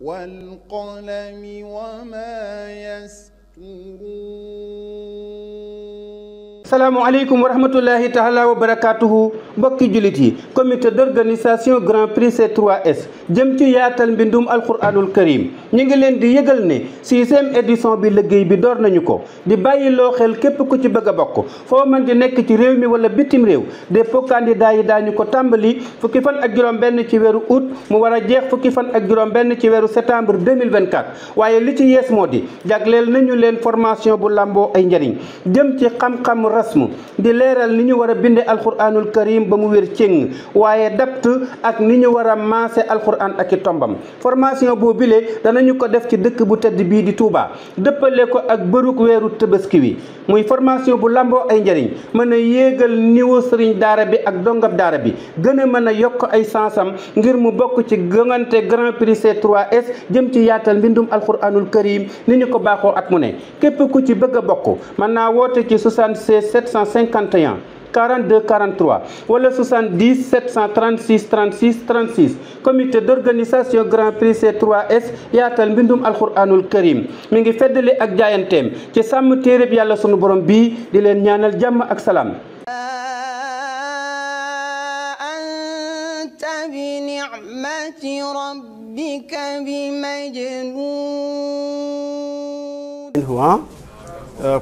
والقلم وما يسطرون salaamaaleykum wa rahmatullahi taala wa barakaatuhu mbokki jullit yi comité d'organisation grand prix C3S jëm ci yaatal mbindum alquranul karim ñu ngi leen di yëgal ne sixième édition bi liggéey bi door nañu ko di bàyyi loo xel képp ku ci bëgg a bokk foo mën di nekk ci réew mi wala bitim réew dépôt candidat yi daañu ko tàmbali fukki fan ak juróom benn ci weeru août mu war a jeex fukki fan ak juróom benn ci weeru septembre 2024 waaye li ci yees moo di jagleel nañu leen formation bu làmboo ay njariñ jëm ci xam-xam rasmu di leeral ni ñu war a binde alquranul karim ba mu wér cëng alquran ak i tombam formation boo bilee danañu ko def ci dëkk bu tedd bii di Touba dëppale ko ak bërug weeru tëbaski wi muy formation bu lamboo ay njëriñ mën a yéegal niveau sëriñ daara bi ak dongab daara bi gën a mën a yokk ay sansam ngir mu bokk ci gëngante grand prix C3S jëm ci yaatal mbindum alquranul karim ni ñu ko baaxoo ak mu ne képp ku ci bëgg a bokk mën naa woote ci 76 751 42 43 wala 70 736 36 36 comité d'organisation grand prix C3S yaatal mbindum alxuraanul karim mi ngi feddali ak jaayanteem ci sàmm téereb yàlla sunu borom bii di leen ñaanal jàmm ak salaam anta bi ni'mati rabbika bi majnun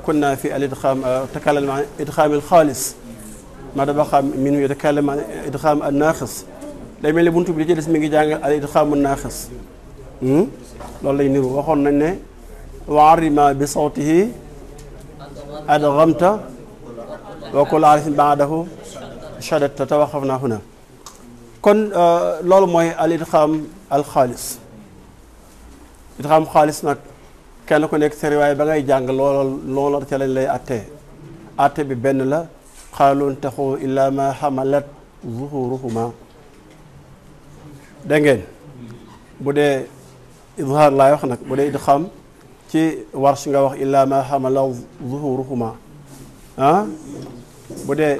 kunna fi al idxaam uh, takallam idxaamil xaalis ma da baxa minu yatakallamu an idgham an-naqis day mel ni bunt bi li ci des mi ngi jàngal al idgham an-naqis hmm? loolu lay niru waxoon nañ ne wa arrima bi sawtihi adghamta wa kullu harfin ba'dahu shaddatta te waqafna huna kon euh, loolu mooy al idgham al xaalis idgham xaalis nag kenn ku nekk sa riwaay ba ngay jàng loola loola ca lañ lay attee atte bi benn la xaalun taxu illaa ma xamalat zuhuruhuma da ngeen bu dee izhaar laay wax nag bu dee idxam ci warsh nga wax illaa ma xamala zuhuruhuma ah bu dee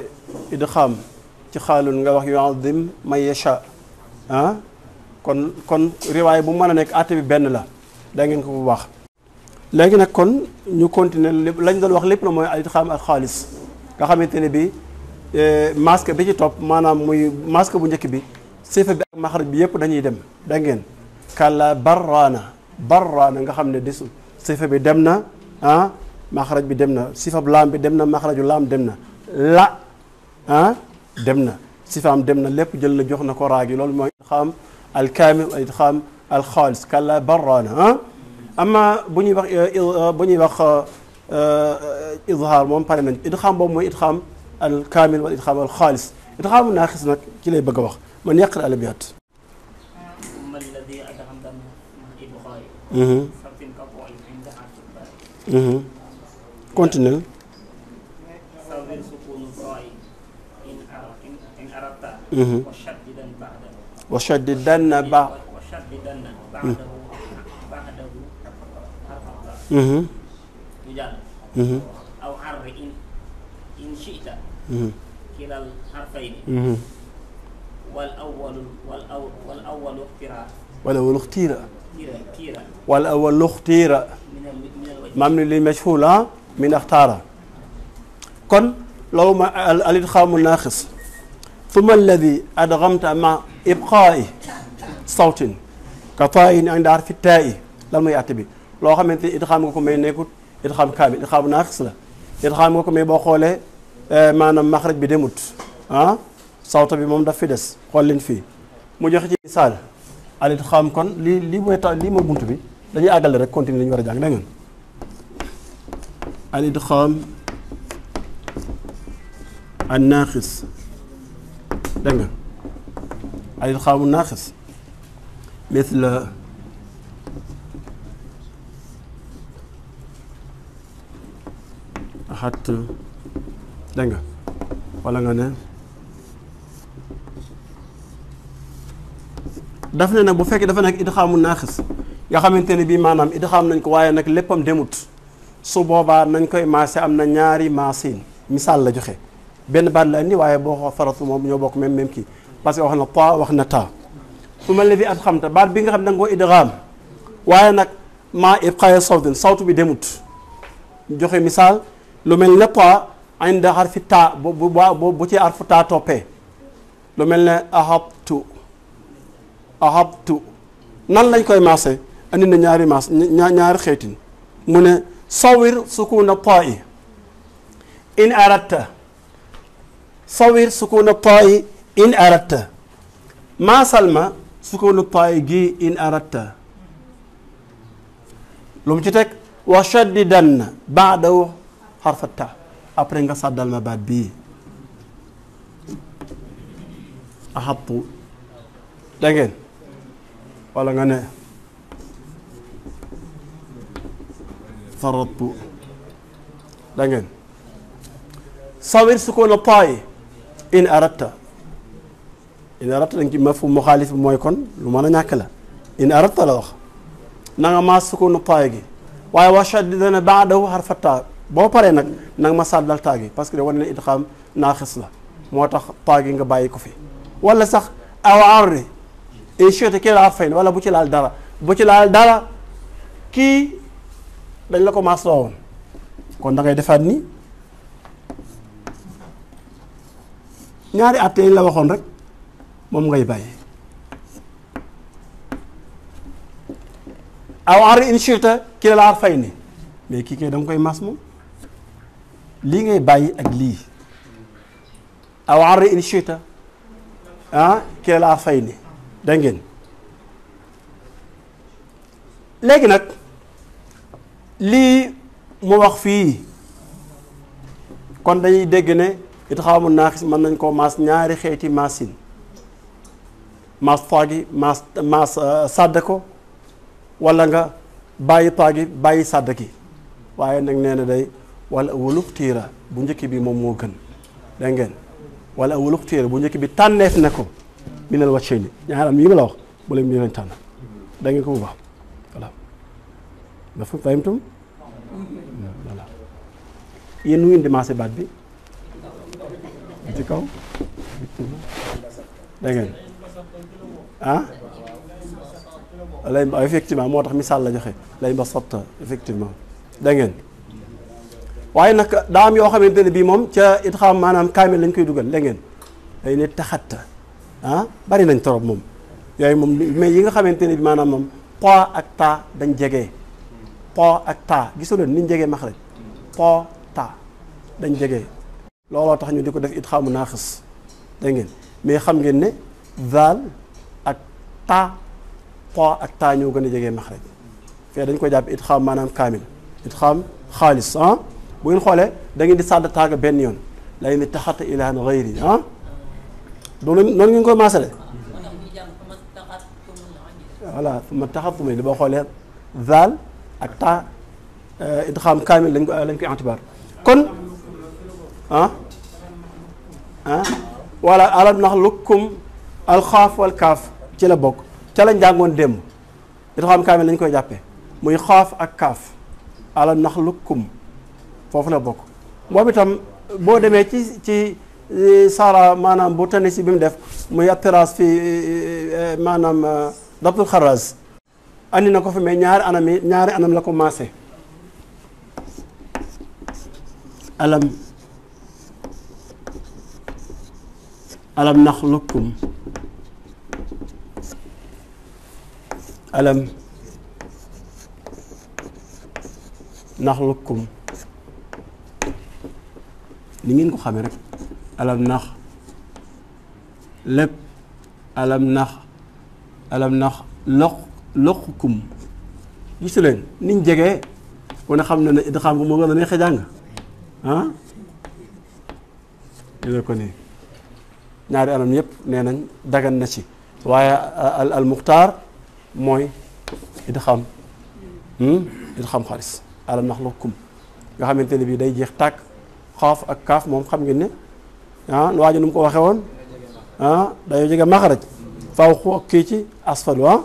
xam ci xaalun nga wax yuazim man yacha ah kon kon riwaay bu mën a nekk àtte bi benn la da ngeen ko bu baax léegi nag kon ñu continuer lañ doon wax lépp na mooy idxam ak xaalis nga xamante ne bi eh, masque bi ci topp maanaam muy masque bu njëkk bi sifa bi ak maxaraj bi yëpp dañuy dem da ngeen kàlla barraana barraana nga xam ne desu sifa bi dem na ah maxaraj bi dem na sifab laam bi dem na maxaraju laam dem na la ah, dem na sifaam dem na lépp jël la jox na ko yi loolu mooy idxaam alkaamil al idxaam alxaalis kàlla barraana ah ama bu ñuy wax eh, eh, bu ñuy wax izhaar moom pare nañ idxaam boobu mooy idxaam al kaamil wala idxaam al xaalis idxaamu naaxis nag ci lay bëgg a wax man yàqal alabiyaat continuel wa shaddidanna ba Mm-hmm. aw xarf in in chita mm-hmm. kilal xarfayni mm-hmm. wal awalu wal aw wal awalu xtira wal awalu xtira wal awalu min axtaara kon loolu ma al idxaamu naaxis summa alladi adgamta ma ibqaa'i sawtin ka faayin inda harfi taa'i lan mooy àtte bi loo xamante idxaam nga ko may nekkut itxaam kaamil itxaam naaqis la itxaam nga ko mais boo xoolee eh, maanaam maxraj bi demut ah sawta bi moom daf fi des xool leen fii mu joxe ci misaal al xam kon lii lii mooy ta lii mooy bunt bi dañuy àggale rek continuer lañu war a jàng dégg ngeen al idxaam an naaxis dégg nga al idxaamu naaxis mithla ahad dégg nga wala nga ne daf ne nag bu fekkee dafa nekk idxaamu naaxis nga xamante ne bii maanaam idxaam nañ ko waaye nag léppam demut su boobaa nañ koy maase am na ñaari maasin misaal la joxe benn baat la indi waaye boo ko faratu moom ñoo bokk même même kii parce que wax na ta wax na ta su ma levi at xamta baat bi nga xam ne da nga ko idxaam waaye nag maa ibqaaya sawtin sawtu bi demut joxe misaal lu mel ne taa inda harfi bu bu bu bu ci harfu toppee lu mel ne ahabtu ahabtu nan lañ koy maase andi na ñaari maas ñaari xeetin mu ne sawir sukuna taai in aratta sawir sukuna taai in aratta maasal ma sukunu taai gi in aratta lu mu ci teg wa shaddidan baadawu xarfa ta après nga sàddal ma baat bii axattu da ngeen wala nga ne faratu da ngeen sawir sukoon a taay in aratta in aratta da nga ci mafhum mooy kon lu mën a ñàkk la in aratta la wax na maas sukoon a taay gi waaye wa shaddid dana baadahu xarfa ta boo paree nag nag ma sàddal taagi parce que da ne idxaam naaxis la moo tax taagi nga bàyyi ko fi wala sax aw arri inshita kii laa wala bu ci laal dara bu ci laal dara kii dañ la ko maas woon defaat ni ñaari àtte la waxoon rek moom ngay bàyyi aw arri inshita kii laa fayn mais koy maas moom lii ngay bàyyi ak lii aw arri in ah kee laa fay ni da léegi nag lii mu wax fii kon dañuy dégg ne it xaw naaxis mën nañ koo mas ñaari xeeti maasin maas taagi maas maas euh, sàdd ko walla nga bàyyi taagi bàyyi sàdd ki waaye nag nee na day wala awalux tiira bu njëkk bi moom moo gën dégg ngeen wala awalux tiira bu njëkk bi tànneef na ko minal wàcce ni ñaaram yi ma la wax bu leen ñu leen tànn da ngeen ko bu baax voilà dafa fahimtum voilà baat bi ci kaw dégg ngeen ah lay effectivement moo tax misaal la joxe lay ba sotta effectivement dégg waaye nag daa am yoo xamante ne bii moom ca it xam maanaam kaamil lañ koy dugal la ngeen day ne taxatta ah bari nañ torop moom yooyu moom mais yi nga xamante ne bi maanaam moom po ak ta dañ jege po ak ta gisoo leen niñ max rek po ta dañ jege looloo tax ñu di ko def it xamu naaxis da ngeen mais xam ngeen ne daal ak ta po ak ta ñoo gën a jegee maxraj fee dañ ko jàpp it xam maanaam kaamil it xam xaalis ah bu ngeen xoolee da ngeen di sàdd taaga benn yoon ah? la ngeen di taxata ilaan xayri ah loolu noonu ngeen koy maasale voilà ma taxatu ma li boo xoolee zaal ak ta eh, idxaam kaamil lañ ko lañ koy antibaar kon ah ah alam nax lukkum alxaaf wal kaaf ci la bokk ca lañ jàngoon démb idxaam kaamil lañ koy jàppee muy xaaf ak kaaf alam nax lukkum foofu la bokk moom itam boo demee ci ci e, saara maanaam bu tani si bi mu def muy atras fi e, e, maanaam dabtul xaraz andi na ko fi mais ñaari anam yi ñaari anam la ko maase alam alam naxlukum alam naxlukum li ngeen ko xamee rek alam nax lépp alam nax alam nax loq loqukum gisu leen niñ jegee wane xam ne ne idxaam ko moo gën a neex jàng ah dina ko nii ñaari anam yëpp nee nañ dagan na ci waaye al al muxtaar mooy idxaam hmm? idxaam xaalis alam nax loqukum nga xamante ne bii day jeex tàkk xaaf ak kaaf moom xam ngeen ni ah waajo nu mu ko waxee woon ah dañoo jege kii ci asfalu ah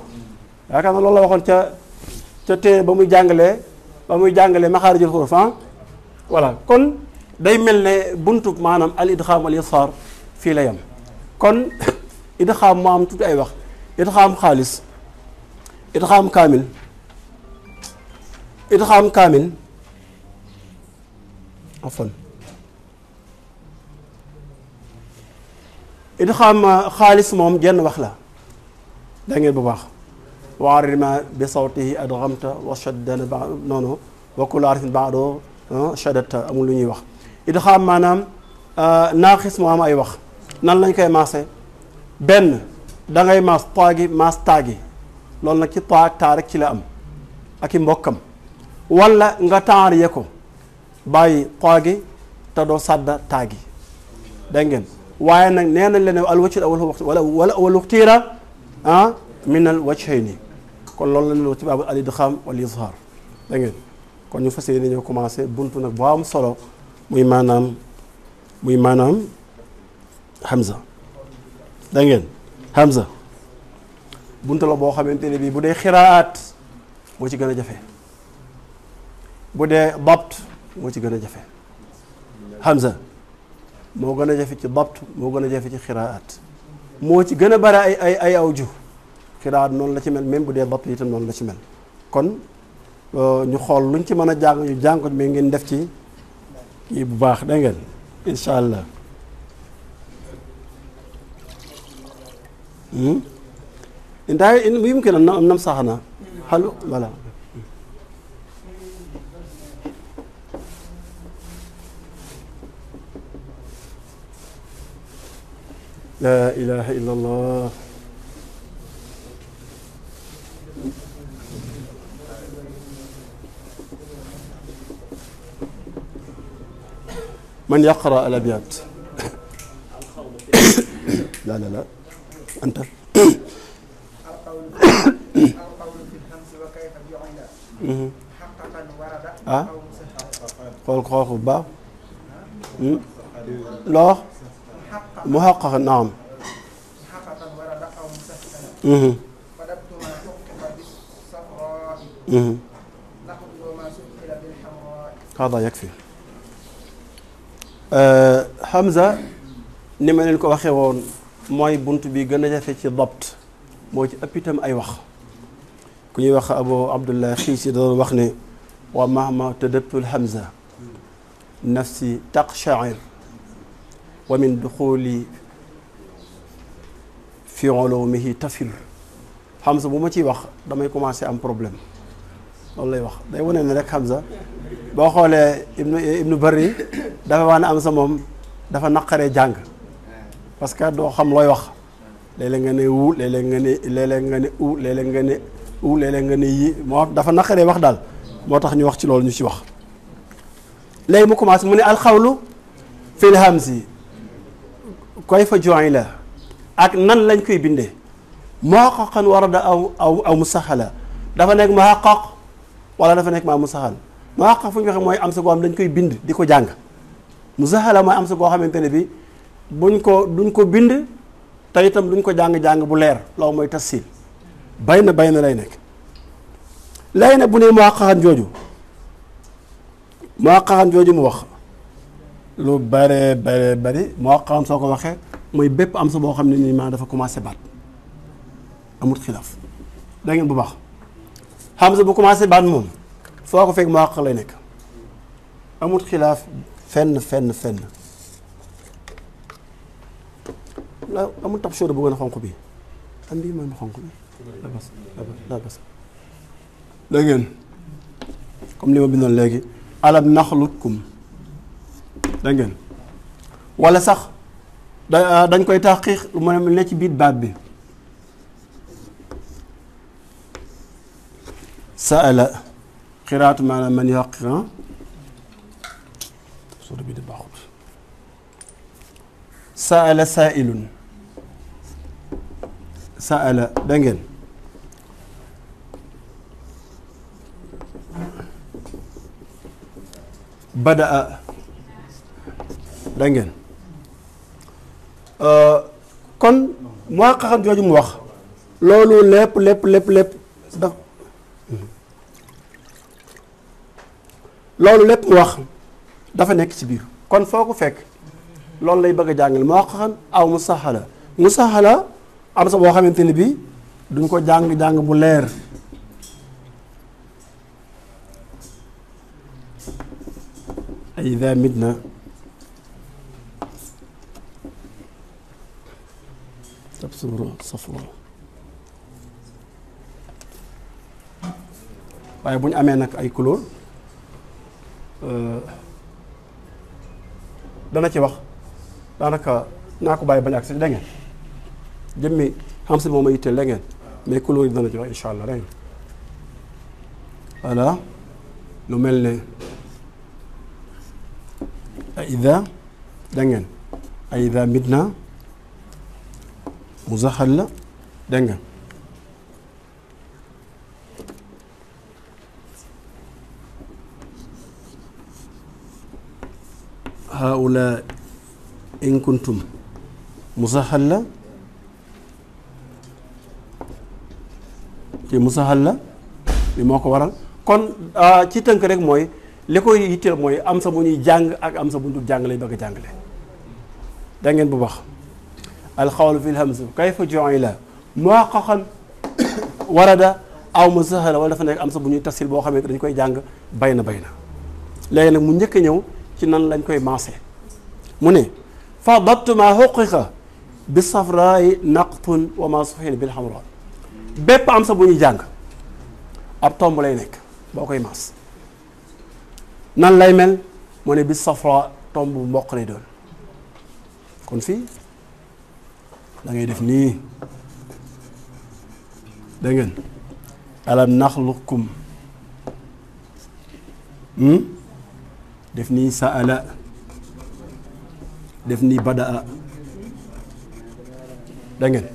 yaakaar na loolu la waxoon ca ca téere ba muy jàngalee ba muy jàngalee maxaarijul xuruuf ah voilà kon day mel ne buntu maanaam al idxaam al ishaar fii la yem kon idxaam moo ay wax xaalis idxaam kaamil idxaam kaamil idxaam ah, xaalis moom genn wax la da bu baax waarima bi sawtihi adxamta wa shaddana ba noonu wa kullu harfin baadoo ah, shaddata lu ñuy wax idxaam maanaam ah, naaxis moo am ay wax nan lañ koy maase benn da ngay maas taagi maas taagi loolu nag ci taa ak taa rek ci la am aki mbokkam wala nga taariye ko bàyyi taagi te doo sàdda taagi dégg ngeen waaye nag nee nañ la ne alwajhul awwal wala wala wala uxtiira ah wacc xëy ni kon loolu la ñu ci baabu al idxaam wal izhaar da ngeen kon ñu fas yéene ñoo commencé buntu nag boo am solo muy maanaam muy maanaam Hamza da ngeen Hamza buntu la boo xamante ne bii bu dee xiraat moo ci gën a jafe bu dee bapt moo ci gën a jafe Hamza. moo gën a jafe ci dabt moo gën a jafe ci xiraat moo ci gën a bare ay ay ay awju xiraat noonu la ci mel même bu dee dabt itam noonu la ci mel kon euh, ñu xool luñ ci mën a jàng ñu jàng ko mais ngeen def ci kii bu baax dégg ngeen incha allah inta yumkin an nam saxana xalu voilà laa ilaha illa allah man yaqra al abyaat la la la anta mm-hmm. ah xool ko xoox bu baax hmm? loo mu xaq محققا ورد أو مسهلا ودبت ما Hamza ni ma leen ko waxee woon mooy bunt bi gën a jafe ci dabt moo ci ëpp ay wax ku ñuy wax abu abdullah xiisi da doon wax ne wa mahma tadabtul hamza nafsi taqsha'ir wa min duxuli fi ulumihi tafir sa bu ma ciy wax damay commencé am problème loolu lay wax day wane ne rek sa boo xoolee ibnu ibnu bëri dafa wax ne am sa moom dafa naqaree jàng parce que doo xam looy wax léeg nga ne wu léeg nga ne léeg-léeg nga ne u léeg nga ne u léeg nga ne yii moo dafa naqaree wax daal moo tax ñu wax ci loolu ñu ci wax léegi mu commencé mu ne alxawlu fil hamzi koy fa yi la ak nan lañ koy bindee muhaqqaqan warada aw aw aw musahala dafa nekk muhaqqaq wala dafa nekk maa musahal muhaqqaq fu ñu waxee mooy am sa dañ koy bind di ko jàng musahala mooy am sa goo xamante ne bi buñ ko duñ ko bind te itam duñ ko jàng-jàng bu leer loolu mooy tafsil bay na bay lay nekk lay na bu ne muhaqqaqan jooju muhaqqaqan jooju mu wax lu bare bare bari moo xam soo ko waxee mooy bépp am sa boo xam ne nii maa dafa commencé baat amul xilaaf da ngeen bu baax xam sa commencé baat moom foo ko fekk moo lay nekk amul xilaaf fenn fenn fenn la amul tab sóora bu gën a xonq bi am bi la bas comme li ma bindoon léegi alam naxlukum da ngeen sax da ah, dañ koy taxqiq mu ne ci biir baat bi saala xiraatu maanaam man yaqiran ah. soo saala saailun da ngeen euh, kon moo xam jooju mu wax loolu lépp lépp lépp loolu lépp mu wax dafa nekk ci biir kon foo ko fekk loolu lay bëgg a jàngal moo xam aw musahala saxala am sa boo xamante ni bi duñ ko jàng-jàng bu leer ay ida midna tabsura safwa waaye bu ñu amee nag ay couleur euh, dana ci wax daanaka naa ko bàyyi bañ ak si da ngeen jëmmi xam si moom a yitteel da mais couleur yi dana ci wax incha allah da ngeen voilà lu mel ne ay ida da ay ida midna mu zaxal la dégg nga haula in kuntum mu la ci mu zaxal la bi moo ko waral kon ci tënk rek mooy li koy yitteel mooy am sa bu ñuy jàng ak am sa bu ñu dul jàng lañ bëgg a jàngale dangeen ngeen bu baax alxawlu fi lhamzu kayfa juila muaqqaqan warada aw muzahala wala dafa nekk am sa bu ñuy tafsir boo xamee dañ koy jàng bay na bay na léegi nag mu njëkk a ñëw ci nan lañ koy maase mu ne fa dabtu ma xuqiqa bi naq naqtun wa ma suxil bil xamra bépp am sa bu ñuy jàng ab tomb lay nekk boo koy maas nan lay mel mu ne bi safra tomb bu mboq lay doon kon fii da def nii dégg ngeen alam naxluqkum hmm? def nii saala def nii badaa dégg ngeen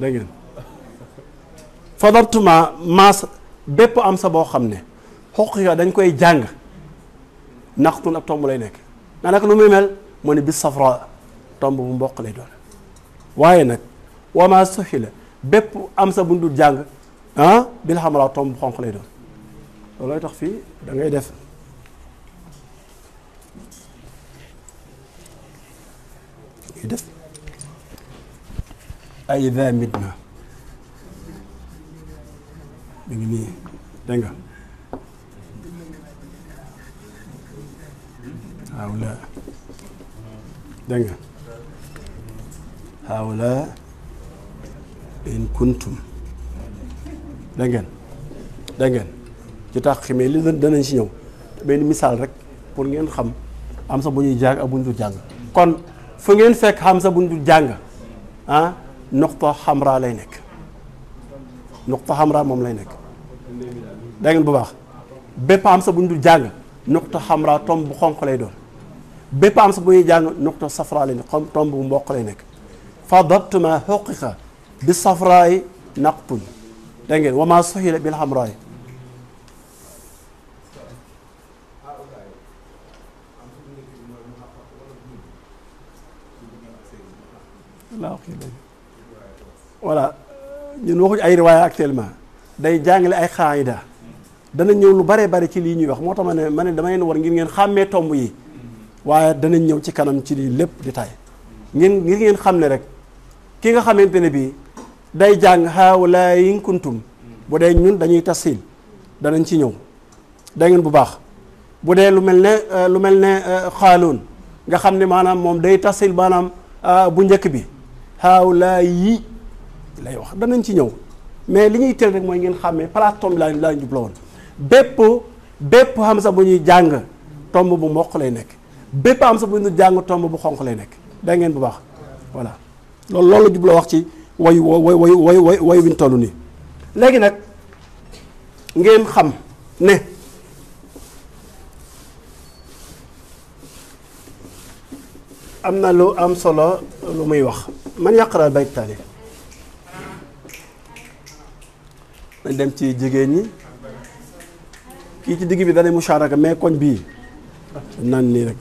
dégg fadartuma maas bépp am sa boo xam ne xoq ya dañ koy jàng naqtun ab tomb lay nekk naa naka lu muy mel mu ne bis safra tomb bu mboq lay doon waaye nag wamaa soxi la bépp am sa bundu jàng ah bil xamala tomb bu xonq lay doon loolooy tax fii dangay ngay def ngay def ay ida midna mi ngi nii dégg nga waaw la dégg haawla in kuntum da ngeen da ngeen ci tax ximee li danañ si ñëw benn misaal rek pour ngeen xam am sa bu ñuy jàng ak bu jàng kon fu ngeen fekk xam sa bu ñu jàng ah nuqta xamra lay nekk nuqta xamra moom lay nekk da bu baax bépp am sa bu ñu dul jàng nuqta xamra tomb bu xonq lay doon bépp am sa bu ñuy jàng nuqta safra lay nekk tomb bu mboq lay nekk fa dabtu ma xuqiqa bi safraay naqpun dégg ngeen wa ma suxila bil xamraay voilà ñun waxuñ ay riwaaya actuellement day jàngale ay xaayida dana ñëw lu bare bare ci lii ñuy wax moo tax ma ne ma ne dama leen war ngir ngeen xàmmee tomb yi waaye danañ ñëw ci kanam ci lii lépp détail ngeen ngir ngeen xam ne rek ki nga xamante ne bii day jàng xaawalaa in kuntum bu dee ñun dañuy tasiil danañ ci ñëw da ngeen bu baax bu dee lu mel ne euh, lu mel ne euh, xaaloon nga xam ne maanaam moom day tasiil maanaam euh, bu njëkk bi xaawalaa yi lay wax danañ ci ñëw mais li ñuy teel rek mooy ngeen xàmmee place tomb laa laa jubla woon bépp bépp sa bu ñuy jàng tomb bu mboq lay nekk bépp hamza bu ñuy jàng tomb bu xonq lay nekk da ngeen bu baax voilà loolu loolu la jubloo wax ci wayu wayu wayu wayu wayu wi ñu toll nii léegi nag ngeen xam ne am na lu am solo lu muy wax man yàqaral bayt taali dañ dem ci jigéen ñi kii ci digg bi danay musharaka mais koñ bii nan nii rek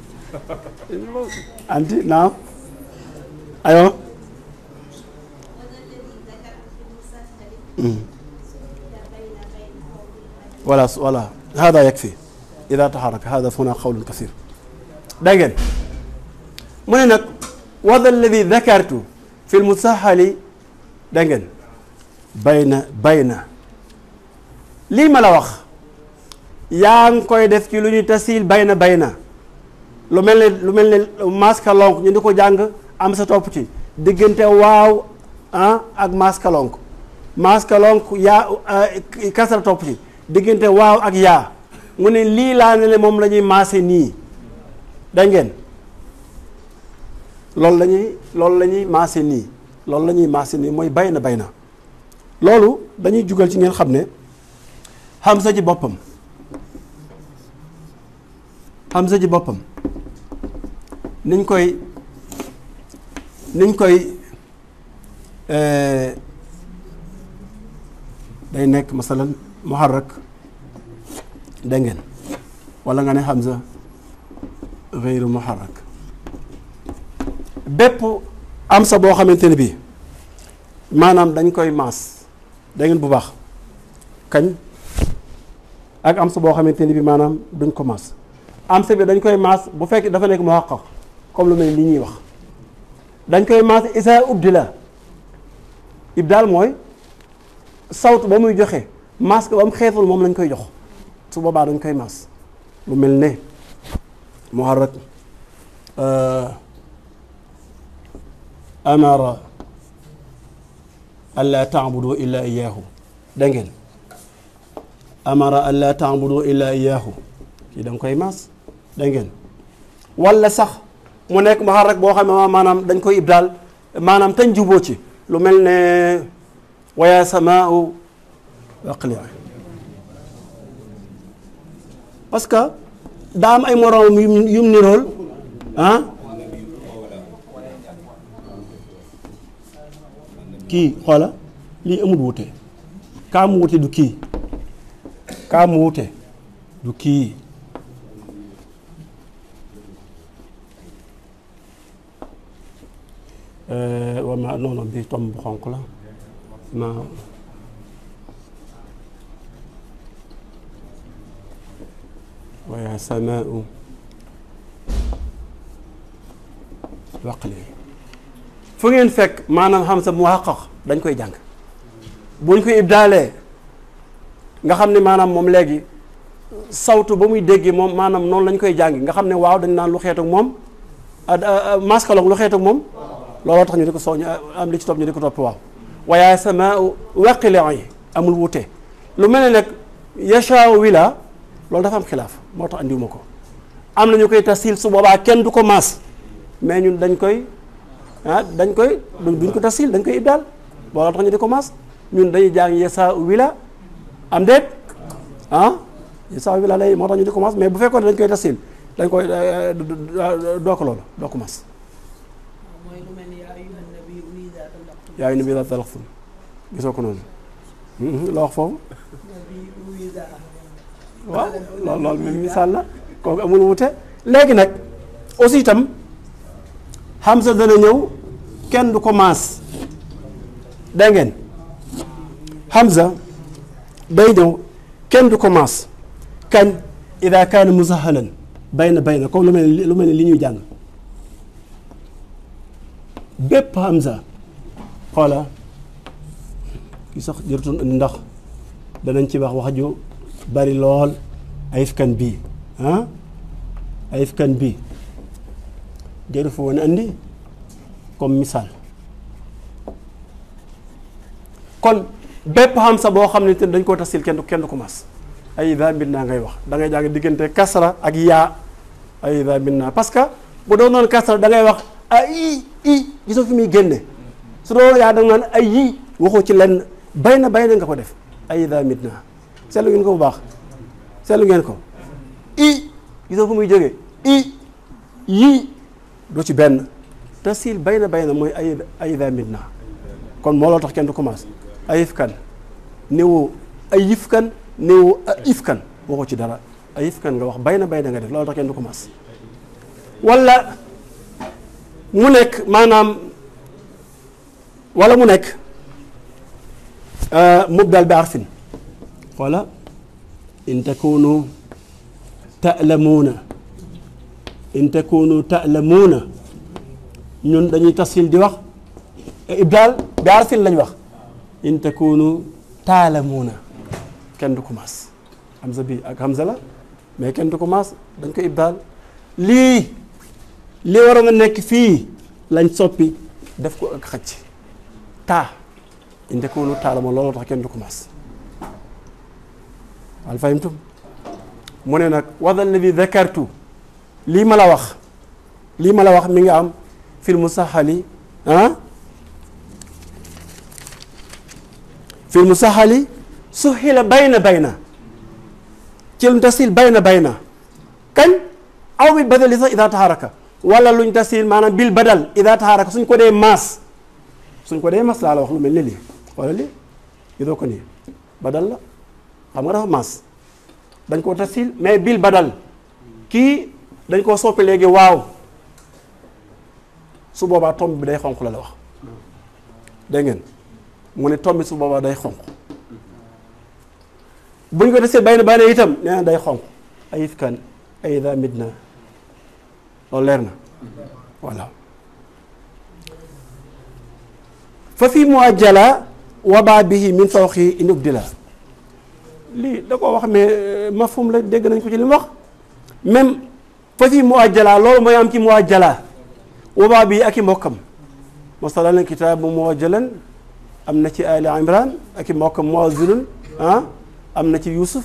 anti naam ayo voilà voilà hada yakfi ida taxaraka hada huna qawlun kasir dégg ngeen mu ne nag wada alladi dakartu fi lmusaxali dégg ngeen bayna bayna lii ma la wax yaa ngi koy def ci lu ñuy tasiil bayna bayna lu mel ne lu mel ne maska lonk ñu di ko jàng am sa topp ci diggante waaw ah, ak maska lonk maskaloon yaa eh, kasra topp ci diggante waaw ak yaa mu ne lii laa ne le moom lañuy ñuy maase nii dañ ngeen loolu la ñuy loolu la ñuy maase nii loolu la ñuy maase nii mooy bay na bay na loolu dañuy jugal ci ngeen xam ne Hamza ji boppam Hamza ji boppam niñ koy niñ koy eh, day nekk masalan muharrak dégg ngeen wala nga ne hamza ghayru muharrak bépp am sa boo xamante ni bii maanaam dañ koy maas dégg ngeen bu baax kañ ak am sa boo xamante ne bii maanaam duñ ko maas bi dañ koy maas bu fekk dafa nekk muhaqqaq comme lu ma li ñuy wax dañ koy maas isa ubdila daal mooy sawtu ba muy joxe masque ba mu xeeful moom lañ koy jox su boobaa dañ koy maas lu mel ne muharrak euh, amara alla taabudu illa iyahu da ngeen amara alla taabudu illa iyahu kii da koy maas da ngeen wala sax mu nekk muharrak boo xam ne maanaam dañ koy daal maanaam tañ juboo ci lu mel ne wa yaa samaau waqli parce que daa am ay moroom yum yum nirool ah kii xoola lii amul wuute kaa mu du kii kaa mu du kii euh, wama non non bi tomb bu xonq la waaw wa yaa samaau fu ngeen fekk maanaam xam sa mu xaqax dañ koy jàng buñ koy daalee nga xam ne maanaam moom léegi sawtu ba muy dégg moom maanaam noonu lañ koy jàng nga xam ne waaw dañ naan lu xeet ak moom maskaloog lu xeet moom looloo tax ñu di ko soow ñu am li ci topp ñu di topp waaw waaye sama waqila yi amul wute lu mel ne nag yasha wila loolu dafa am xilaaf moo tax andiwuma ko am na ñu koy tasiil su boobaa kenn du ko maas mais ñun dañ koy ah dañ koy duñ ko tasiil dañ koy ibdaal looloo tax ñu di ko maas ñun dañuy jàng yasha wila am déet ah yasha wila lay moo tax ñu di ko mais bu fekkoon dañ koy tasiil dañ koy eh, eh, doo ko loolu doo ko maas yaa ngi ni bii daal talaxfun la wax foofu waaw loolu mi misaal la kooku amul wute léegi nag aussi itam Hamza dana ñëw kenn du ko maas dégg ngeen Hamza day ñëw kenn du ko maas kañ ida kaana musahalan bayna bayna comme lu mel lu mel ni li ñuy jàng bépp Hamza xoola ki sax jërtoon indi ndax danañ ci wax wax ju bari lool ayifkan bii ah ayifkan bii jëru fa woon indi comme misaal kon bépp xam sa boo xam ne te dañ koo tasil kenn kenn du ko mas ay daa bind naa ngay wax da ngay jàng diggante kasra ak yaa ay a bind naa parce que bu doon noonu kasra dangay ngay wax a i i gisoo fi muy génne su doon yaa danga naan a yii waxoo ci lenn bay na bay na nga ko def ay ida na seetlu ngeen ko bu baax seetlu ngeen ko i gisoo fu muy jógee yii du ci benn tasil bay na bay na mooy ay ay ida kon moo loo tax kenn du commence ayif kan néewu ayif kan néewu ayif kan waxoo ci dara ayif kan nga wax bay na bay na nga def loolu tax kenn du commence wala mu nekk maanaam wala mu nekk euh, mubdal bi arfin xoola in takunu ta'lamuuna in takunu ta'lamuuna ñun dañuy tasil di wax eh, ibdal bi arfin lañ wax in takunu taalamuuna kenn du ko maas hamza bi ak hamza la mais kenn du ko dañ ko ibdal lii li waroon a nekk fii lañ soppi def ko ak xëcc taa indekunu taalama looloo tax kenn du ko mas al fahimtum mu ne nag wadal ladi dakartu lii ma la wax lii ma la wax mi nga am fil musaxali ah fil musaxali suxila bayna bayna ci luñ tasil bayna bayna kañ aw bil badal li sax ida taxaraka wala luñ tasil maanaam bil badal ida taxaraka suñ ko dee maas suñ ko dee maslaa la wax lu mel ni lii xoolal lii gisoo ko nii badal la xam nga dafa mas dañ koo tasil mais bil badal kii dañ koo soppi léegi waaw su boobaa tomb bi day xonq la la wax dégg ngeen mu ne tomb bi su boobaa day xonq buñ ko tasil bay na bay na itam nee na day xonq ay ifkan ay ida midna loolu leer na voilà fa fi muajjala wabaa bihi min fawqi in ubdila lii da koo wax mais eh, mafhum la dégg nañ ko ci li mu wax même fa fi muajjala loolu mooy am ci muajjala wabaa bii ak i mbokkam masalan kitaabu muajjalan am na ci ali imran ak i mbokkam muazzilun ah am na ci yusuf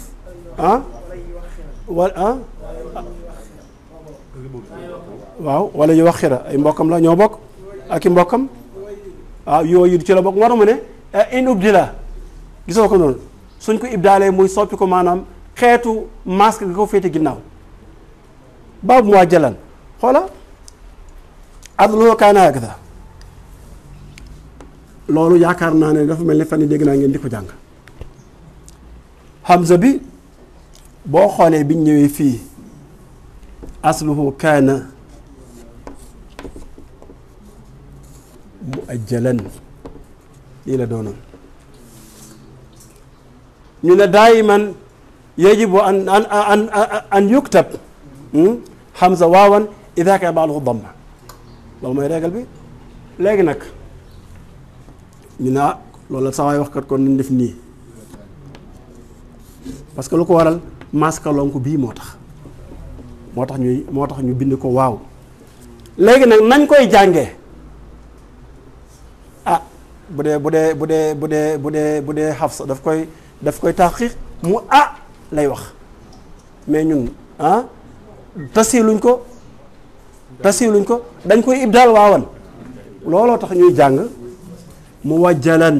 ah wal ah. wala yu waxira ay mbokkam la ñoo mbokk ak i mbokkam waaw yooyu ci la bokk war ma ne eh, in ubdila gisoo ko noonu suñ ko ibdaalee muy soppi ko maanaam xeetu masque nga ko féete ginnaaw baabu mu waa jalan xoola adluhu kaana hakada loolu yaakaar naa ne dafa mel ni fan dégg naa ngeen di ko jàng Hamza bi boo xoolee biñ ñëwee fii asluhu kaana mu ajjalan lii la doonoon ñu ne daayiman yajibu an an an an yuktab hmm, hamza waawan ida kaana ba'dahu damma loolu mooy régal bi léegi nag ñu ne ah loolu la wax kat kon nañ def nii parce que lu ko waral maskalonk bii moo tax moo tax ñuy moo tax ñu bind ko waaw léegi nag nañ koy jànge bu dee bu dee bu dee bu dee bu dee bu dee Hafsa daf koy daf koy taxqiq mu ah lay wax mais ñun ah tasiluñ ko tasiluñ ko dañ koy ibdaal waawan looloo tax ñuy jàng mu wajjalan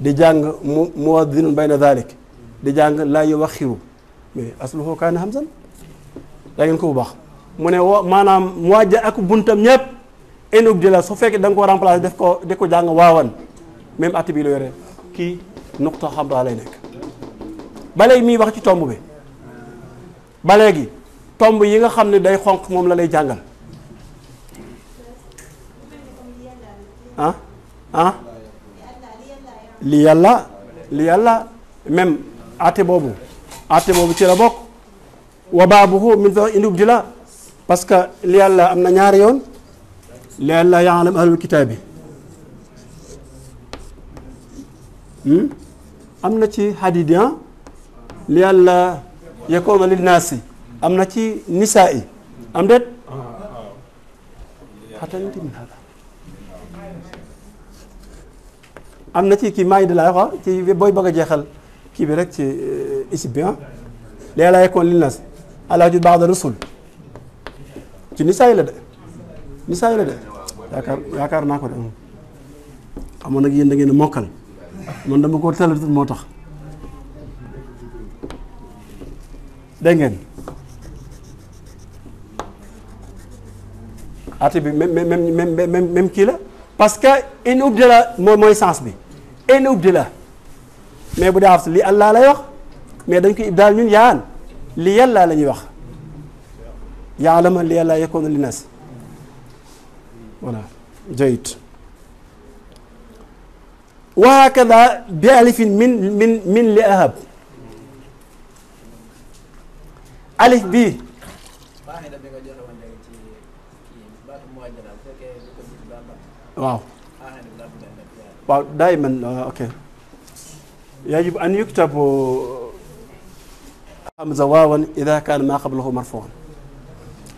di jàng mu muwaddinun bayna dalik di jàng wax yuwaxiru mais asluhu kaana hamsan da ngeen ko bu baax mu ne wo maanaam mu wàjja ak buntam ñëpp inaugurer la su fekkee da nga ko remplacer def ko def ko jàng waawan même at bi la yore kii nuqta xamra lay nekk ba léegi miy wax ci tomb bi ba léegi tomb yi nga xam ne day xonq moom la lay jàngal ah ah li yàlla li yàlla même àtte boobu àtte boobu ci la bokk wa baabuhu min fa inub di la parce que li yàlla am na ñaari yoon li allaa ya'lam ahlul kitaabi am na ci hadid yi li allaa yakuuna linnaasi am na ci nisaa yi am déet am na ci ki may ngi dalay wax ah? ci booy bëgg a jeexal kii bi rek ci eh, isib bi li allaa yakuuna linnaasi alaa wajhi ba'da rusul ci nisaa la de ni saa yore de yaakaar yaakaar naa ko de xam nag yéen da ngeen mokkal man dama ko teel moo tax dégg ngeen ate bi même même même même kii la parce que in ub de la moo mooy sens bi in ub la mais bu dee af li Allah lay wax mais dañ koy daal ñun yaan li yàlla la ñuy wax ma li yàlla yakunu li nas voilà jayid wa hakada bi alifin min min min li ahab alif bi waaw waaw daiman uh, ok يجب أن يكتب همزة واوا إذا كان ما قبله مرفوعا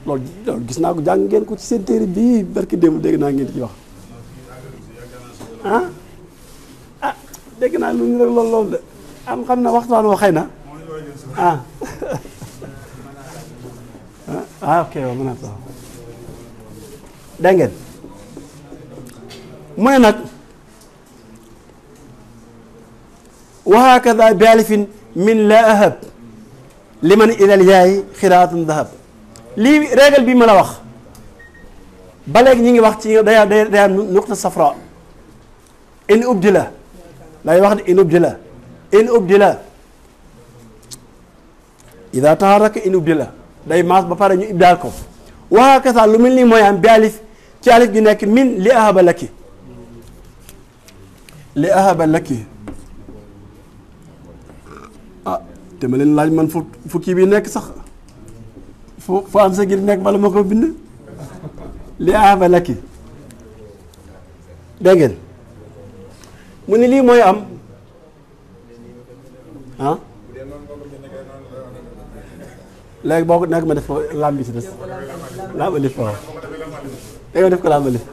loolu gis naa ko jàng ngeen ko ci seen téere bii barki démb dégg naa ngeen ci wax ah ah dégg naa lu ñu rek loolu loolu de am xam na waxtaan woo xëy na ah, ah, ah ok waaw mën naa taxaw dégg mu ne nag wa hakada bi alifin min la ahab liman ilal yaay xiraatun dahab lii règle bi ma la wax ba ñu ngi wax ci day day day am nuqta safra in ubdi la lay wax ne in ubdi la in ubdi la ida taharaka in ubdi la day maas ba pare ñu ibdaal ko waa lu mel ni mooy am bi alif ci alif gi nekk min li ahaba laki li ahaba laki ah te ma leen laaj man fu bi nekk sax foo foo am sa ngir nekk bala ma ko bind li aaba lakki dégg ngeen mu ni lii mooy am ah léegi boo ko nekk ma def laam bi ci des laam alif waaw da def ko laam alif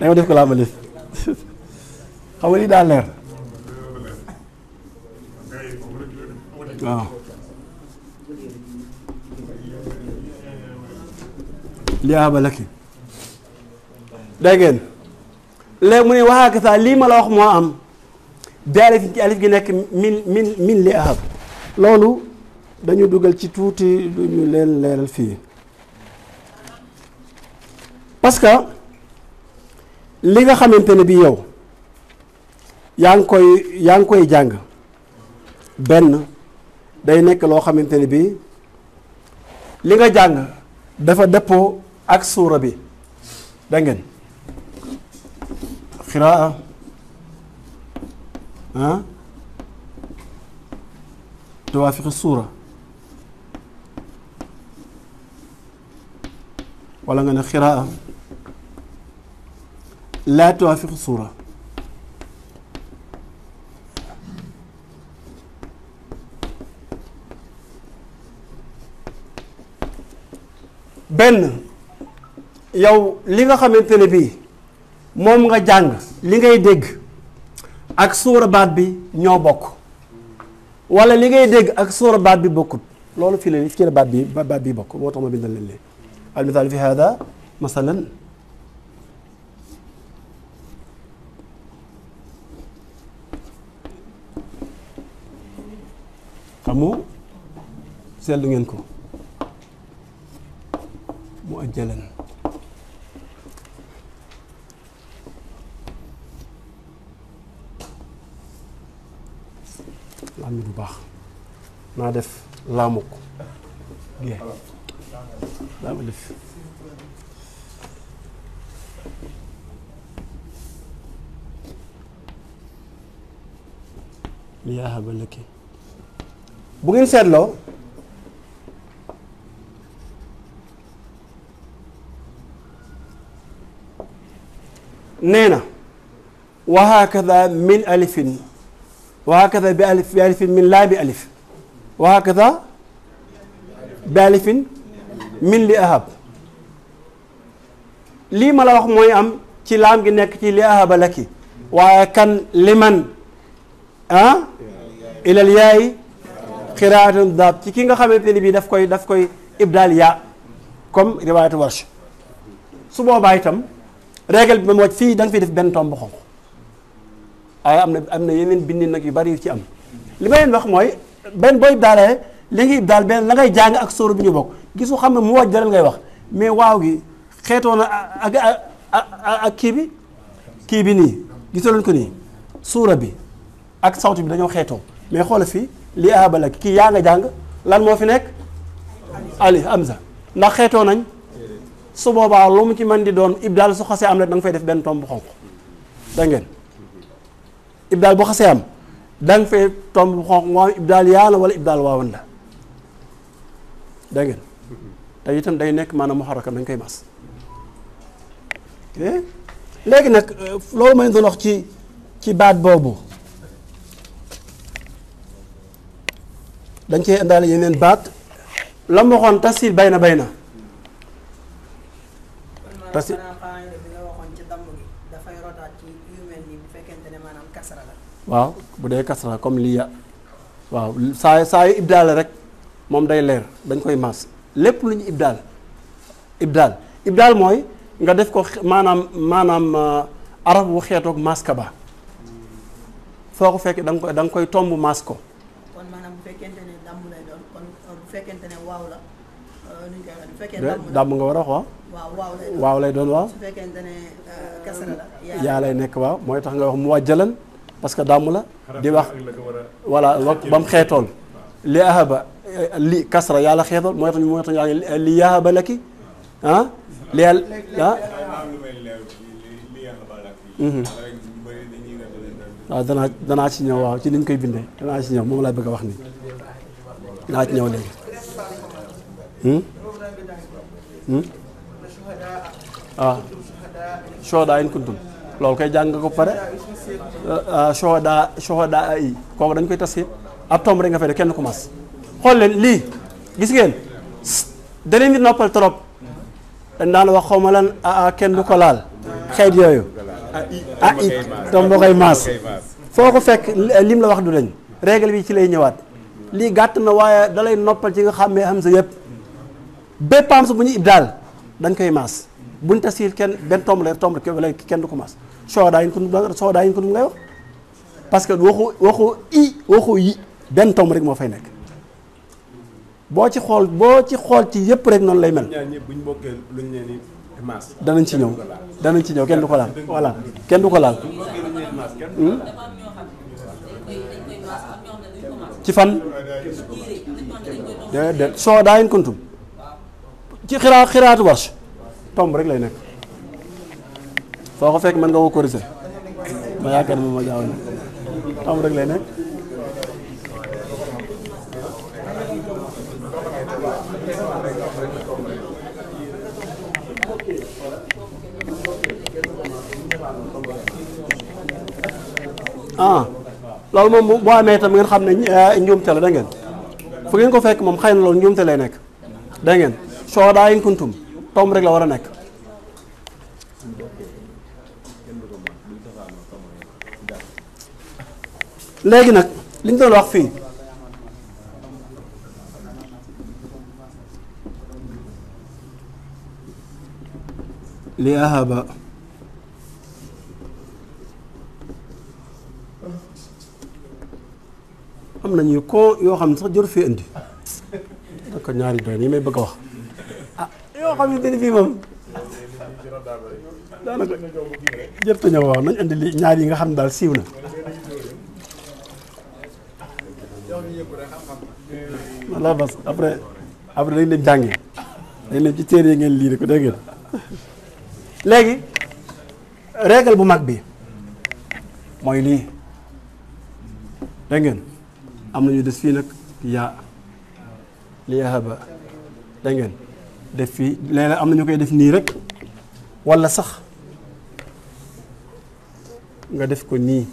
da def ko laam alif xam nga lii daa leer waaw li aaba laki dégg ngeen léegi mu ne waxaa ka lii ma la wax moo am bi alif ci alif gi nekk min min li aab loolu dañu dugal ci tuuti lu ñu leen leeral fii parce que li nga xamante ne bi yow yaa ngi koy yaa ngi koy jàng benn day nekk loo xamante ne bi li nga jàng dafa dëppoo ak suura bi da ngeen xiraa ah suura wala nga ne xiraa laa tuwaafiqi suura benn yow li nga xamante ne bii moom nga jàng li ngay dégg ak suura baat bi ñoo bokk wala li ngay dégg ak suura baat bi bokkut loolu fii la fii la baat bi baat bi bokk moo tax ma bindal leen leen al misaal fi hada masalan xamu seetlu ngeen ko mu ajjalan xam ne baax naa def laamuk gee yaa ba lëkke bu ngeen seetloo nee na wa hakada min alifin waa hakada bi alif bi alifin min laa bi alif wa hakada bi alifin min li ahab lii ma la wax mooy am ci laam gi nekk ci li ahaba laki waaye kan liman ah ilal yaayi xiraatun daab ci ki nga xamante ni bii daf koy daf koy ibdaal yaa comme riwaayatu warsh su boobaa itam régal bi moo fii da nga fiy def benn tomb xonq waaye am na am na yeneen bindi nag yu bari yu ci am li ma leen wax mooy benn booy daalee léegi daal benn la ngay jàng ak sóoru bi ñu bokk gisu xam ne mu wàcc dara ngay wax mais waaw gi xeetoo na ak kii bi kii bi nii gisaloon ko nii suura bi ak sawtu bi dañoo xeetoo mais xoola fii li aabala kii yaa nga jàng lan moo fi nekk ali hamza ndax xeetoo nañ su boobaa lu mu ci mën di doon ibdaal su xasee am rek da nga fay def benn tomb xonq da ngeen daal boo xasee am da nga fee tomb xonq waaw ibdaal yaa la wala ibdaal waawan la dégg ngeen te itam day nekk maanaam muharaka dañ koy mas eh? léegi nag euh, loolu ma doon wax ci ci baat boobu dañ cee daal yeneen baat la mu waxoon tasiir bay na bay na waaw bu dee kasra comme liya waaw saa saa yu ibdaal rek moom day leer dañ koy mas lépp lu ñu ibdaal ibdaal ibdaal mooy nga def ko maanaam maanaam uh, arab wu xeetoog maska ba foo ko fekkee da nga koy tomb mas ko kon maanaam bu uh, nga war a wax waaw lay doon waaw uh, yaa lay nekk waaw mooy tax nga wax mu wàjjalan parce que dàmm la di wax voilà wa ba xeetool li ahaba li kasra yàlla xeetool mooy tax mooy tax li yahaba laki ah li ah. Mhm. ah danaa danaa ci ñëw waaw ci niñ koy bindee danaa ci ñëw moom laa bëgg a wax nii danaa ci ñëw léegi waaw hmm? hmm? ah. soodaa in kuntum loolu koy jàng nga ko pare euh, euh, shohada shohada ay kooku dañ koy tas it ab tomb rek nga fay def kenn xool leen lii gis ngeen da leen noppal trop dañ daan wax xaw ma lan kenn du ko laal xeet yooyu ah tomb boo koy maas foo ko fekk lim la wax du dañ regle bi ci lay ñëwaat lii gàtt na waaye da lay noppal ci nga xàmmee xam sa yëpp bépp am sa bu ñu ib daal dañ koy maas buñ tasiir kenn benn tomb la tomb la kenn du ko maas soodaayin kuntum daal soodaayin kuntum ngay wax parce que waxu waxu i waxu yi benn tomb rek moo fay nekk boo ci xool boo ci xool ci yëpp rek noonu lay mel. danañ ci ñëw danañ ci ñëw kenn du ko laal voilà kenn du ko laal. Hmm? ci fan. déedéet soo daayin kuntum. ci xiraa xiraatu warsh tomb rek lay nekk. soo ko fekk mën nga ko corriger ma yaakaar ne moom ma jaaw xam rek lay nekk ah loolu moom boo ngeen xam ne eh, njuumte la da ngeen fu ngeen ko fekk moom xëy na loolu njuumte lay nekk da ngeen soo daa in kuntum rek la war a nekk léegi nag li ñu doon wax fii li ahaba am nañuy ko yoo xam ne sax jëru fee indi dako ñaari doon yi may bëgg a wax ah yoo xam ne fii moom daanaka jërta ñëw wax nañ indi li ñaar yi nga xam ne daal siiw na walla bas après après dañ leen jàngi dañ leen ci téere yi ngeen lii ko dégg nga léegi règle bu mag bi mooy lii dégg ngeen am nañu des fii nag yaa li haba dégg ngeen def fii léeg-léeg am nañu koy def nii rek walla sax nga def ko nii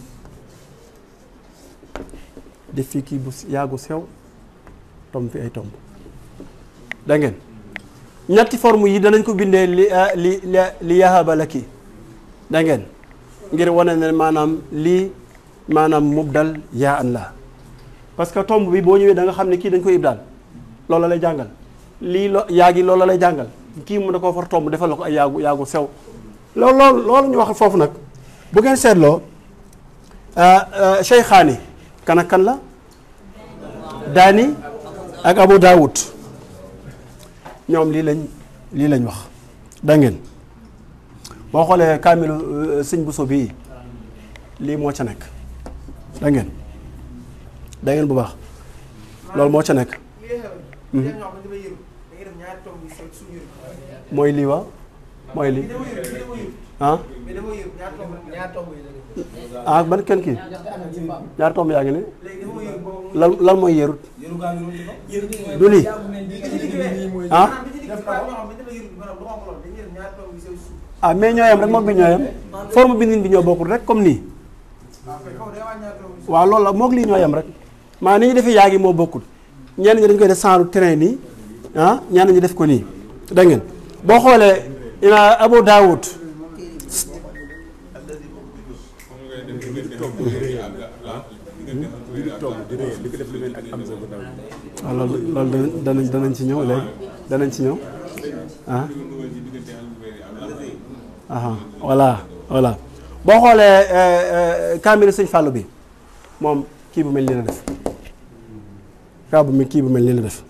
def fi kii bu yaagu sew tomb fi ay tomb da ngeen ñetti forme yi danañ ko bindee li ah, li li yaabala ki kii da ngeen ngir wane ne maanaam lii maanaam mubdal yaa an la parce que tomb bi boo ñëwee da nga xam ne kii dañ ko ibdaal loola lay jàngal lii lo yaa gi loola lay jàngal kii mu da koo far tomb defal la ko ay yaagu yaagu sew loolu loolu loolu ñu wax foofu nag bu ngeen seetloo Cheikhaani ah, ah, kanakan la daani ak abu daawud ñoom lii lañ lii lañ wax dangeen boo xoolee kaamilu euh, sëñ Bousso bii lii moo ca nekk da dangeen bu baax loolu moo ca nekk hmm. mooy lii wa mooy lii ah ah ban kenn kii ñaar tomb yaa ngi ne lan lan mooy yërut du lii ah ah, ah mais ñooyam rek moom bi ñooyam forme bindin bi ñoo bokkul rek comme nii waaw loolu la moog ñoo yam rek maa ni ñu defee yaagi moo bokkul ñenn ñi dañ koy def saaru train nii ah ñenn ñi def ko nii dégg boo xoolee ina Abu Daawud bi def lu mel ak Amza bu ndaw waaw ah, loolu loolu danañ danañ ci ñëw léegi danañ ci ñëw ah ah voilà boo xoolee euh, euh, kaamil sëñ Fallou bi moom kii bu mel ni la def kaa bu mel kii bu mel ni la def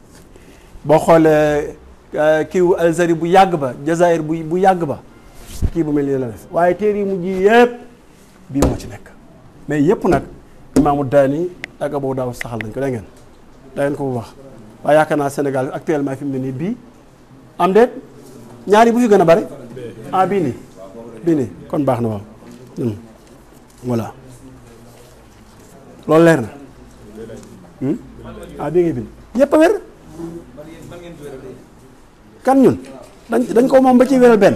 boo xoolee euh, kiiwu Algérie bu yàgg ba Jazaïr bu bu yàgg ba kii bu mel ni la def waaye téere yi mujj yëpp bii moo ci nekk mais yëpp nag imaamu daani ak abou daaw saxal nañ ko da ngeen da ngeen ko bu wax waaye yaakaar naa Sénégal actuellement fi mu ne nii bii am déet ñaari bu fi gën a bari ah bii nii bii nii kon baax na waaw hmm. voilà loolu leer na hmm? ah bii ngay bind yépp wér kan ñun dañ dañ ko moom ba ci wéral benn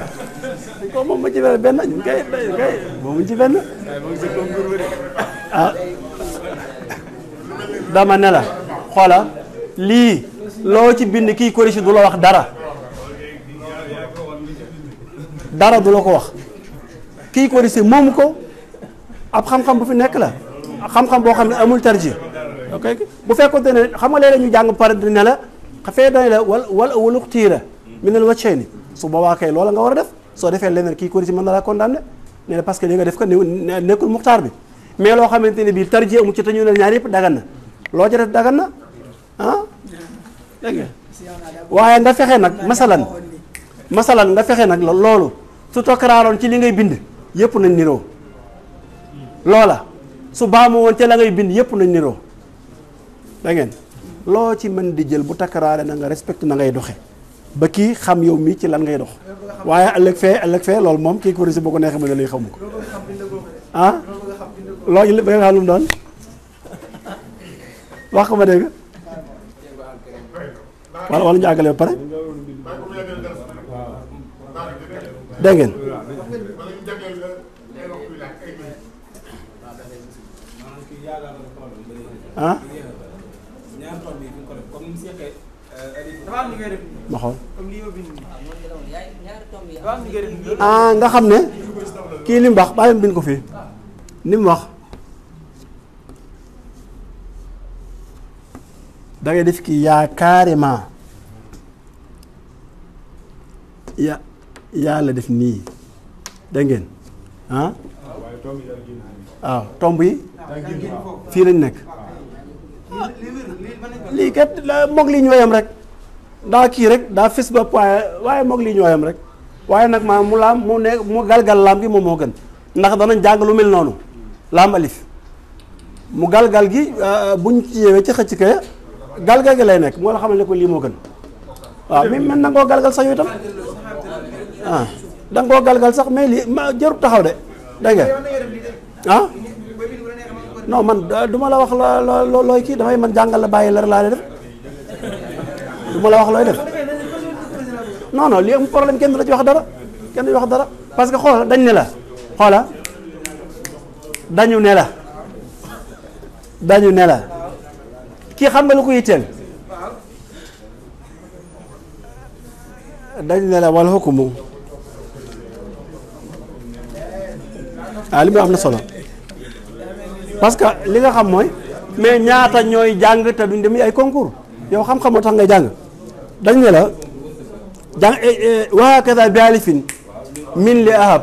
dañ ko moom ba ci wéral benn ñun kay kay moomuñ ci benn dama ne la xoola lii loo ci bind kii corrigé du la wax dara dara du la ko wax kii corrigé moom ko ab xam-xam bu fi nekk la xam-xam boo xam ne amul tarji ok bu fekkoonte ne xam nga léeg ñu jàng pare ne la xafee dañ la wal wal walux tiira mi nel waccee ni su boobaa kay loola nga war a def soo defee leneen kii corrigé mën na laa condamné ne la parce que li nga def ko nekkul muxtaar bi mais loo xamante ne bii tarji amu ci te ñu ne ñaar yëpp dagan na loo ca def na ah? waaye nga fexe nag masalan masalan nga fexe nag loolu su tokkaraaroon ci li ngay bind yëpp nañ niroo loola su baamu woon la ngay bind yëpp nañ niroo da ngeen loo ci mën di jël bu takkaraare na nga respecte na ngay doxe ba kii xam yow mii ci lan ngay dox waaye ëllëg fee ëllëg fee loolu moom kii ko rési boo ko neexee mu luy xamu ko ah ba nga xam lu mu doon wax ma dégg wala wala ñu ba pare dégg ah ma xool ah nga xam ne kii li mu wax bàyyi bind ko fii ni mu wax da ngay def kii yaa carrément ya yaa la def nii dégg ngeen ah waaw ah, tomb yi fii lañ nekk lii kat moog lii ñooyam rek daa kii rek daa fis ba point waaye moog lii ñooyam rek waaye nag maanaam mu laam mu ne mu galgal laam gi moom moo gën ndax danañ jàng lu mel noonu laam alif mu galgal gi ah, bu ci yewee ci xëcc ka galgal gi lay nekk moo la xamal ne ko lii moo gën waaw mi man nangoo galgal sax yow itam ah dangoo galgal sax mais lii ma jarut taxaw de dégg nga ah non man du ma la wax loo looy kii dafay man jàngal la bàyyi la laa lay def du la wax looy def non non lii am problème kenn du la ci wax dara kenn du wax dara parce que xoola dañ ne la xoola dañu ne la dañu ne la kii xam nga lu ko yitteel dañ ne la wal hukumu waaw ah, li mu am na solo parce que li nga xam mooy mais ñaata ñooy jàng te duñ dem ay concours yow xam-xam moo tax ngay jàng dañ ne la jàng eh, eh, wa hakaza bi alifin min li ahab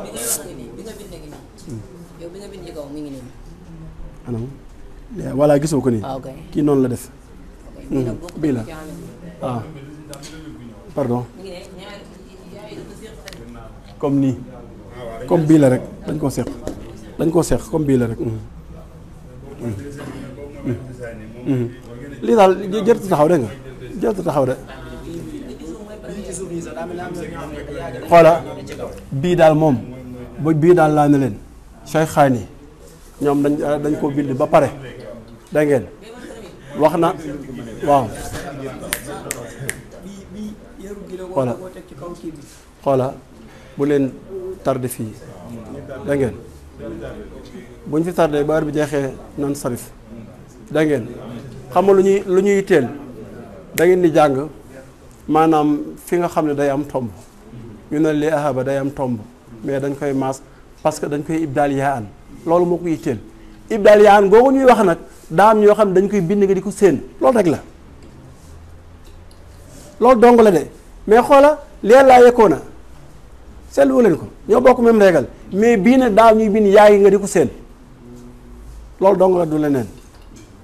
voilà gisoo ko nii. Ah, kii noonu la def. bii la waaw ah. pardon comme nii comme bii la rek dañ koo seq dañ koo seq comme bii la rek. lii daal jërëjëf taxaw de nga jërëjëf taxaw de. xoola bii daal moom ba bii daal laa ne leen. Cheikh Khani ñoom dañ dañ koo bind ba pare. da ngeen wax na waaw xoola xoola bu leen tarde fii da ngeen buñ fi tardé ba heure bi jeexee nan sarif da ngeen xam nga lu ñuy lu ñuy teel da ngeen di jàng maanaam fi nga xam ne day am tomb ñu ne li ahaba day am tomb mais dañ koy mas parce que dañ koy ibdaal yaa an loolu moo ko yitteel ibdaal yaa an googu ñuy wax nag daa am yoo xam ne dañ koy bind nga di ko séen loolu rek la loolu dong la de mais xoola leen laa yekkoona seetlu leen ko ñoo bokk même régal mais bii ne daa ñuy bind yaa ngi nga di ko séen loolu dong la du leneen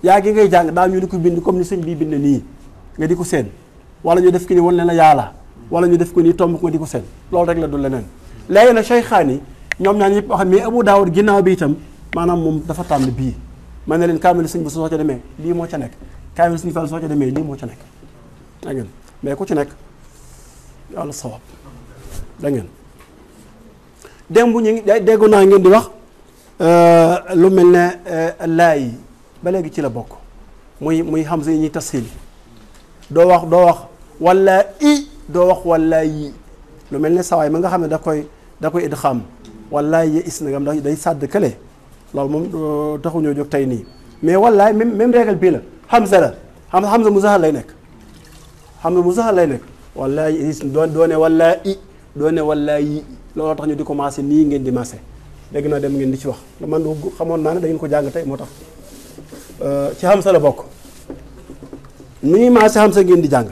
yaa gi ngay jàng daa ñu di ko bind comme ni sëñ bii bind nii nga di ko séen wala ñu def ko ni wan leen a yàlla wala ñu def ko nii tomb nga di ko séen loolu rek la du leneen léegi nag Cheikh Khani ñoom ñaan yëpp wax mais Abu Daawud ginnaaw bi itam maanaam moom dafa tànn bii man ne leen kaamil sëñ bi soo ca demee lii moo ca nekk kaamil sëñ Fall soo ca demee lii moo ca nekk da mais ku ci nekk yàlla sawab da ngeen démb ñu ngi déggu naa ngeen di wax euh, lu mel ne euh, laay yi ba léegi ci la bokk muy muy xam yi ñuy tasxiil doo wax doo wax wala i doo wax wala yi lu mel ne sawaay ma nga xam ne da koy da koy idxaam wala yi is na nga day sàdd kële loolu moom euh, taxu ñoo jóg tey nii mais wallaay même même règle bii la Hamza la xam Hamza muzahar lay nekk Hamza muzahar lay nekk wallaay is doo doone wallaay i doone wallaay yi looloo tax ñu di commencé nii ngeen di maase dégg naa dem ngeen di ci wax man xamoon naa ne da ngeen ko jàng tey moo tax euh, ci Hamza la bokk nii maase sa ngeen di jàng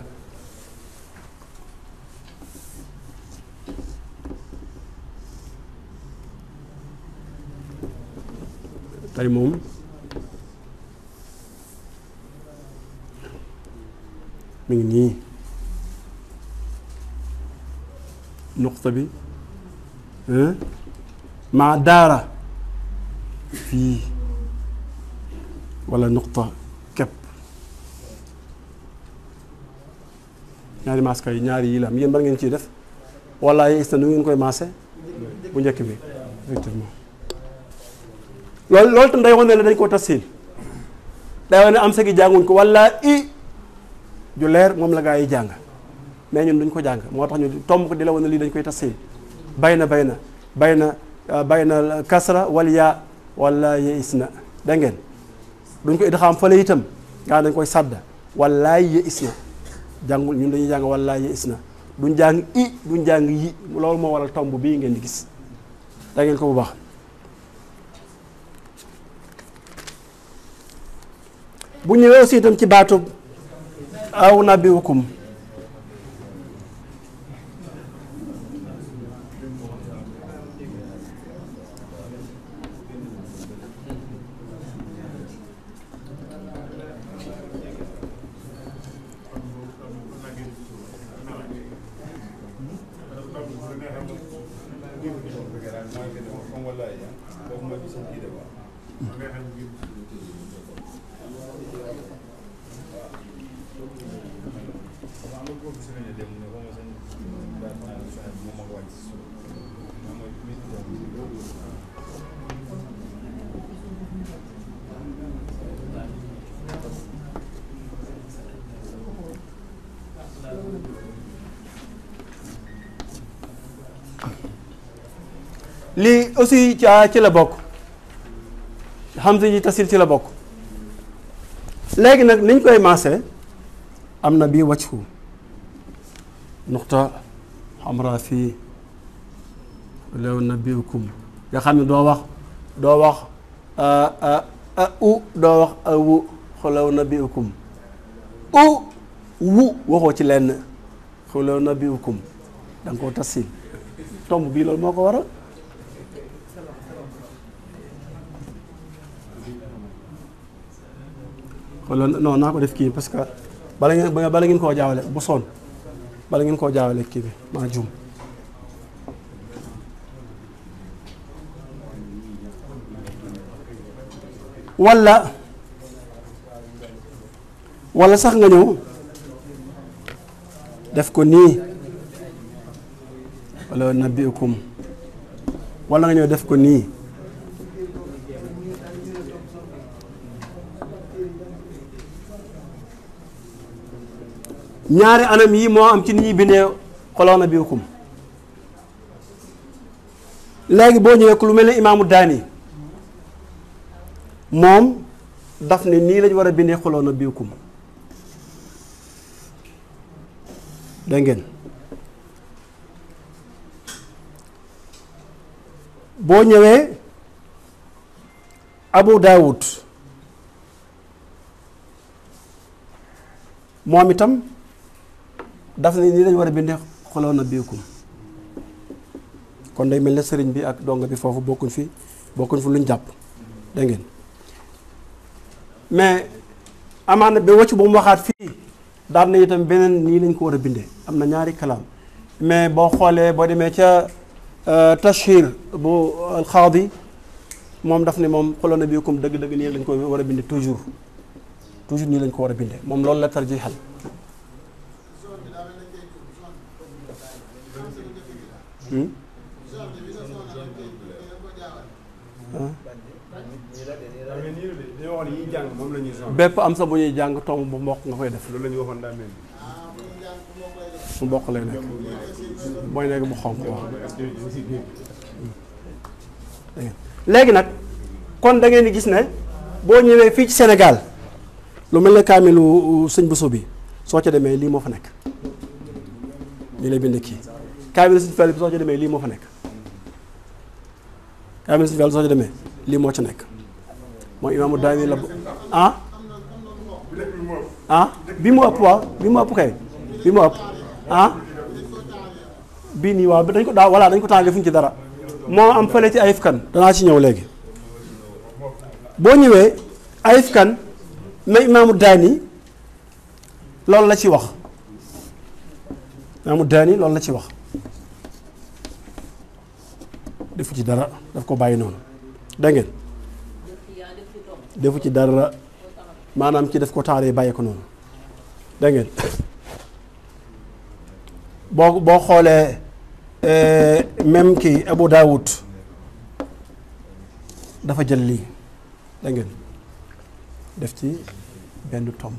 tey moom mi ngi nii nuqta bi ma daara fii wala nuqta képp ñaari maska yi ñaari yii la am yéen ban ngeen ciy def wala yegg na nu ngeen koy maase bu njëkk bi loolu loolu tam day wane ne dañ koo tafsir day wane am sa gi jànguñ ko wala i ju leer moom la gaa yi jàng mais ñun duñ ko jàng moo tax ñu tomb di la wane lii dañ koy tafsir bay na bay na bay na euh, bay na kasra wal yaa wala yeis na da ngeen duñ ko idxaam fële itam gaa dañ koy sàdd wallaay yeis na jàngul ñun dañuy jàng wallaay yeis na duñ jàng i duñ jàng yi loolu moo waral tomb bii ngeen di gis da ko bu baax bu ñëwee aussi itam ci baatub aw nabiwukum aussi ah, ci la bokk hamza yi tasil ci la bokk léegi nag niñ koy maase am na bii wàccu nuqta xamra fii lew na biikum nga xam ne doo wax doo wax u doo wax awu xulew na biikum u wu waxoo ci lenn xulew na biikum da nga koo tasil tomb bii loolu moo ko waral wala non naa ko def kii parce que bala ngeen bala ngeen koo jaawale bu soon bala ngeen koo jaawale kii bi maa juum walla wala sax nga ñëw def ko nii wala nabiukum wala nga ñëw def ko nii ñaari anam yi moo am ci ni ñuy bindee xoloona bi hukum léegi boo ñëwee ku lu mel ne imaamu daani moom daf ne nii lañ war a bindee xoloona bi hukum boo ñëwee abu daawud moom itam daf ne nii lañ war a bindee xoloon na biikum kon day mel na sëriñ bi ak donga bi foofu bokkuñ fi bokkuñ fi ñu jàpp dégg ngeen mais amaana ba wacc bu mu waxaat fii daal na itam beneen nii lañ ko war a bindee am na ñaari kalaam mais boo xoolee boo demee ca euh, tashhir bu alxaadi moom daf ni moom xoloon na biikum dëgg-dëgg nii lañ ko war a bindee toujours toujours nii lañ ko war a bindee moom loolu la tarjixal Hmm? bépp am sa bu ñuy jàng tomb bu mboq nga koy def. loolu la ñu waxoon daa mel ni. bu mboq lay nekk booy nekk bu xonk léegi nag kon dangeen gis ne boo ñëwee fii ci senegal lu mel ne kaamilu uh, sëñ buso bi soo ca demee lii moo fa nekk lii lay bind kii. kaamil Sëñ Fallu bi soo ci demee lii moo fa nekk kaamil Sëñ Fallu bi soo ci demee lii moo ci nekk mooy imaamu daami la ah ah bi mu ëpp waaw bi mu ëpp kay bi mu ëpp ah bii nii waaw dañ ko daa voilà dañ ko tàngee fu ñu ci dara moo am fële ci ayif kan danaa ci ñëw léegi boo ñëwee ayif kan ma imaamu daani loolu la ci wax imaamu daani loolu la ci wax defu ci dara daf ko bàyyi noonu dégg ngeen defu ci dara maanaam ci def ko taaree bàyyi ko noonu dégg boo boo xoolee eh, même kii Abu Daawud dafa jël lii dégg ngeen def ci benn tomb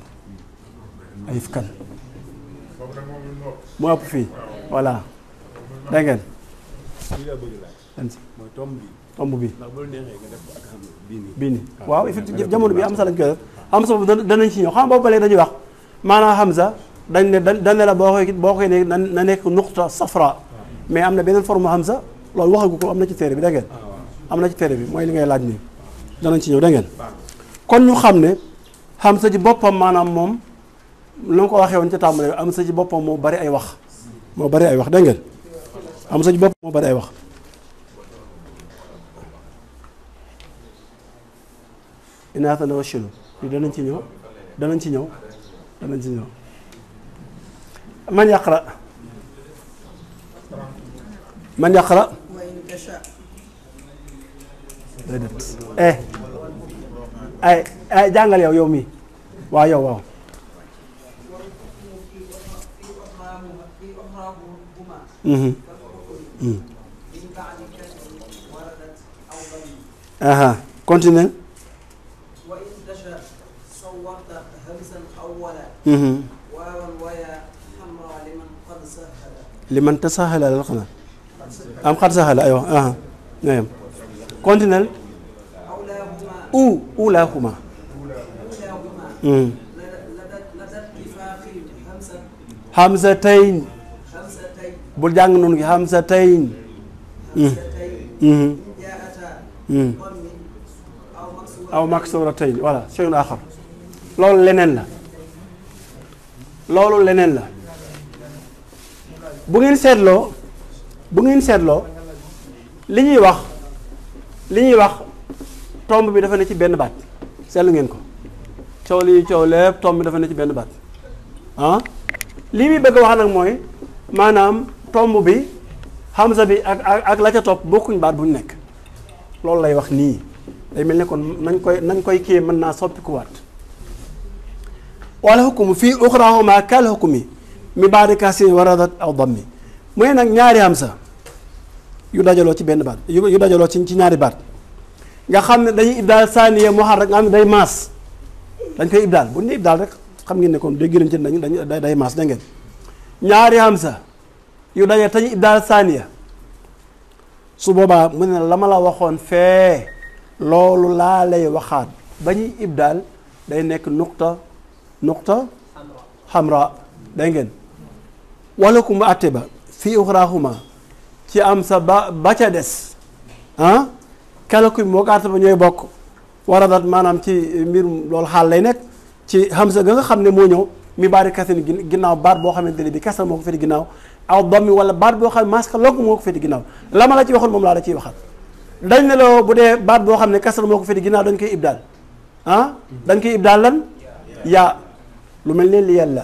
ayif kan moo ëpp fii voilà dégg ANSI. mooy tomb bi tomb bi. ndax bu la neexee nga def ko ah, waaw effectivement jamono bi Hamza lañ koy def. Hamza boobu danañ ci ñëw xam nga boobu ba léegi dañuy wax maanaam dañ ne dañ ne la boo koy boo koy ne na nekk nuqta safra mais am na beneen forme Hamza loolu waxagu ko am na ci téere bi dégg ngeen. Ah, am na ci téere bi mooy li ngay laaj nii danañ ci ñëw dégg ngeen. kon ñu xam ne Hamza ji boppam maanaam moom lu ko waxee woon ca tàmbali Hamza ji boppam moo bari ay wax moo bari ay wax dégg ngeen Hamza ji boppam moo bari ay wax inaatan wa shilo li danañ ci ñëw danañ ci ñëw danañ ci ñëw man yaqra man yaqra eh ay ay jàngal yow yow mii waaw yow waaw mhm. Mhm. aha continue Mhm. li man tasahala la xanaa am xat sahala aywa aha nga yem continuel u ulahuma mm. hamzatayn bul jàng noonu gi hamzatayn mm. Mhm. Mm. aw maksuratayn voilà shay'un axar loolu leneen la loolu leneen la bu ngeen seetloo bu ngeen seetloo li ñuy wax li ñuy wax tomb bi dafa ne ci benn baat seetlu ngeen ko coow lii coow lépp tomb bi dafa ne ci benn baat ah lii muy bëgg wax nag mooy maanaam tomb bi hamza bi ak ak ak la ca topp bokkuñ baat bu ñu nekk loolu lay wax nii day mel ne kon nañ koy nañ koy kii mën naa soppikuwaat wala xukumu fii uxrahuma kal xukumi mi baadi kasi waradat aw dammi mu ne nag ñaari hamza yu dajaloo ci benn baat yu dajaloo ci ci ñaari baat nga xam ne dañuy daal saaniya muharrak nga xam ne day maas dañ koy daal bu ñu ibdaal rek xam ngeen ne kon day gërëm ci dañu dañ day maas da ngeen ñaari hamza yu daje tañu ibdaal saaniya su boobaa mu ne la ma la waxoon fee loolu laa lay waxaat ba ñuy ibdaal day nekk nuqta nuqta xamra da ngeen walakum atte ba fii raaxuma ci am sa ba ba ca des ah kalakum moo ko atte ba ñooy bokk waradat maanaam ci mbirum loolu xaal lay nekk ci hamza ga nga xam ne moo ñëw mi baari kasin ginnaaw baat boo xamante ne bi kasra moo ko fete ginnaaw aw baat boo xam ne maska lonk moo ko fete ginnaaw la ma la ci waxoon moom laa la ciy waxaat dañ ne la bu dee baat boo xam ne kasra moo ko fete ginnaaw dañ koy ibdaal dañ koy ibdaal lan yaa lu mel ne li yàlla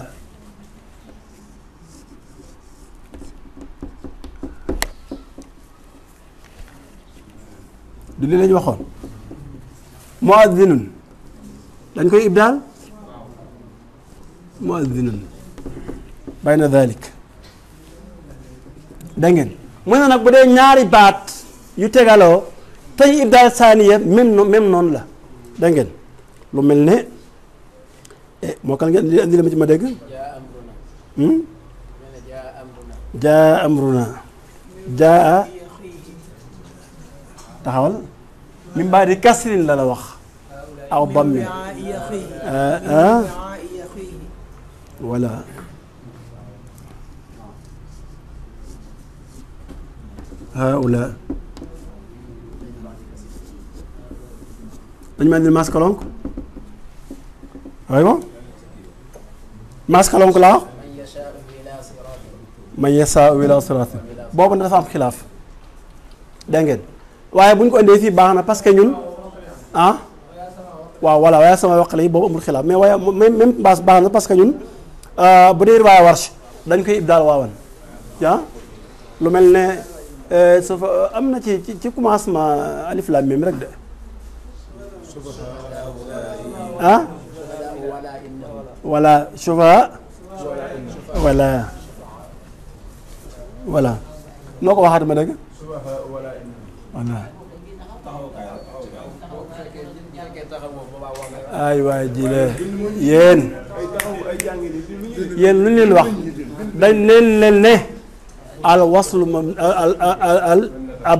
du li lañ waxoon muadzinun dañ koy ibdaal muadzinun bayna dalik dangeen ngeen mu ne nag bu dee ñaari baat yu tegaloo tey ibdaal saaniya même même noonu la da lu mel ne Eh, moo kal ngeen li andi ma ci ma dégg. Hmm? jaa amruna jaa taxawal min baadi kasrin la la wax aw dammi eh, eh? voilà haula dañu ma indil masque waaye bon maskalon ko laa man yasa wila sirati boobu na dafa am xilaaf dégg waaye bu ñu ko indee fii baax na parce que ñun ah waaw voilà waaye sama waqale yi boobu amul xilaaf mais waaye même même baax na parce que ñun euh, bu dee riwaaya warsh dañ koy daal waawan lu mel ne euh, su fa am na ci ci commencement alif laam miim rek de ah? wala shufa wala wala noo ko waxaat ma dëgg ay waay jile yéen yéen lu leen wax dañ leen leen ne al waslu mam al al al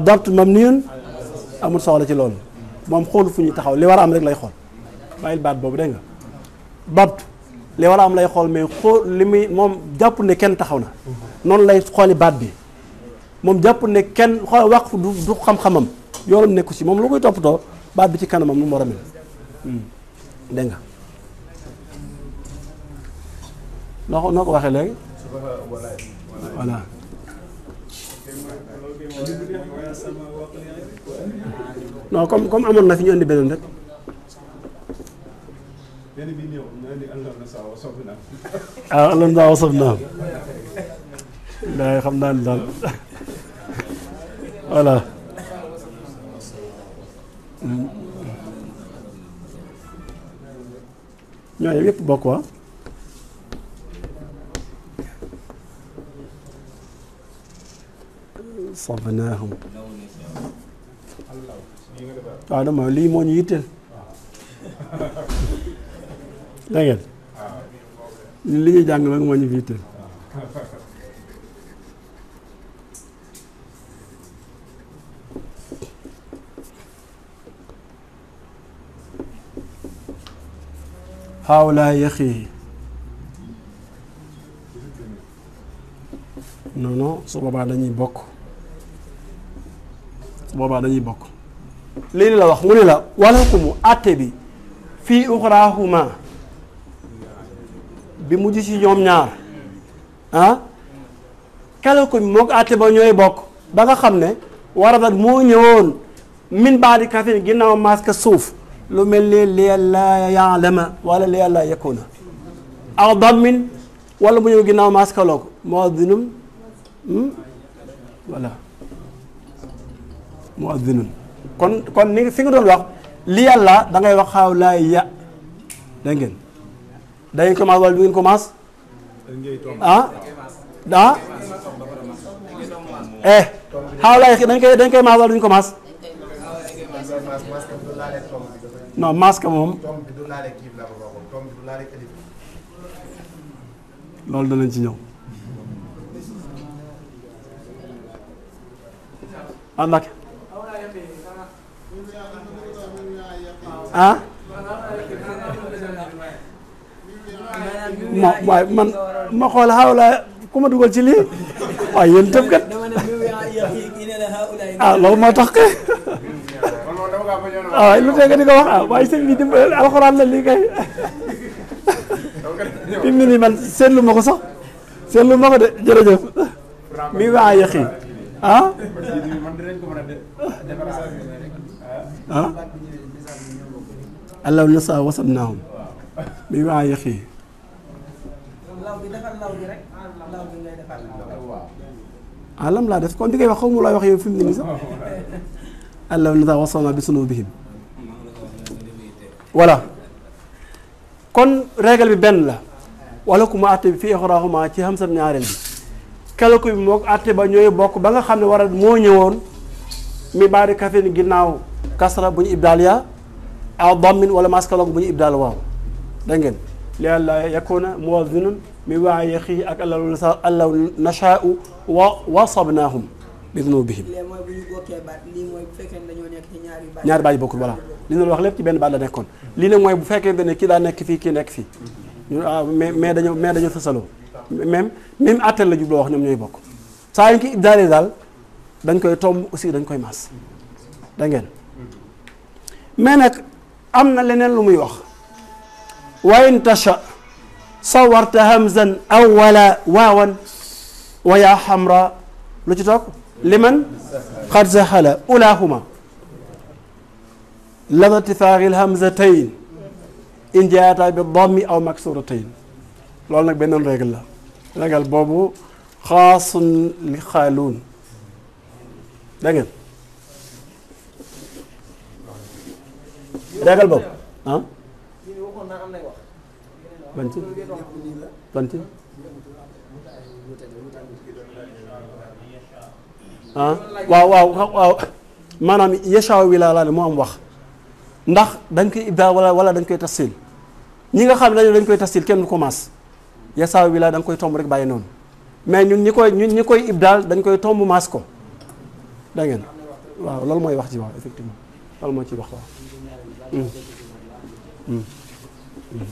dabt mamniyun amul soxla ci loolu moom xool fu ñuy taxaw li war a am rek lay xool bàyyil baat boobu dégg nga dabt li war am lay xool mais xool li muy moom jàpp ne kenn taxaw na noonu lay xooli baat bi moom jàpp ne kenn xool wàqf du du xam-xamam yoonam nekku ci moom lu koy toppatoo baat bi ci kanamam nu mu war a mel hmm. dégg nga noo ko noo comme comme amoon na fi ñu indi beneen rek ah alal naa wasaf naa daay xam naa ni daal voilà ñooñu yëpp bokk waa ah. sabnaahum waaw dama lii moo ñu dégg ngeen li ñuy jàng nag moo ñu fi teel hawla yaxi non non su boobaa dañuy bokk su boobaa dañuy bokk léegi la wax mu ne la walakumu àtte bi fii uxraahuma bi mujj ci ñoom ñaar ah ko moo ko àtte ba ñooy bokk ba nga xam ne warabat moo ñëwoon min baadi kafin ginnaaw maska suuf lu mel ne li yàlla yaalama wala li yàlla yakuna aw dammin wala mu ñëw ginnaaw maska loo ko muadinum hmm? voilà muadinum kon kon ni fi nga doon wax li yàlla da ngay wax xaaw laa ya da ngeen commence wala du ngeen commence ah ah eh xawlaay dañ koy dañ koy maas wala duñ ko maas non maas ka moom loolu danañ ci ñëw ah ma waaye ma xool xawla ku dugal ci lii waaye yéen itam kat ah loolu moo tax kay ah lu tee nga wax ah waaye sëñ bi di alxuraan la lii kay fi mu ne nii ma ko sax lu ma ko de jërëjëf mi waa yëqi ah, ah? law bi ah, lam laa def kon di ngay wax xaw ma looy wax yow fi nii sax allah na wasoona bi sunu bihim voilà kon règle bi benn la wala ku ma àtte bi fii ixraahumaa ci xam sa ñaareel bi kalaku bi mook àtte ba ñooy bokk ba nga xam ne war a moo ñëwoon mi baari kafin ginnaaw kasra bu ñu ibdaal yaa aw dammin wala maskaloog bu ñu ibdaal waaw dégg ngeen li yàlla yakuna muwazinun mi waaye xii ak alaw alaw nashaau wa wasabnaahum bi dunubihim ñaari baat yi bokkul voilà li ñu wax lépp ci benn baat la nekkoon lii ne mooy bu fekkente ne kii daa nekk fii kii nekk fii ñu ah mais mais dañoo mais dañoo fësaloo même même attel la jubloo wax ne mooy bokk saa yu ñu ko ibdaalee daal dañ koy tomb aussi dañ koy maas da ngeen am na leneen lu muy wax waaye ntasha sawarta hamzan awwala waawan wa yaa xamra lu ci toog liman xad saxala ulahuma lada tifaaril hamzatayn in jaata bi dammi aw maksuratayn loolu nag beneen règle la règle boobu xaasun li xaaluun da ngeen règle boobu ah ban ci ah, waaw waaw waaw maanaam yashaaw wi laa laa ne moo am wax ndax dañ koy ibda wala wala dañ koy tasil ñi nga xam ne dañ koy tasil kenn du ko maas yashaaw wi laa da koy tomb rek bàyyi noonu mais ñun ñi koy ñun ñi koy daal dañ koy tomb maas ko da ngeen waaw loolu mooy wax ci waaw effectivement loolu moo ci wax waaw hmm. Hmm. Hmm.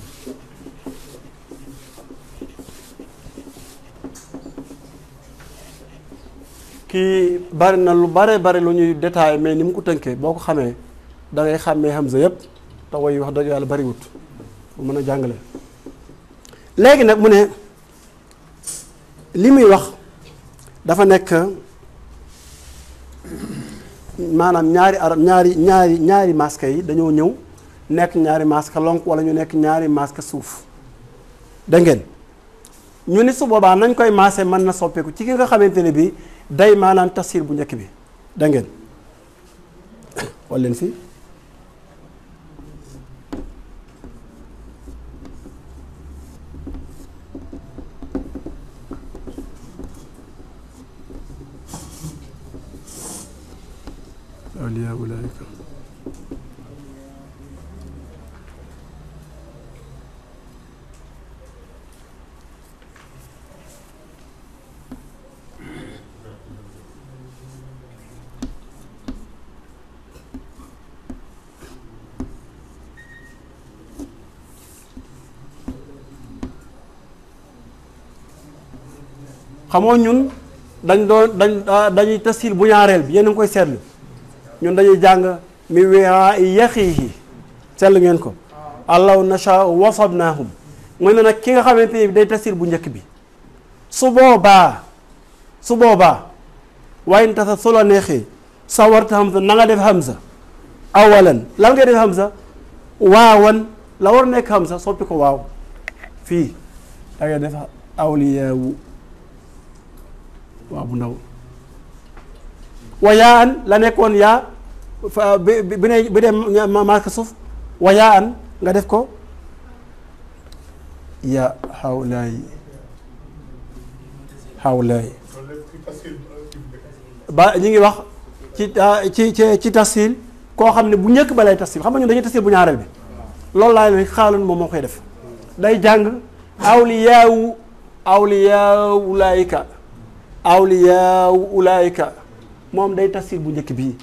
kii bari na lu bare bari lu ñuy détaillé mais ni mu ko tënkee boo ko xamee da ngay xàmmee Hamza yëpp te way wax dëgg yàlla bariwut bu mën a jàngale léegi nag mu ne li muy wax dafa nekk maanaam ñaari arab ñaari ñaari ñaari masque yi dañoo ñëw nekk ñaari masque lonk wala ñu nekk ñaari masque suuf da ngeen ñu ni su boobaa nañ koy maase mën na soppeeku ci ki nga xamante ne bi day maanaan tafsir bu njëkk bi da ngeen wal leen xamoo ñun dañ doon dañ ah, dañuy tassil bu ñaareel bi yéen a ngi koy seetlu ñun dañuy jàng mi wea i yaqiihi seetlu ngeen ko allahu nasha wasabnahum mu ne nag ki nga xamante ne bi day tassil bu njëkk bi su boobaa su boobaa waaye nta sa su la neexee sa warta hamza na nga xam sa awalan lan ngay def hamza waawan la war nekk sa soppi ko waaw fii da ngay def awliyaawu waaw bu ndaw wa yaa an la nekkoon yaa fa bi bi bi ne marque wa yaa an nga def ko ya xawlaay xawlaay ba ñu ngi wax ci ci ci ci tasil koo xam ne bu njëkk ba lay tasil xam nga ñun dañuy tasil bu ñaareel bi loolu laa ne xaalun moom moo koy def day jàng awliyaawu awliyaawu laayika awliyaawu ulaayika moom day tafsir bu njëkk bii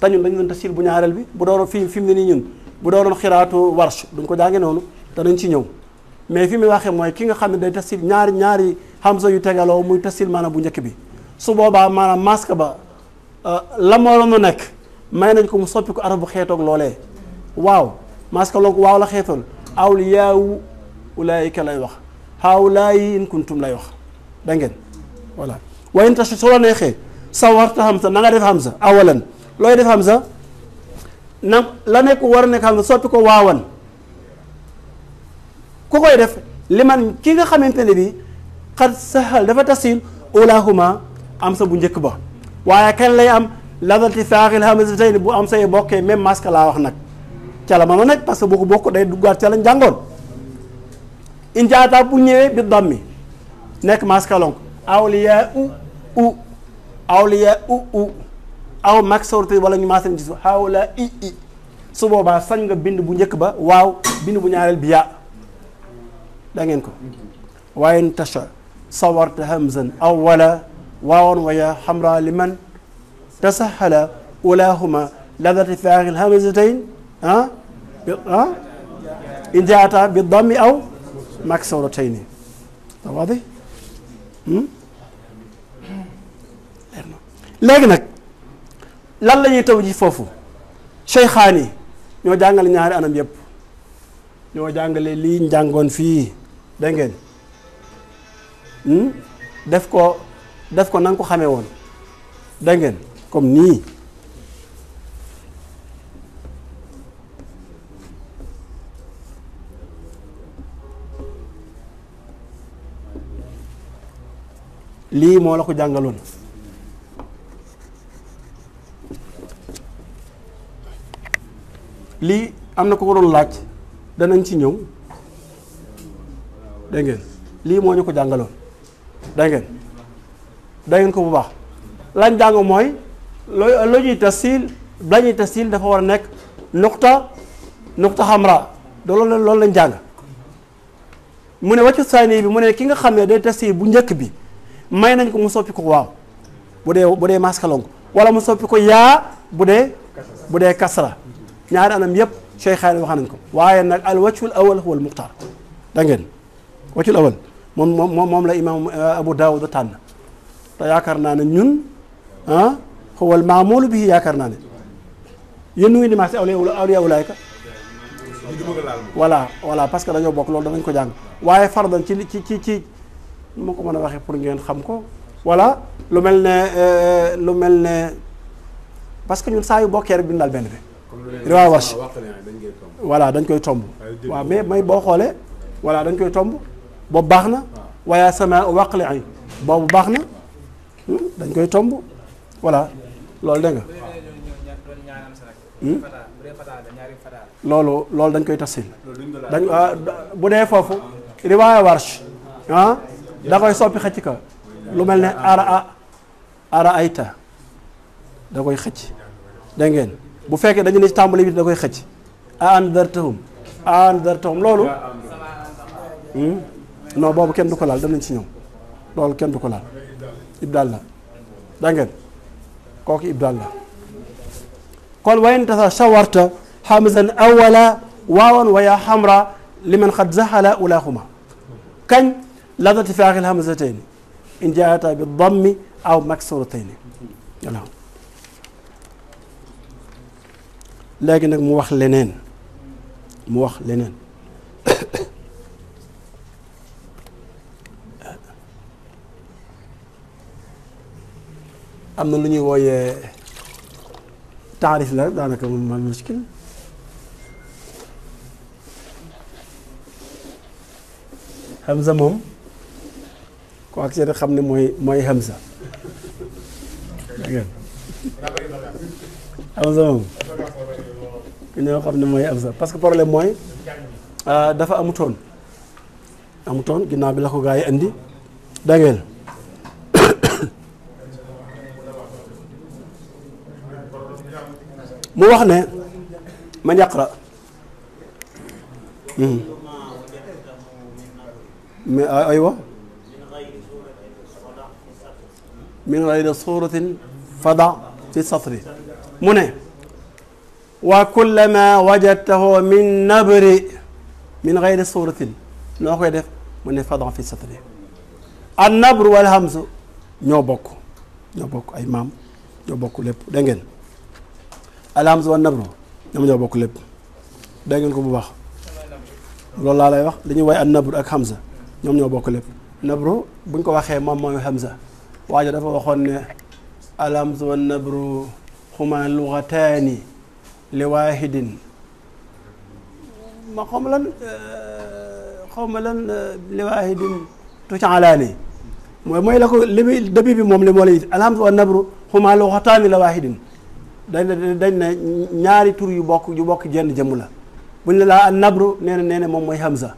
te ñun dañu doon tafsir bu ñaareel bi bu dooroon fi fi mu ne nii ñun bu dooroon xiraatu warsh duñ ko jànge noonu danañ ci ñëw mais fi muy waxee mooy ki nga xam ne day tafsir ñaari ñaari hamza yu tegaloo muy tafsir maana bu njëkk bi su boobaa maanaam masque ba euh, la moo la nu nekk may nañ ko mu soppi ko arab bu xeetoog loolee waaw masque loog waaw la xeetool awliyaawu ulaayika lay wax hawlaayi in kuntum lay wax da ngeen voilà waaye nag su la neexee sawarta hamza na nga def hamza awalan looy def hamza na la nekk war a nekk hamza soppi ko waawan ku koy def li man ki nga xamante ne bi xat saxal dafa tasil ulahuma am sa bu njëkk ba waaye kan lay am ladalti faaxil hamzatayn bu am say bokkee même masque laa wax nag ca la mën a nag parce que boo ko bokk day duggaat ca lañ jàngoon injaata bu ñëwee bi dammi nekk masque lonk awliyaa u u awliyaa u u aw mag sorté wala ñu maasan hawla i i boobaa sañ nga bind bu njëkk ba waaw bind bu ñaareel bi dangeen da ngeen ko waaye n tasha sawarta hamzan awwala waawoon waya xamra liman tasahala ulahuma ladati faaxil hamzatayn ah ah bi dammi aw maksawratayni waadi léegi nag lan lañuy ñuy taw ji foofu seyxaan ñoo jàngale ñaari anam yëpp ñoo jàngale lii njàngoon fii dégg ngeen hmm? def ko def ko na ko xamee woon dangeen comme nii lii moo la ko jàngaloon lii am na ko waroon laaj danañ ci ñëw dégg lii moo ñu ko jàngaloon dangeen dangeen ko bu baax lañ jàng mooy lu ñuy tasil dafa war a nekk nuqta nuqta xamra loolu loolu lañ jàng mu ne wàccu saani bi mu ne ki nga xam ne day tasil bu njëkk bi may nañ ko mu soppi ko waaw bu dee bu dee maskalonk wala mu soppi ko yaa bu dee bu dee kasra ñaari anam yëpp cheikhaani wax nañ ko waaye nag al wajhul awal huwa al muxtaar da ngeen wajhul awal moom moom moom la imaam eh, Abu Daawud tànn te yaakaar naa ne ñun ah huwa al maamulu bi yaakaar naa ne yéen ñu ngi dimanche si awliya awliya ulaayka voilà voilà parce que dañoo bokk loolu danañ ko jàng waaye fardan ci ci ci ci ko mën a waxee pour ngeen xam ko voilà lu mel ne eh, lu mel ne parce que ñun saa yu bokkee rek duñ daal benn bi riwaa wash voilà dañ koy tomb waaw mais may boo xoolee voilà dañ koy tomb boobu baax na waaye sama wàqli ay boobu baax na dañ koy tomb voilà loolu dégg nga hmm? loolu loolu dañ koy tasil dañ ah, bu dee foofu riwaaya warsh ah da koy soppi xëcc ka lu mel ne ara a ara ayta da koy xëcc dégg ngeen bu fekkee dañu ne ci tàmbali bi da koy xëcc a andartahum a andartahum loolu hmm? non boobu kenn du ko laal danañ ci ñëw loolu kenn du ko laal ibdaal la da kooku ibdaal la kon wayen tasa shawarta hamzan awala waawan waya xamra liman xad zahala ulahuma kañ lazati faaxil hamzatayni in jaata dammi aw maksuratayni léegi nag mu wax leneen mu wax leneen am na lu ñuy wooyee taarif la daanaka moom mal muskil Hamza moom ko ak seet xam ne mooy mooy Hamza Amsa moom ku ñoo xam ne mooy Amsa parce que problème mooy dafa amutoon amutoon ginnaaw bi la ko gaa yi andi da mu wax ne ma njàqra mais aywa min ghayri suratin fada fi satri mu ne waa wa kullama wajadtahu min nabri min gayri suratin noo koy def mu ne fadan fi satri an nabru wal hamsu ñoo bokk ñoo bokk ay maam ñoo bokk lépp dégg ngeen al hamsu bokk lépp dégg ngeen ko bu baax loolu laa lay wax li ñuy woy an nabru ak hamza ñoom ñoo bokk lépp nabru buñ ko waxee moom mooy hamza waajo dafa waxoon ne al hamsu huma lughataani li waahidin ma xaw ma lan xaw ma lan li mooy mooy la ko li muy bi moom li moo lay alhamdu wa nabru huma lughataani li dañ ne dañ ne ñaari tur yu bokk yu bokk jenn jëmm la buñ ne laa nabru nee na nee moom mooy xam sa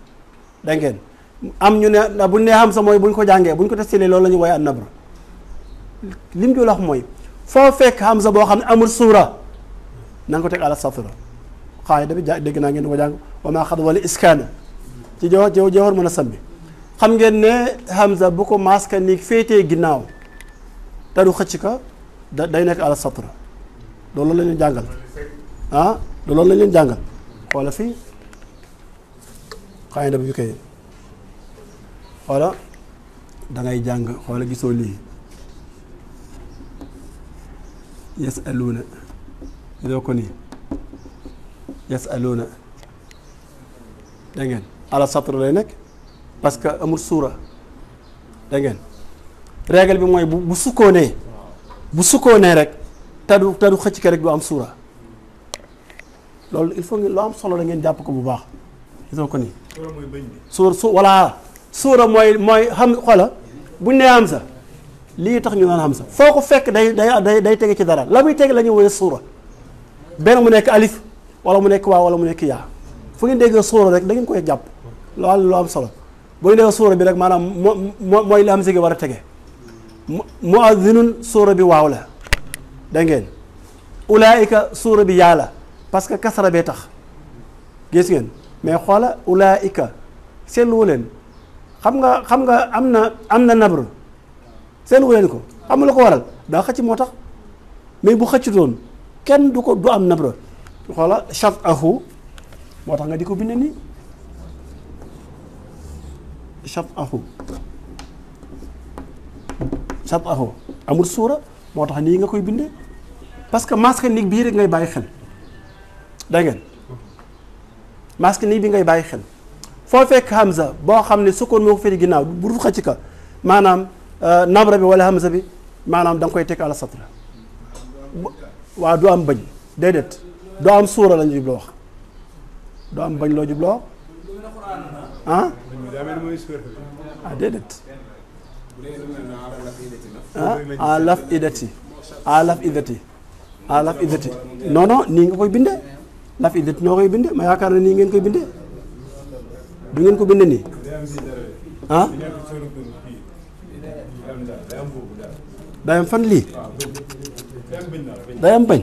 ngeen am ñu ne bu buñ ne sa mooy buñ ko jàngee buñ ko testé loolu la ñu woowee an nabru lim ju wax mooy. foo fekk hamza boo xam ne amul suura na nga ko teg ala satra xaay dafay dégg naa ngeen di ko jàng wa maa xad wala iskaana ci joo joo jawhar mën a sambi xam ngeen ne hamza bu ko maaska ni féetee ginnaaw te du xëcc ka da day nekk ala satra loolu la leen jàngal ah loolu la leen jàngal xoola fii xaay daf bi koy xoola da jàng xoola gisoo lii. yasaluuna doo ko nii yasaluuna da ngeen ala satr lay nekk parce que amul suura da ngeen règle bi mooy bu bu sukkoonee bu sukkoonee rek te du te xëcc ko rek du am suura loolu il faut loo am solo la ngeen jàpp ko bu baax gisoo ko nii. suura mooy bëñ bi. suura mooy xam xam xoola buñ nee am sa lii tax ñu am hamza foo ko fekk day day day tege ci dara la muy teg la ñuy woowee suura benn mu nekk alif wala mu nekk waaw wala mu nekk yaa fu ngeen déggee suura rek da ngeen koy jàpp loolu lu am solo bu ngeen suura bi rek maanaam moo mooy li hamza gi war tege muadinun suura bi waaw la da ngeen ulaayika suura bi yaa la parce que kasara bee tax gis ngeen mais xoola ulaayika seetlu leen xam nga xam nga am na am na nabru seen wuleen ko am la ko waral daa xëcc moo tax mais bu xëccutoon kenn du ko am nabra xoola chat moo tax nga di ko bind nii chat ahu chat ahu amul suura moo tax nii nga koy bindee parce que masque nig bii rek ngay bàyyi xel da ngeen masque bi ngay bàyyi xel foo fekk hamza boo xam ne sukkoon moo ko ginnaaw bu rufa ci ka maanaam Euh, nabra bi wala hamza bi maanaam da koy teg àla satra waaw du am bañ déedéet du am suura lañu jubloo du am bañ loo jubloo ah ah déedéet ah laf idati ah laf idati ah laf idati non non nii nga koy bindee laf ñoo koy bindee ma na nii ngeen koy bindee du ngeen ko bindee nii ah day am fan lii day am bañ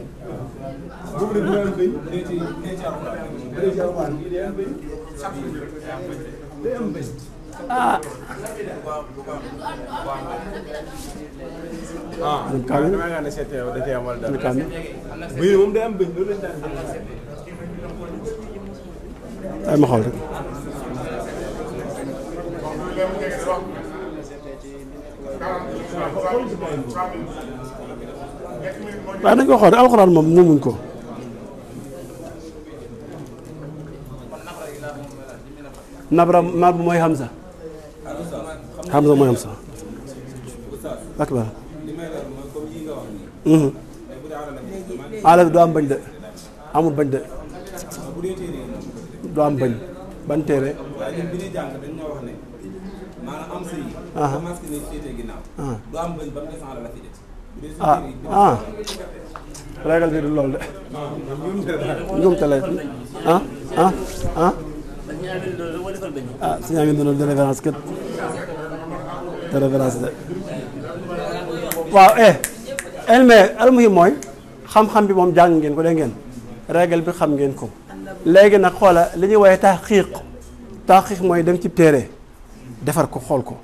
ah ñun kaamil ñun kaamil ay ma xool rek waaye dañ ko xool alxuraan moom moomuñ ko nabra ma bu mooy Hamza Hamza mooy Hamza akbar mhm. alal du am bañ de amul bañ de du am bañ ban ah ah, ah. ah. ragal bi du loolu de njuumte la ah ah ah ah suñu amee doon de référence de waaw eh elme almuhim mooy xam-xam bi moom jàng ngeen ko dégg ngeen ragal bi xam ngeen ko léegi nag xoola li ñuy woowee taxqiiq taxqiiq mooy dem ci téere defar ko xool ko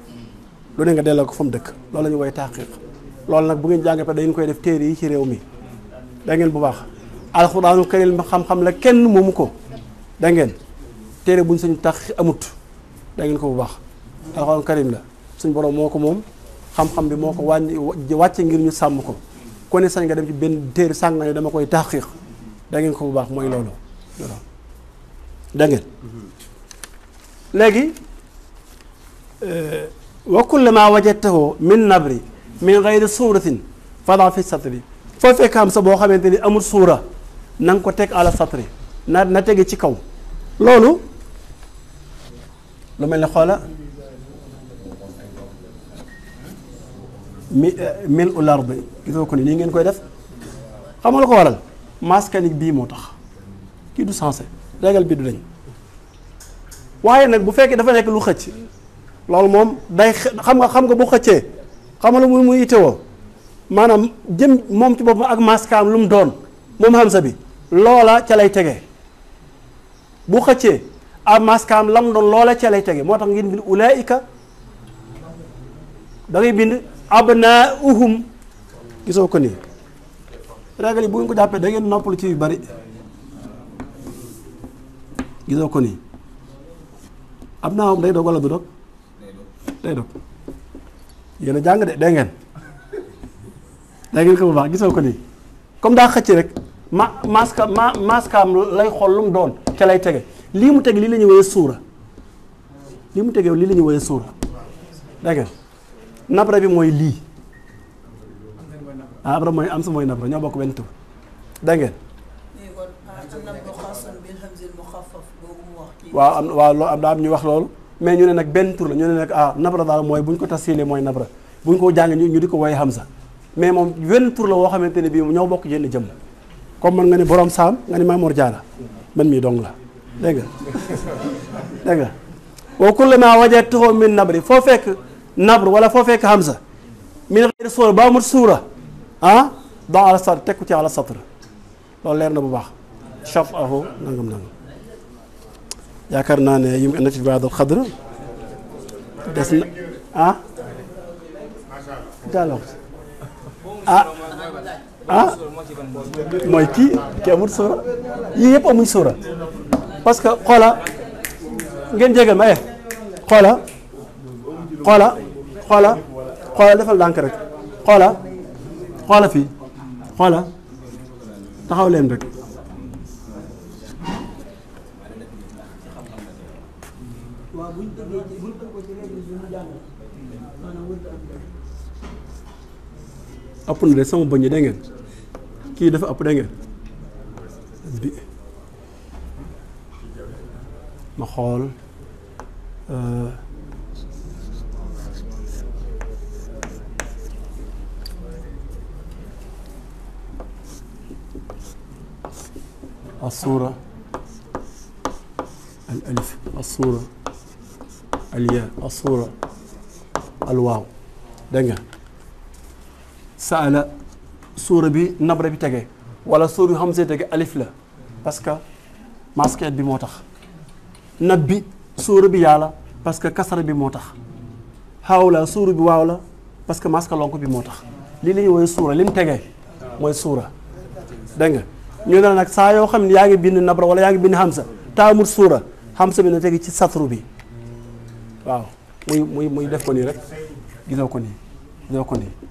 lu ne nga della ko fa mu dëkk loolu la ñu woy taqiq loolu nag bu ngeen jàngee ba dangeen koy def téere yi ci réew mi da ngeen bu baax alxuraanu karim xam-xam la kenn moomu ko da ngeen téere buñ sañu tax amut da ngeen ko baax alxuraanu karim la suñ borom moo ko moom xam-xam bi moo ko wàññi wàcce ngir ñu sàmm ko ku sañ nga dem ci benn téere sàng na dama koy taqiq da ngeen ko bu baax mooy loolu da mm-hmm. léegi wakkul kullu ma wajadtahu min nabri min gayri suuratin fada fi satri foo fekk am sa boo xamante ni amul suura na ko teg àll satri na na tege ci kaw loolu lu mel ne xoola mi mil u lardi gisoo ko ni nii ngeen koy def xam nga lu ko waral masse canique bii moo tax kii du sensé régal bi du dañ waaye nag bu fekkee dafa nekk lu xëcc loolu moom day xam nga xam nga bu xëccee xam nga muy muy woo maanaam jëm moom ci boppam ak maskaam lu mu doon moom Hamza bi loola ca lay tege bu xëccee ak maskaam la mu doon loola ca lay tege moo tax ngeen bind ulaayika da ngay bind abnaahum gisoo ko nii régal bu ngeen ko jàppee da ngeen noppalu ci yu bari gisoo ko nii abnaahum day doo wala du dog day dog yéen a jàng de dégg ngeen dégg ngeen ko bu baax gisoo ko nii comme daa xëcc rek ma maska ma maskaam lay xool lu doon ca lay tege lii mu teg lii la ñuy woyee suura lii mu teg lii la ñuy woyee suura dégg nabra bi mooy lii ah abra mooy am sa mooy nabra ñoo bokk benn tur dégg ah, waaw am waaw loo am daa am ñu wax loolu mais ñu ne nag benn tur la ñu ne nag ah nabra daal mooy bu ñu ko tasilee mooy nabra bu ñu ko jàng ñu di ko woy Hamza mais moom wenn tur la woo xamante ne bii ñoo bokk jenn jëmm comme man nga ne borom saam nga ne Maamoor Jaara man mii dong la dégg nga dégg nga wa kullama wajadtuhu min nabri foo fekk nabr wala foo fekk Hamza min ghayri suura ba amut suura ah dans ala satr tekku ci ala satr loolu leer na bu baax chaf aho nangam yaakaar naa ne yu mu indi fi baadul xadr des na ah daal ah ah mooy kii ki amul sóora yii yëpp amuñ sóora parce que xoola ngeen jégal ma eh xoola xoola xoola xoola defal lànk rek xoola xoola fii xoola taxaw leen rek ëpp na de sama bëñ da ngeen kii dafa ëpp da ngeen bi ma xool الصورة الألف الصورة الياء الصورة الواو دنجا saala suura bi nabra bi tege wala suura bi xam see tege alif la parce que masquette bi moo tax nab bi suura bi yaa la parce que kasara bi moo tax xaaw la suura bi waaw la parce que masque lonk bi moo tax lii la ñuy suura li mu tegee mooy suura dégg nga ñu ne nag saa yoo xam ne yaa ngi bind nabra wala yaa ngi bind xamsa taamul suura xamsa bi na tege ci satru bi waaw muy muy muy def ko nii rek gisoo ko nii gisoo ko nii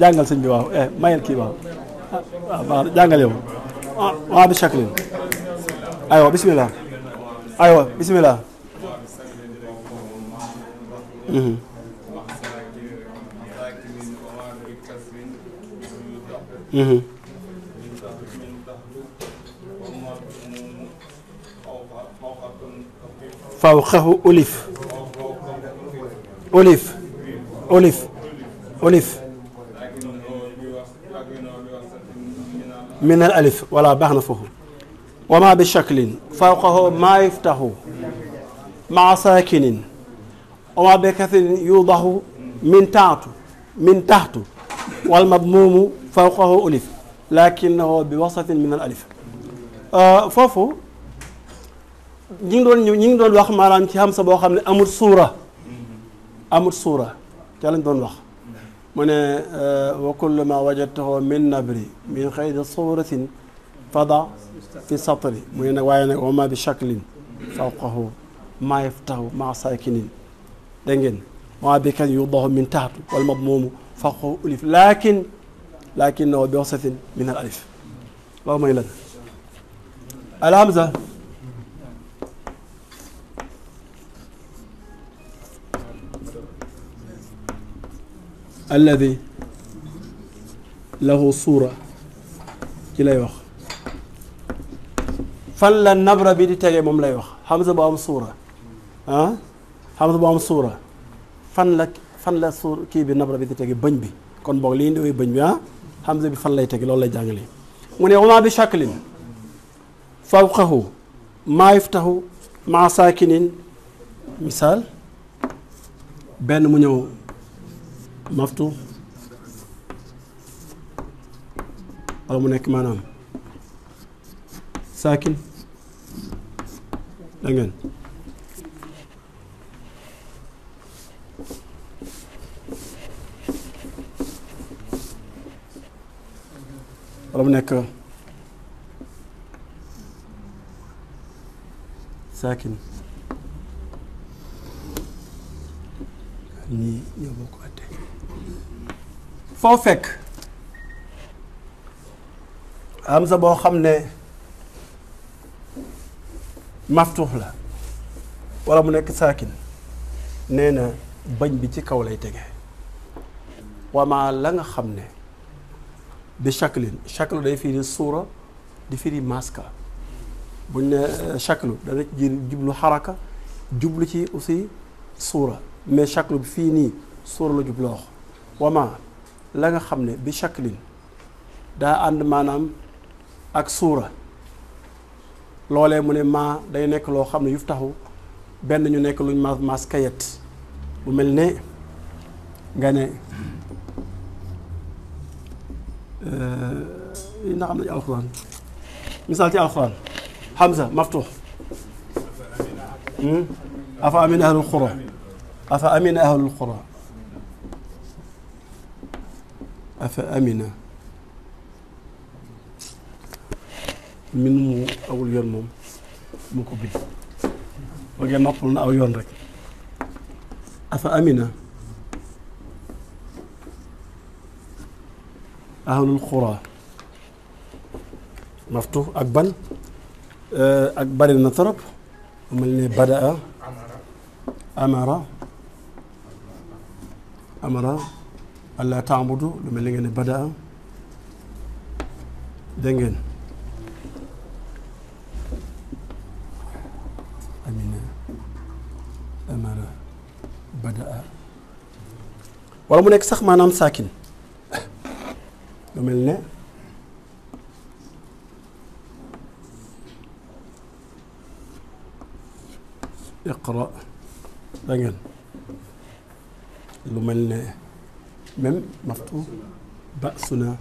jàngal sëñ bi waaw eh, mayel kii waaw ah, waaw baax jàngal yow ah, waaw bi chaklin aywa bisimilah aywa bisimilah mhm. mhm. faw xaxu olif olif olif min al alif voilà baax na foofu wa ma bi shaklin fawqahu ma yuftahu maa saakinin wa ma bi kathirin yudahu min taatu min taxtu wal madmuumu fawqahu alif lakinahu bi wasatin min al alif euh, foofu ñi ngi doon ñi ngi doon wax maanaam ci hamsa boo xam ne amul suura amul suura ca lañ doon wax mu ne euh, wa kullu ma wajadtahu min nabri min xayri suuratin fada fi satri mu ne nag waaye nag wama bi shaklin fawqahu maa yaftahu maa saakinin dégg ngeen wama bi kan yudahu min taxtu wal madmuumu fawqahu ulif laakin laakin nahu bi wasatin min al alif loolu mooy lan alhamza alladi lahu suura ci lay wax fan la nabra bi di tegee moom lay wax hamza bu am suura ah hamza bu am suura fan la fan la suur kii bi nabra bi di tege bëñ bi kon boog lii ndiwee bëñ bi ah bi fan lay tege loolu lay jàngale mu ne wama bi shaklin fawqahu maa yuftahu maa saakinin misaal benn mu ñëw maftu wala mu nekk maanaam saakin da ngeen mu nekk saakin foo fekk am sa boo xam ne maftux la wala mu nekk saakin nee na bañ bi ci kaw lay tege wamaa la nga xam ne bi chaklin chaklu day firi suura di firi maska buñ ne chaklu euh, dana ci jublu xaraka jublu ci aussi suura mais chaklu fii nii suura la jubloo wamaa la nga xam ne bi shaklin daa ànd maanaam ak suura loolee mu ne maa day nekk loo xam ne yuf taxu benn ñu nekk luñ maas maas kayet bu mel ne nga ne euh, ndax am nañu alxuraan misaal ci alxuraan Hamza maftuux hmm? afa amina ahlul qura afa amina ahlul qura afa amina min mu awul yoon moom mu ko bind bëggee noppal na aw yoon rek afa amina ahlul xuraa maftu ak ban eh, ak bari na trop mel ne badaa amara amara allah taamudu lu mel ni ngeen ne badaa dégg ngeen amina amara badaa wala mu nekk sax maanaam saakin lu mel ne iqra dégg lu mel ne même maftu ba suna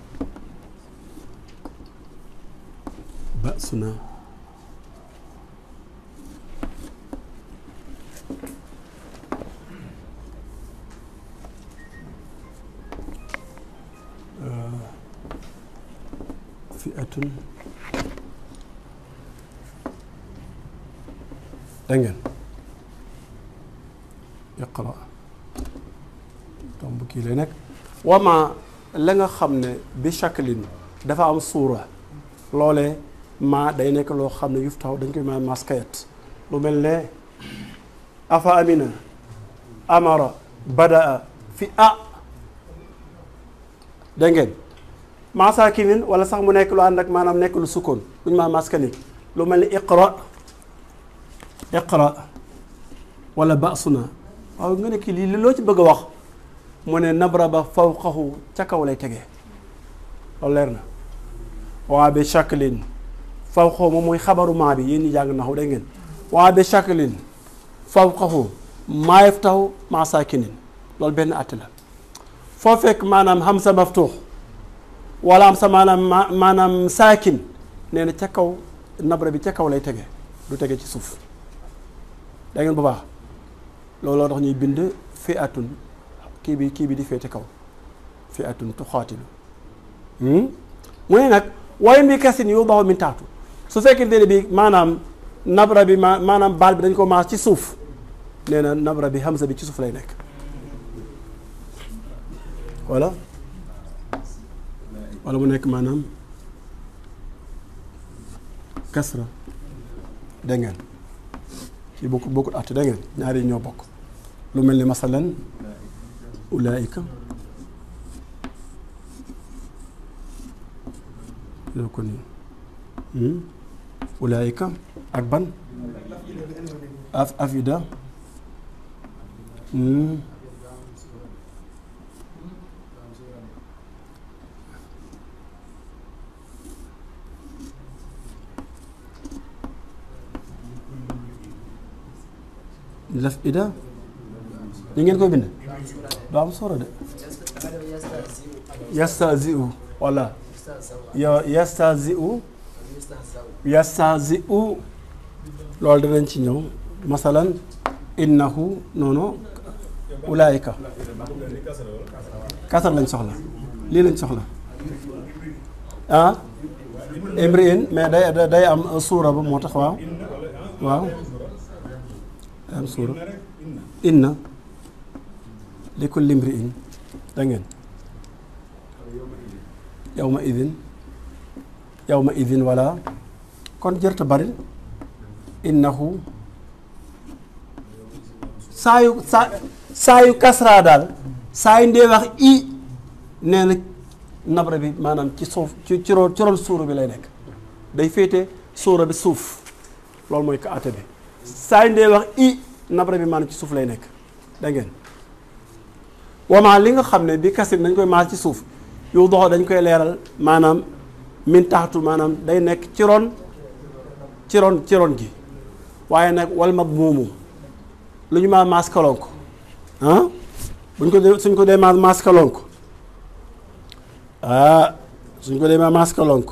ba suna euh, fi'atun dangeen wama la nga xam ne bi shaklin dafa am suura loole ma day nekk loo xam ne yuf taw dañ koy ma maskayat lu mel ne afa amina amara badaa fi a dégg ngeen maasakinin wala sax mu nekk lu ànd ak maanaam nekk lu sukkoon lu ñu ma maskani lu mel ni iqra iqra wala basuna waaw nga ne kii lii loo ci bëgg a wax mu ne nabra ba fawqahu ca kaw lay tege loolu leer na waa bi faw xaw moom mooy xabaru maa bi yéen ñi jàng naxu dégg ngeen waa bi shaklin fawqahu maa yaftahu maa saakinin loolu benn àtte la foo fekk maanaam hamza maftuux wala hamza maanaam maanaam saakin nee na ca kaw nabra bi ca kaw lay tege du tege ci suuf dégg ngeen bu baax looloo tax ñuy bind fi atun kii bi kii bi di féete kaw fi atun tuxaatilu hmm? mu ne nag waayun bi kasin yu baxu min taatu su fekkee ne bi maanaam nabra bi ma maanaam baal bi dañ ko maas ci suuf nee nabra bi hamza bi ci suuf lay nekk voilà wala mu nekk maanaam kasra dégg ngeen ci at dégg ñaari ñoo bokk lu mel ni masalan ulaayika loo ko nii hmm? ulaayika ak ban af afida hmm? laf ida ni ngeen ko bind du am solo de yastaziu voilà yow yastaziu yastaziu loolu danañ ci ñëw masalan innahu noonu ulaayika kasar lañ soxla lii lañ soxla ah imriin mais day day am suura ba moo tax waaw waaw day am suura inna li kulli imri'in da ngeen yawma idin ma idin wala kon jërta bari innahu saa yu saa saa yu kasraa daal saa yu wax i nee na nabra bi maanaam ci suuf ci ci roon ci suura bi lay nekk day féete suura bi suuf loolu mooy ko àtte bi saa yu wax i nabra bi maanaam ci suuf lay nekk da wamaa li nga xam ne bi kasin dañ koy maas ci suuf yu doxo dañ koy leeral maanaam min taxtu maanaam day nekk ci ron ci ron ci ron gi waaye nag wal mab moomu lu ñu ma maas kalonk ah buñ ko dee suñ ko dee maa maas kalonk ah suñ ko dee maa maas kalonk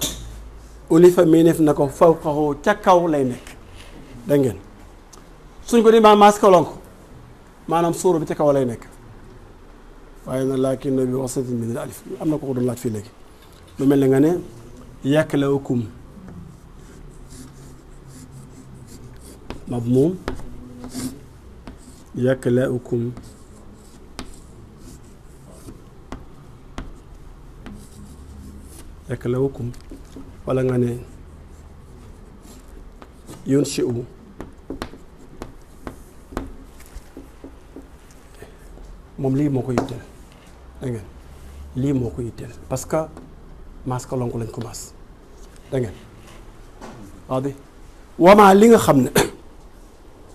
ulifa miinif na ko faw xaw ca kaw lay nekk dégg suñ ko dee maa maas kalonk maanaam suura bi ca kaw lay nekk waaye na laakin na bi wasatin min al alif am na ko doon laaj fii léegi mel ne nga ne yaklawkum mabmuum yaklawkum yaklawkum wala ne yunshi'u moom lii moo ko yitteel da lii moo ko itteel parce que maas lañ ko maas da waaw di wamaa li nga xam ne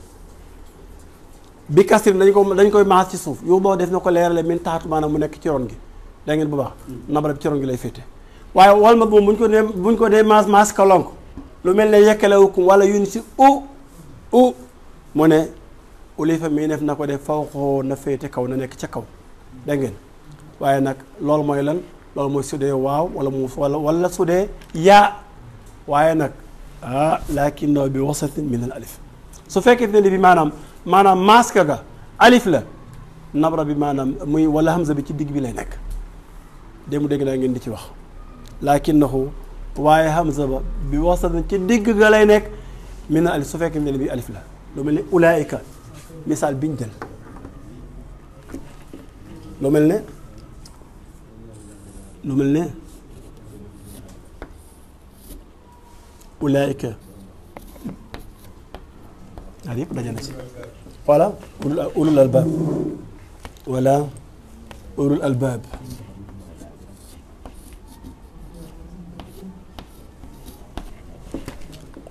bi kasir dañ ko dañ koy maas ci suuf yu boo def na ko leerale min mu nekk ci ron gi da bu baax hmm. nabara bi gi lay féete waaye wal ma moom buñ ko nee buñ ko dee maas maas lu mel ne yekkalewukum wala yun si u u mu ne ulifa mii def na ko def faw xoo na féete kaw na nekk ca kaw da waaye nag loolu mooy lan loolu mooy sudee waaw wala mu wala wala sudee yaa waaye nag ah lakinnahu bi wasatin min al alif su fekkente ne bi maanaam maanaam maska ga alif la nabra bi maanaam muy wala hamza bi ci digg bi lay nekk mu dégg naa ngeen di ci wax lakinnahu waaye hamza ba bi wasatin ci digg ga lay nekk min al alif su fekkente ne bi alif la lu mel ne ulaayika misaal biñ jël lu mel ne lu mel ne ulaayika daal yëpp daje na ci voilà ulul albaab wala ulul albaab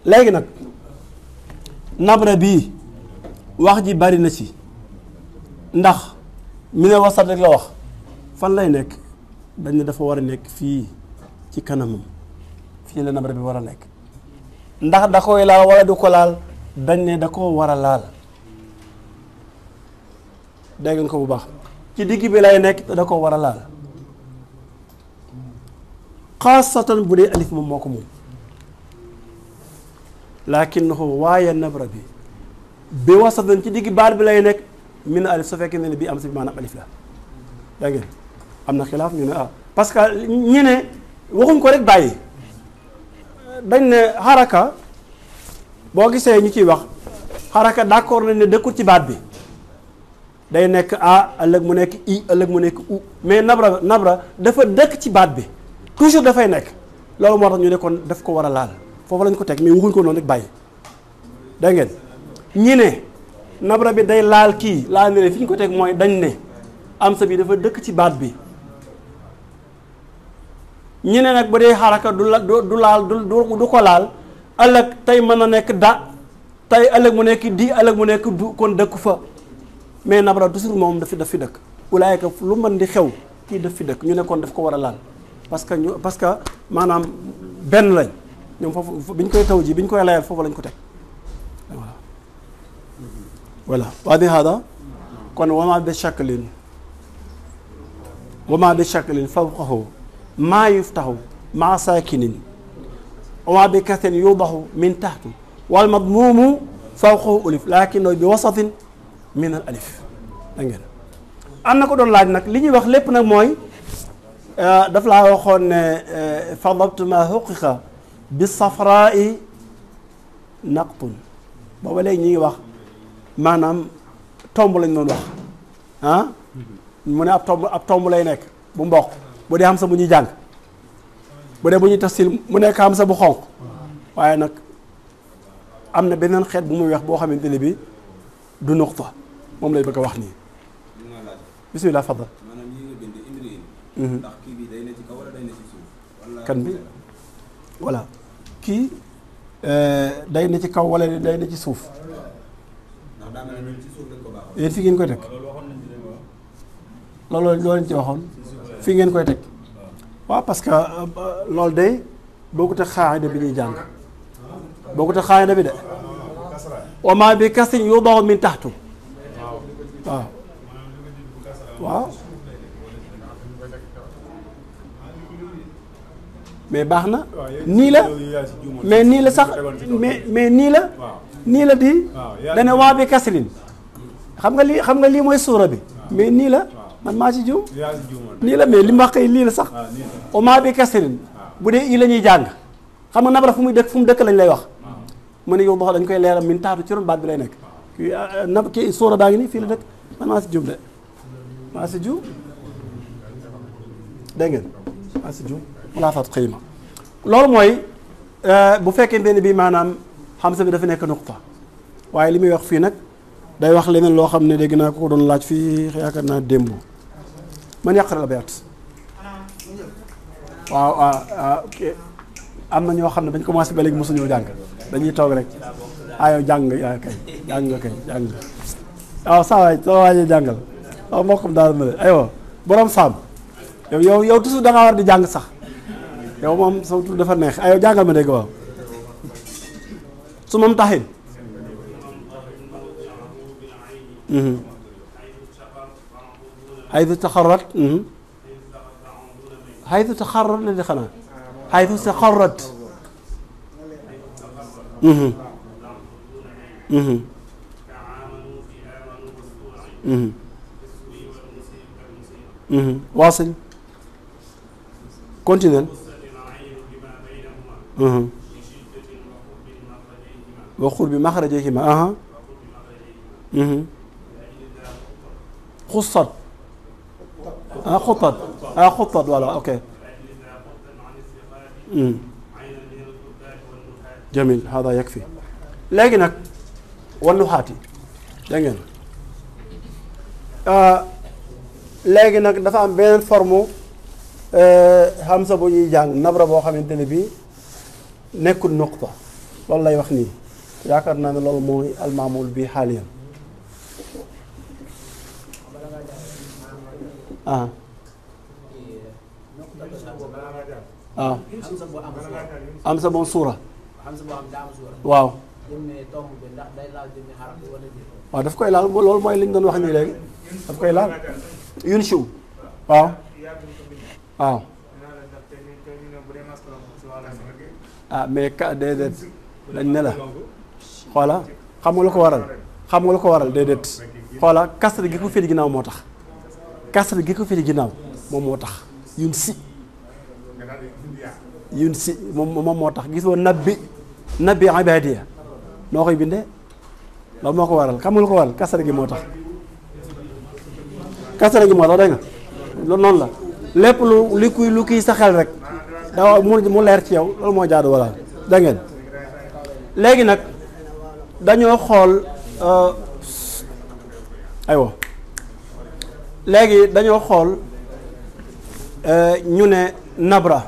léegi nag nabra bi wax ji bari na ci ndax mi ne wasat rek la wax fan lay nekk dañ ne dafa war a nekk fii ci kanamam fii la nabara bi war a nekk ndax da koy laal wala du ko laal dañ ne da koo war a laal dégg ko bu baax ci digg bi lay nekk te da koo war a laal xaasatan bu dee alif moom moo ko moom lakinnahu waaye nabra bi bi wasatan ci digg baat bi lay nekk min alif su fekkee ne bi am si maanaam alif la dégg am na xilaaf ñu ne ah parce que ñu ne waxuñ ko rek bàyyi dañ ne xaraka boo gisee ñu ciy wax xaraka d'accord nañ ne dëkkul ci baat bi day nekk a ëllëg mu nekk i ëllëg mu nekk u mais nabra nabra dafa dëkk ci baat bi toujours dafay nekk loolu moo tax ñu nekkoon kon daf ko war a laal foofu lañ ko teg mais waxuñ ko noonu rek bàyyi da ngeen ñi ne nabra bi day laal kii laal ne fi ñu ko teg mooy dañ ne am sa bi dafa dëkk ci baat bi ñu ne nag bu dee xaraka du la du laal du du ko laal ëllëg tey mën na nekk da tey ëllëg mu nekk di ëllëg mu nekk du kon dëkku fa mais nabara toujours moom daf daf fi dëkk ulaayka lu mën di xew kii daf fi dëkk ñu ne kon daf ko war a laal parce que ñu parce que maanaam benn lañ ñoom foofu bi ñu koy taw ji bi ñu koy layal foofu lañ ko teg voilà voilà waadi hada kon wama bi shaklin wama bi shaklin fawqahu maa yuftaxu maa saakinin wa bi kasin baxu min taxtu wal madmuumu fawqahu alif lakinnahu bi wasatin min alif da am na ko doon laaj nag li ñuy wax lépp nag mooy daf laa waxoon ne fa dabtu ma xuqiqa bi safraai naqtun booba léegi ñu ngi wax maanaam tomb lañ doon wax ah mu ne ab tomb ab tomb lay nekk bu mboq bu dee am sa bu ñuy jàng bu dee bu ñuy tafsil mu nekk am sa bu xonq waaye nag am na beneen xeet bu muy wax boo xamante ne bi du nuqta moom lay bëgg a wax nii bismillah fadal mhm. kan bi voilà kii euh, day na ci kaw wala day ci suuf yéen fi ngeen koy teg loolu loolu lañ ci waxoon fii ngeen koy teg waaw parce que euh, loolu day boo ko te bi ñuy jàng boo ko te bi de wama bi kasin yudaw min taxtu mais baax na nii la mais nii la sax mais mais nii la nii la di dane waa bi kasrin xam nga lii xam nga lii mooy suura bi mais nii la man maa ci juum la mais li mu wax kay lii la sax ah, oma bi kasirin ah. bu dee i la ñuy jàng xam nga nabara fu muy dëkk fu mu dëkk lañ lay wax ah. mu ne yow boo dañ koy leeral min taatu ci ron baat bi lay nekk kii nab kii sóora baa ngi nii fii la dëkk man maa si juum de maa si juum dégg ngeen maa xëy ma loolu mooy euh, bu fekkee benn bi maanaam xam sa bi dafa nekk nuqta waaye li muy wax fii nag day wax leneen loo xam ne dégg naa ko ko doon laaj fii yaakaar naa démb man yàqara la bayaat waaw ah, ah am na ñoo xam ne dañ commencé ba léegi mosuñoo jàng dañuy toog rek ayoo ah, jàng yaa ah, kay jàng kay waaw saa waay saa waay jàngal waaw daal ma borom saam yow yow da di jàng sax yow moom sama tur dafa neex ayoo jàngal ma dégg waaw su moom taxin xaytu taxarrat xaytu taxarrat la di xanaa xaytu taxarrat waasil continue wa xur bi maxrajayhima خصت آه خطط آه خطط voilà ok جميل léegi nag wanu xaati dégg léegi nag dafa am beneen forme hamza bu ñuy jàng nabra boo xamante ne bii nekkul nuqta loolu lay wax nii yaakaar naa ne loolu mooy almaamul bi xaaliyan ah. waaw. hamza boobu suura. waaw. daf koy laal loolu mooy li ñu doon wax nii léegi daf koy laal. yun siw waaw. waaw. ah mais ka déedéet dañ ne la xoola xam nga lu ko waral xam nga lu ko waral déedéet xoola kasra gi ko féet ginnaaw moo tax. kasar gi ko féete ginnaaw moom moo tax yun si yun si moom moom moo tax gis nga bi nabbi ibadiya noo koy bindee loolu moo ko waral xam ko waral kasara gi moo tax kasara gi moo tax dégg loolu noonu la lépp lu li kuy lu sa xel rek daa mu mu leer ci yow loolu moo jaadu wala da léegi nag dañoo xool euh, aywa léegi dañoo xool euh, ñu ne nabra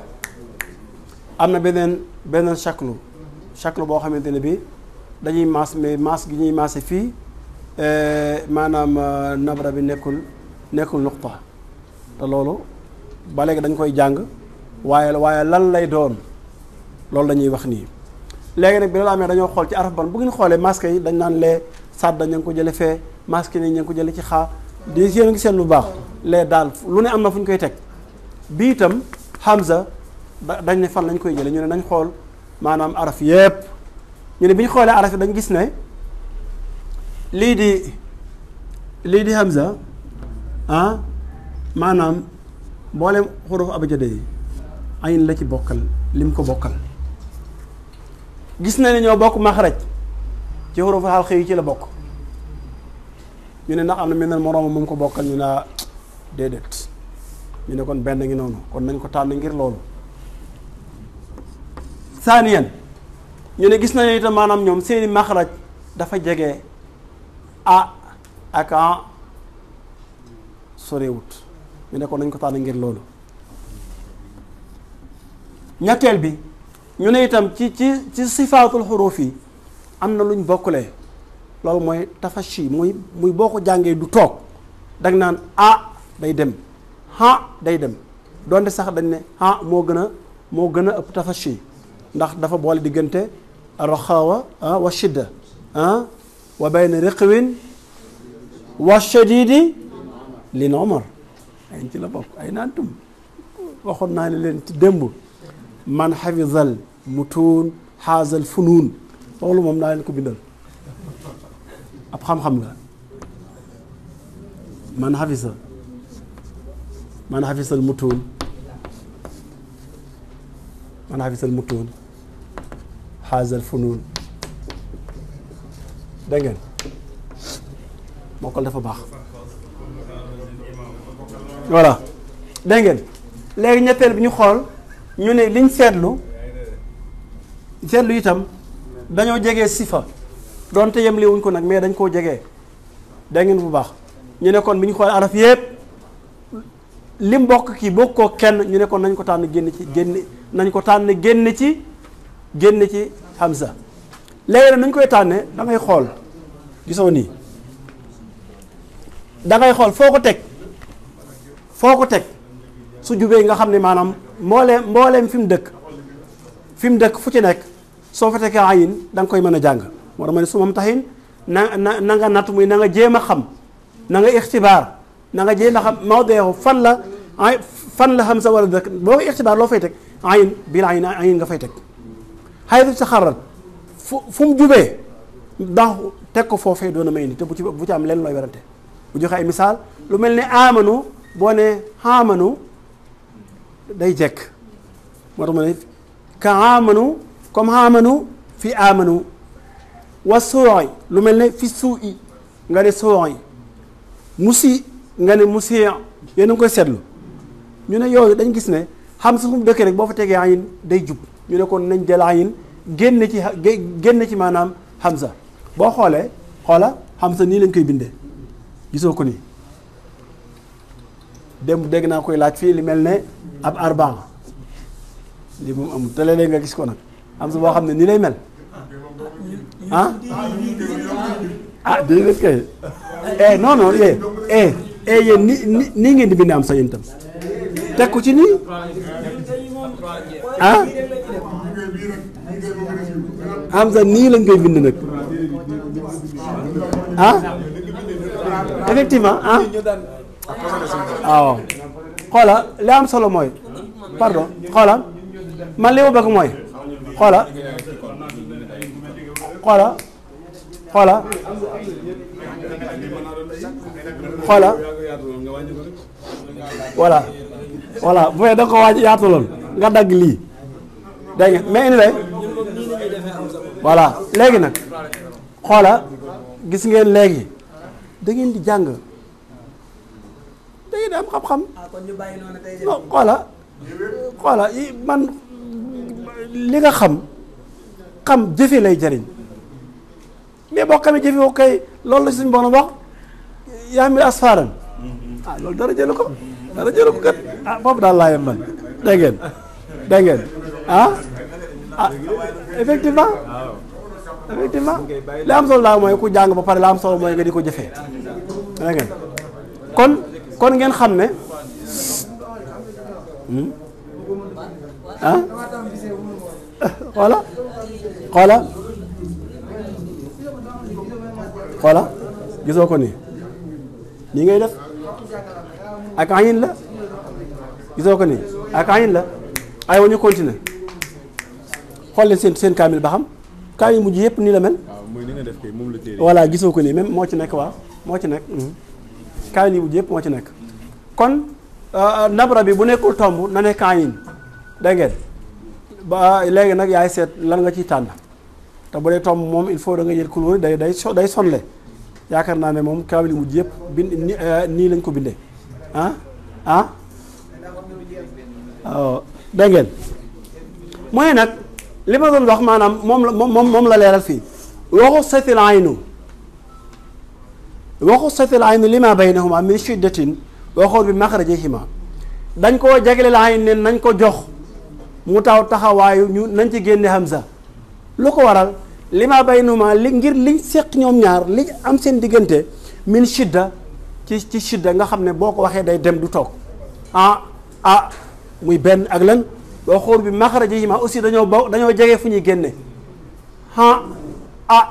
am na beneen beneen chaklu chaklu boo xamante ne bi dañuy mas mais maas gi ñuy maase fii euh, maanaam euh, nabra bi nekkul nekkul nuqta te loolu ba léegi dañ koy jàng waaye waaye lan lay doon loolu la ñuy wax nii léegi nag bi loolu amee dañoo xool ci araf ban bu ngeen xoolee masque yi dañ naan lee sàdda ñu ko jële fee masque yi ñu ko jële ci xaa di yéen a ngi seen lu baax les daal lu ne am na fu ñu koy teg bi itam Hamza dañ ne fan lañ koy jële ñu ne dañ xool maanaam araf yépp ñu ne bi ñu xoolee araf yi dañ gis ne lii di lii di Hamza ah maanaam mboolem xuruf abajade yi ayin la ci bokkal lim ko bokkal gis na ne ñoo bokk maxraj ci xuruf xalq yi ci la bokk ñu ne ndax am na meneen moroomam mu ko bokkal ñu naa ah, déedéet ñu ne kon benn ngi noonu kon nañ ko tànn ngir loolu saaniyan ñu ne gis nañu itam maanaam ñoom seeni maxraj dafa jege a ak a sorewut ñu ne kon nañ ko tànn ngir loolu ñetteel bi ñu ne itam ci ci ci sifaatul xuruuf yi am na luñ bokkulee loolu mooy tafashi muy muy boo ko jàngee du toog danga naan a ah, day dem ha ah, day dem donte sax dañ ne ha ah, moo gën a moo gën a ëpp tafashi ndax dafa boole diggante raxawa wa shidda wa bayna riqwin wa shadidi lin omar ay ci la bokk ay naan tum waxoon naa ne leen ci démb man xafizal mutuun xaazal funuun loolu moom naa leen ko bindal ab xam-xam nga man xafisa man xafisal mutuun man xafisal mutuun xaasal funuun dégg ngeen mokkal dafa baax voilà dégg léegi ñetteel bi ñu xool ñu ne liñ seetlu seetlu itam dañoo jege sifa donte yemle wuñ ko nag mais dañ koo jege da ngeen bu baax ñu nekkoon kon bi ñu xoolee araf yëpp lim bokk kii bokk ko kenn ñu nekkoon nañ ko tànn génn ci génn nañ ko tànn génn ci génn ci Hamza léegi nag nañ koy tànnee da ngay xool gisoo nii dangay xool foo ko teg foo ko teg su jubee nga xam ne maanaam mbooleem mbooleem fi mu dëkk fi mu dëkk fu ci nekk soo fa tegee ayin da nga koy mën a jàng. moo a ma ne su moom taxin na na na nga natt muy na nga jéem a xam na nga ixtibaar na nga jéem a xam mawdeexu fan la ay fan la xam sa war a dëkk boo ko ixtibaar loo fay teg ayin bil ayin ko foofee doon a may bu ci bu ci am leen bu joxe ay misaal lu mel ne amanu boo ne amanu day jekk moo tax ma ka amanu comme amanu fi amanu wa yi lu mel ne fi suu i nga ne sooy musi nga ne musiya yéen a ngi koy seetlu ñu ne yooyu dañ gis ne xam su mu dëkkee rek boo fa tegee ayin day jub ñu ne kon nañ jël ayin génn ci génn ci maanaam Hamza boo xoolee xoola Hamza nii lañ koy bindee gisoo ko nii démb dégg naa koy laaj fii li mel ne ab arbaa li moom amul te léeg-léeg nga gis ko nag Hamza boo xam ne nii lay mel. ah ah déedéet kay eh non non eh eh eh nii ngeen di bind am sax yéen itam teg ko ci nii ah am sax nii lañ koy bind nag ah effectivement ah? ah waaw xoola li am solo mooy pardon xoola man li ma bëgg mooy xoola xoola xoola xoola voilà voilà bu fekkee ko waaj yaatuloon nga dagg lii dégg nga mais anyway voilà léegi nag xoola gis ngeen léegi da ngeen di jàng da ngeen am xam-xam xoola ah, xoola man li nga xam xam jëfe lay jariñ mais boo xamee jëfe ko kay loolu la suñu borom wax yaa mi asfaaran ah loolu dara jëlu ko dara jëlu ko kat ah foofu daal laa yem man dégg ngeen dégg ah, ah effectivement effectivement li am solo daal mooy ku jàng ba pare la am solo mooy nga di ko jëfee dégg ngeen kon kon ngeen xam ne hmm? ah voilà voilà xoola gisoo ko nii nii ngay def ak ayin la gisoo ko nii ak ayin la aywa ñu continuer xool leen seen seen kaamil ba xam kaamil mujj yëpp nii la mel. waaw mooy ni def kay voilà gisoo ko nii même moo ci nekk waa moo ci nekk mhm. kaamil yi mujj yëpp moo ci nekk kon euh, euh, nabra bi bu nekkul tomb na nekk ayin dégg ngeen ba léegi nag yaay seet lan nga ciy tànn. te bu dee tomb moom il faut da nga jël couleur day day day sonle yaakaar naa ne moom kaamil mujj yëpp bind euh, nii lañ ko bindee ah ah waaw oh, dégg ngeen mooy nag li ma doon wax maanaam moom la moom moom la leeral fii waxu satil aynu waxu satil aynu li ma baynahuma de shiddatin waxoon bi maxrajihima dañ koo jagleel ayn ne nañ ko jox mu taw taxawaayu ñu nañ ci génne hamza lu ko waral li maa bay numa li ngir liñ séq ñoom ñaar li am seen diggante min shidda ci ci shidda nga xam ne boo ko waxee day dem du toog ah ah muy benn ak lan boo xool bi maxaraji yi ma aussi dañoo ba dañoo jege fu ñuy génne ah ah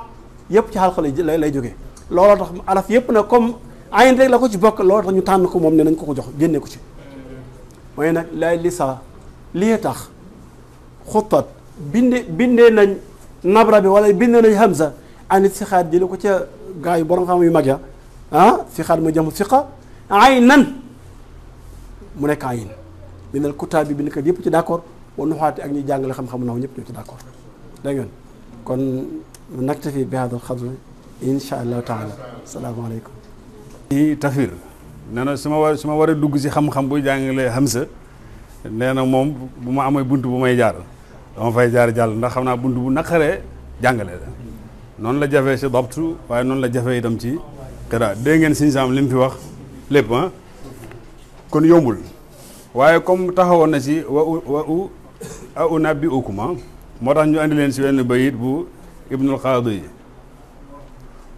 yëpp ci xalqa lay lay jóge looloo tax araf yëpp na comme ayin rek la ko ci bokk looloo tax ñu tànn ko moom ne nañ ko ko jox génne ko ci mooy nag lay li sa lii tax xuttat binde bindee nañ nabra bi wala bind nañ hamza anit sixaat jëli ko ca gaa yu borom xam yu mag ya ah sixaat mooy jamu siqa ay nan mu nekk ayin minal kutaab bi bind kat yëpp ci d'accord wa nuxaati ak ñuy jàngale xam-xamu naw ñëpp ñoo ci d'accord dégg ngeen kon naktafi bi hadal xadr insha allahu taala salaamaaleykum i tafir nee na su ma su ma war a dugg si xam-xam buy jàngale hamza nee na moom bu ma amee bunt bu may jaar dama fay jaar jàll ndax xam naa bunt bu naqaree jàngale la noonu la jafee si dabtu waaye noonu la jafee itam ci kada dégg ngeen siñ sam li mu fi wax lépp ah. kon yombul waaye comme taxawoon na si wa u wa u a una bi ukuma ah. moo tax ñu andi si wenn bayit bu ibnul xaadi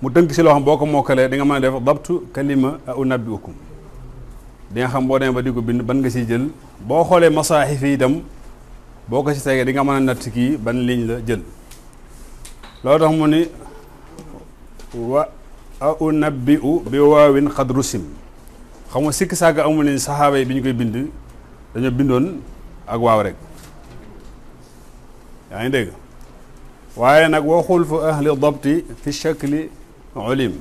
mu tënk si loo xam boo ko mokkalee di ma mën a def dabtu kalima a una bi ukum di nga xam boo demee ba di bind ban nga siy jël boo xoolee masaaxif yi itam boo ko ci tegee di nga mën a natt kii ban ligne la jël loo tax mu ni wa a unabbi u bi waawin xadru sim xam nga sikki sàgg amul ni saxaaba yi bi ñu koy bind dañoo bindoon ak waaw rek yaa ngi dégg waaye nag wa xulfu ahli dabti fi shakli ulim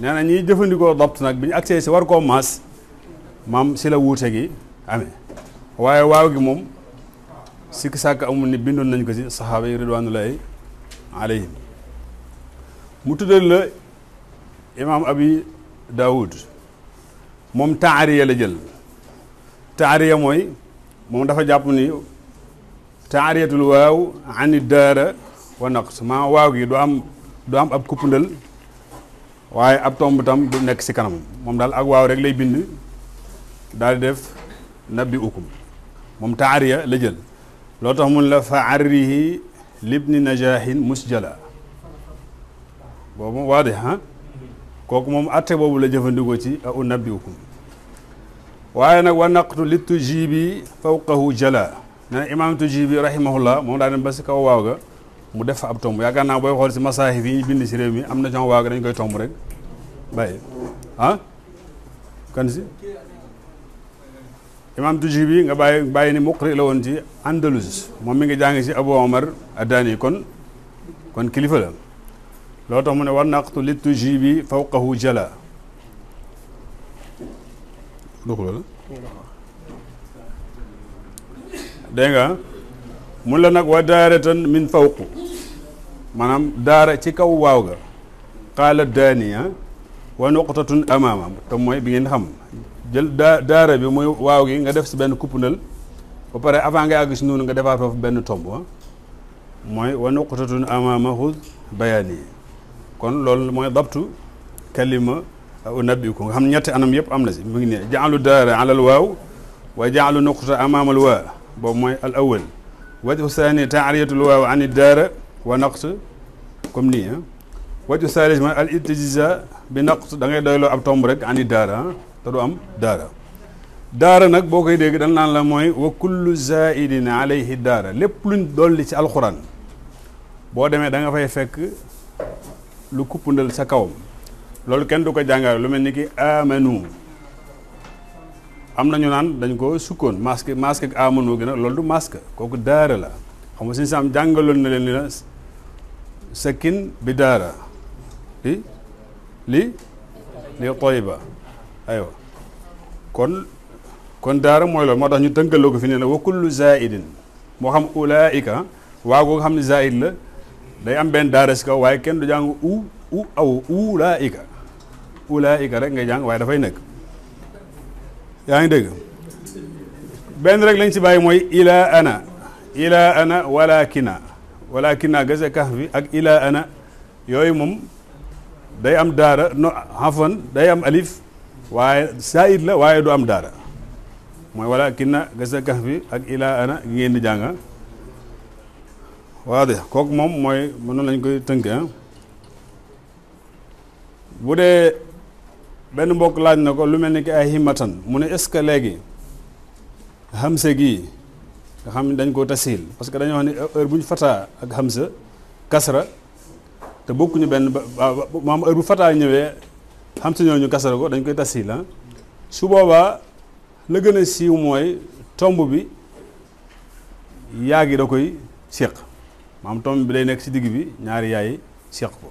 nee na ñiy jëfandikoo dabt nag bi ñu agsee si war koo maas maam si la wuute gi amee waaye waaw gi moom sikki sàkk amul ni bindoon nañ ko ci saxaaba yi ridwanullahi alayhim mu tuddal la imaam abi daawud moom taariya la jël taariya mooy moom dafa jàpp ni taariyatul waaw ani daara wa naqs maa waaw gi du am du am ab kuppandal waaye ab tomb tam du nekk ci kanamam moom daal ak waaw rek lay bind daal def nabbi ukum moom taariya la jël loo tax mun la fa arrihi libni najaahin musjala boobu waade ha ah? kooku moom atte boobu la jëfandikoo ci a unabbiukum waaye nag wa naqtu li tujibi fawqahu jala nee na imaam tujibi rahimahullah moom daa dem ba si kaw waaw ga mu def fa ab tomb yaakaar naa booy xool si masaahif yi ñu bind si mi am na ci waaw ga dañ koy tomb rek bàyyi ah kan si imaam bi nga bàyyi bàyyi ni muqri la woon ci Andalus moom mi ngi jàng ci Abu Omar Addaani kon kon kilifa la loo tax mu ne war naqtu li Tujibi fawqahu jala dégg nga mun la nag wa daaratan min fawqu maanaam daara ci kaw waaw ga qaala daaniya wa nuqtatun amaamam te mooy bi ngeen xam jël daa daara bi muy waaw gi nga def si benn kuppunal ba pare avant nga àgg si noonu nga defaat foofu benn tomb ah. mooy wa nuqtatun amaamahu bayaani kon loolu mooy dabtu kalima u nabiku nga xam ñetti anam yëpp am na si mu ngi ne jaalu daara alal waaw wa jaalu nuqta amaamal waa boobu mooy al awal waju saani taariyatul waaw daara wa naqt comme nii ah. waju saalis mooy al ittijiza bi naqt da ngay doyloo ab tomb rek ani daara ah. te du am daara daara nag boo koy dégg dañ naan la mooy wa kullu zaidin alayhi daara lépp luñ dolli ci alxuraan boo demee danga nga fay fekk lu kuppundal sa kawam loolu kenn du ko jàngaar lu mel ni ki amanu am nañu naan dañ ko sukkoon masque masque ak amanu gi nag loolu du masque kooku daara la xam nga suñu saam jàngaloon na leen ni la sakkin bi daara li li li tooy aywa kon kon daara mooy loolu moo tax ñu tënkaloo ko fi ne la wa kullu zaidin moo xam ulaika waa goo xam ne zaid la day am benn daara si kaw waaye kenn du jàng u u aw ulaika ulaika rek ngay jàng waaye dafay nekk yaa ngi dégg benn rek lañ si bàyyi mooy ila ana ilaa ana walakina walakina gase kax bi ak ila ana yooyu moom day am daara no hafan day am alif waaye saayir la waaye du am daara mooy wala kinna gasa kax ak ilaa ana ngeen di jànga waaw de kooku moom mooy mënoon lañ koy tënk ah. bu dee benn mbokk laaj na ko lu mel ni ki ay himmatan mu ne est-ce que léegi xamse gii nga xam ne dañ koo tasiil parce que dañoo xam ne bu ñu fataa ak xamsa kasra te bokkuñu benn ba maam heure bu fataa ñëwee am ci ñu kasara ko dañ koy tas tasiil la ah. su boobaa la gën a siiw mooy tomb bi yaa gi da koy séq maam tomb bi day nekk ci digg bi ñaari yaay séq ko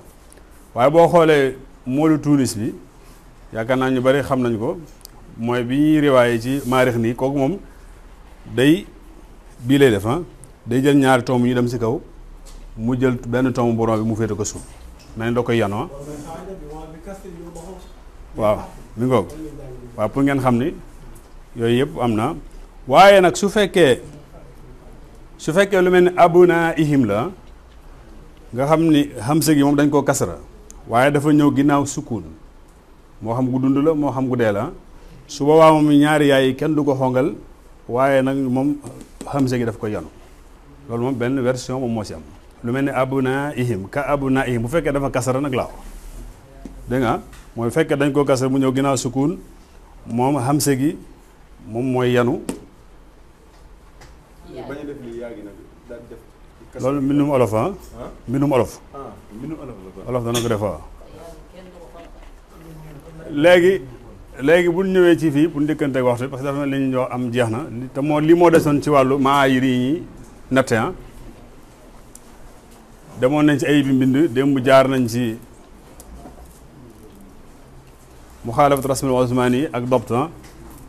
waaye boo xoolee moolu tunis bi yaakaar naa ñu bari xam nañ ko mooy bi ñuy riwaaye ci maarix nii kooku moom day bii lay def ah. day jël ñaari tomb ñu dem ci kaw mu jël benn tomb borom bi mu féete ko suuf mel ni da koy yanoo ah. waaw mi ngoog waaw pour ngeen xam ni yooyu yëpp am na waaye nag su fekkee su fekkee lu mel ni abuna ihim la nga xam ni hamse gi moom dañ koo kasara waaye dafa ñëw ginnaaw sukkuun moo xam gu dund la moo xam gu dee la su boobaa moom ñaari yaay yi kenn du ko xongal waaye nag moom hamse gi daf ko yanu loolu moom benn version moom moo si am lu mel ni abuna ihim ka abuna ihim bu fekkee dafa kasara nag laaw dégg nga mooy fekkee dañ ko kasar mu ñëw ginnaaw sukun moom xamse gi moom mooy yanu loolu ah? Ah? mbindum olof ah mbindum olof olof dana ko def waaw ah. léegi léegi bu ñëwee ci fii pour dëkkante waxtu parce que dafa mel li ñu wax am jeex na te moo li moo desoon ci wàllu maa yi ñi natte demoon nañ ci ayib yi mbind démb jaar nañ ci muxaalafat rasmil osmani yi ak dopt ah.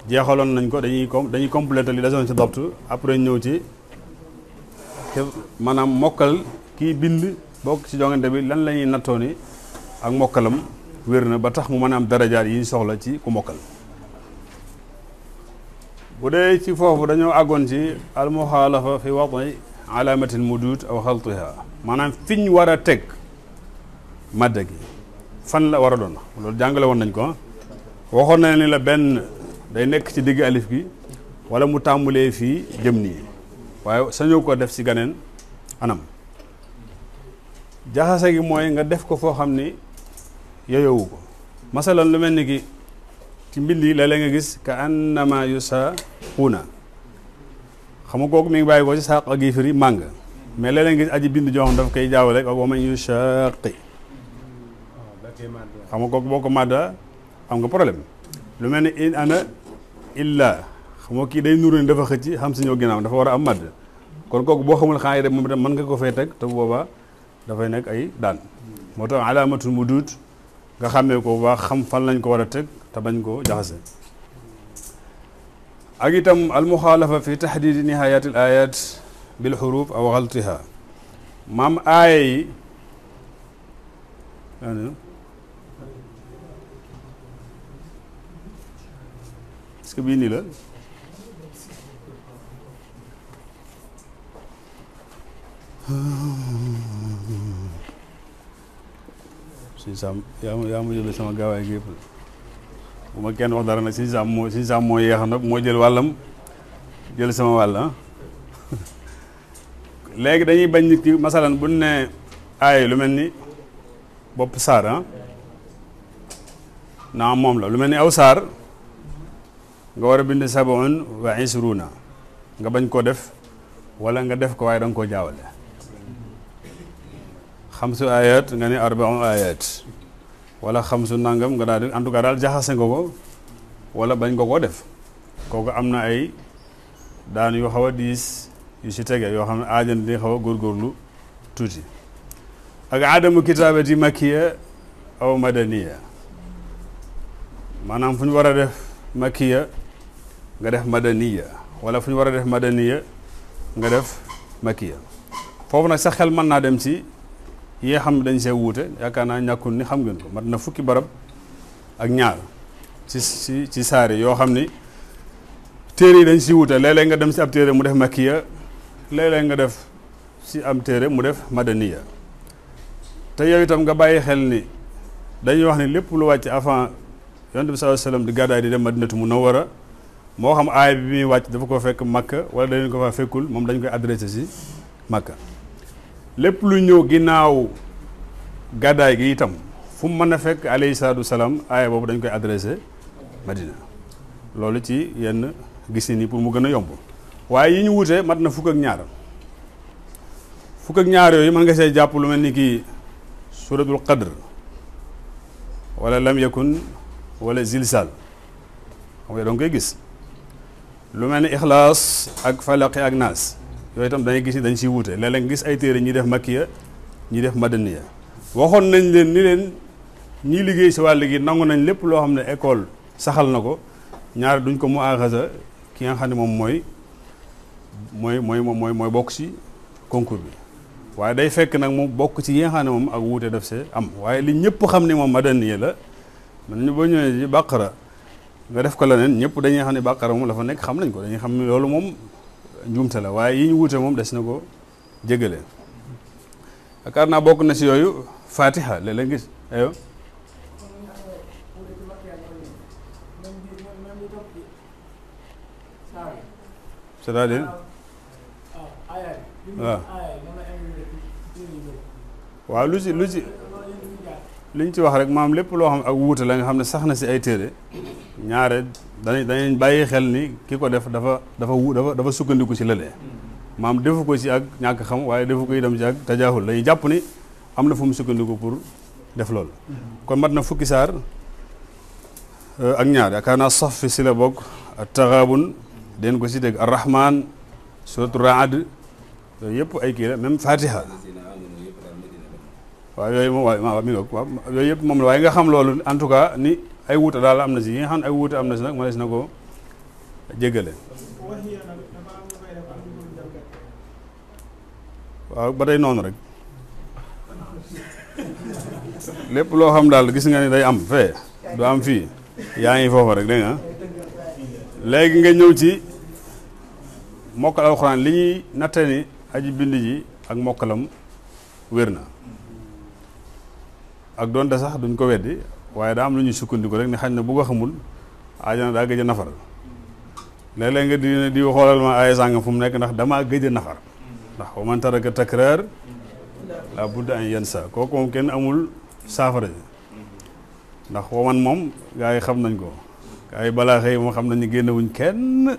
jeexaloon nañ ko dañuy com dañuy complété li desoon ci dopt après ñëw ci maanaam mokkal kii bind bokk ci jongante bi lan la ñuy nattoo ak mokkalam wér na ba tax mu mën a am darajaat yi ñu soxla ci ku mokkal bu dee ci foofu dañoo àggoon ci almuxaalafa fi wadi alaamatil mudud aw xaltiha maanaam fi ñu war a teg madda gi fan la war a doon loolu jàngale woon nañ ko ah. waxoon na ni la benn day nekk ci digg alif gi wala mu tàmbulee fii jëm nii waaye sañoo ko def ci ganeen anam jaxase gi mooy nga def ko foo xam ni yoyowu ko masalan lu mel ni ki ci mbind yi léeg-léeg nga gis ka annama yusaquuna xam nga kooku mi ngi bàyyi ko ci saq ak yi firi màng mais léeg-léeg aji bind joo xam daf koy jaawale ak wa man yusaqi oh, xam nga kooku boo ko màdda xam nga problème lu mel ne in ana illa xamoo kii day nuru ni dafa xëcc xam si ñëw ginnaaw dafa war a am màdd kon kooku boo xamul xaay de moom itam mën nga ko fay teg te bu dafay nekk ay daan moo tax alaamatul mu duut nga xàmmee ko bu baax xam fan lañ ko war a teg te bañ koo jaxase ak itam almuxaalafa fi taxdidi nihayat al ayat bil xuruf aw xaltiha maam aaya yi est-ce nii la suñu saam yaa ma yaa ma jël sama gaawaay gi yëpp bu ma kenn wax dara nag suñu saam moo suñu saam moo yeex nag moo jël wàllam jël sama wàll ah. léegi dañuy bañ nit ki masalan bu ne aay lu mel ni bopp saar ah moom la lu mel ni aw saar nga war a bind sab'un wa ishruna nga bañ koo def wala nga def ko waaye da nga koo jaawale xamsu ayat nga ne arba'u ayat wala xamsu nangam nga daal di daal jaxase nga ko wala bañ nga koo def kooku am na ay daan yu xaw a diis yu si tege yoo xam ne aajan di xaw a góorgóorlu tuuti ak aadamu kitaabati makkiya aw madaniya maanaam fu ñu war def makkiya nga def madaniya wala fu ñu war a def madaniya nga def makiya foofu nag sax xel man naa dem si yi xam dañ see wuute yaakaar naa ñàkkul ni xam ngeen ko mat na fukki barab ak ñaar ci ci ci saari yoo xam ni téere yi dañ si wuute léeg nga dem si ab mu def makiya léeg nga def si am téere mu def madaniya te yow itam nga bàyyi xel ni dañuy wax ni lépp lu wàcc avant yonent bi sallallahu alayhi wasallam di gàddaay di dem madinatu munawwara moo xam aaya bi muy wàcc dafa ko fekk makka wala dañu ko fa fekkul moom dañ koy adressé si makka lépp lu ñëw ginnaaw gàddaay gi itam fu mu mën a fekk alayhi salaatu salaam aaya boobu dañ koy adressé madina loolu ci yenn gis ni pour mu gën a yomb waaye yi ñu wute mat na fukk ak ñaar fukk ak ñaar yooyu mën nga see jàpp lu mel ni kii suratul qadr wala lam yakun wala xam nga doon koy gis lu mel ni ixlaas ak falaqi ak naas yooyu itam dañuy gis ni dañ siy wuute léeg-léeg gis ay téere ñi def makkiya ñi def madaniya waxoon nañ leen ni leen ñi liggéey si wàll gi nangu nañ lépp loo xam ne école saxal na ko ñaar duñ ko mu axasa ki nga xam ne moom mooy mooy mooy mooy mooy bokk si concours bi waaye day fekk nag mu bokk ci yi nga xam ne moom ak wuute def see am waaye li ñëpp xam ne moom madaniya la man ñu ba ñëwee ci bàqara nga def ko leneen ñëpp dañuy xam ne bàkkaar moom la fa nekk xam nañ ko dañuy xam ne loolu moom njuumte la waaye yi ñu wuute moom des na ko jégale yaakaar naa bokk na si yooyu fatiha léeg-léeg gis ayo c'est-à-dire lu si lu ci liñ wax rek maam lépp loo xam ak wuute la nga xam ne sax na si ay téere ñaare danañ danañ bàyyi xel ni ki ko def dafa dafa wu dafa dafa sukkandiku ci lale maam defu ko ci ak ñàkk xam waaye defu ko itam ci ak tajaaxul dañuy jàpp ni am na fu mu sukkandiku pour def loolu kon mat na fukki saar euh, ak ñaar yaakaar naa saf fi si la bokk taxaabun den ko si dégg arrahman suratu yooyu yëpp ay kii la même fatiha waaw yooyu moom waaw mi nga yëpp moom la waaye nga xam loolu en tout cas ni ay wuute daal am na si yi nga xam ne ay wuute am na si nag ma des na ko jégale waaw ba day noonu rek lépp loo xam daal gis nga ni day am fee du am fii yaa ngi foofa rek dégg léegi nga ñëw ci mokkal alxuraan li ñuy natte ni bind ji ak mokkalam wér na ak doon sax duñ ko weddi waaye daa am lu ñuy sukkandiku rek ni xañ na bu ko xamul aajana daa gëj a nafar léeg nga di di xoolal ma ay sàngam fu mu nekk ndax damaa gëj nafar ndax wa man tara takraar la budda an yan sa kooku moom amul saafara ji ndax moom gaa xam nañ ko gaa yi balaa xam nañu génne wuñ kenn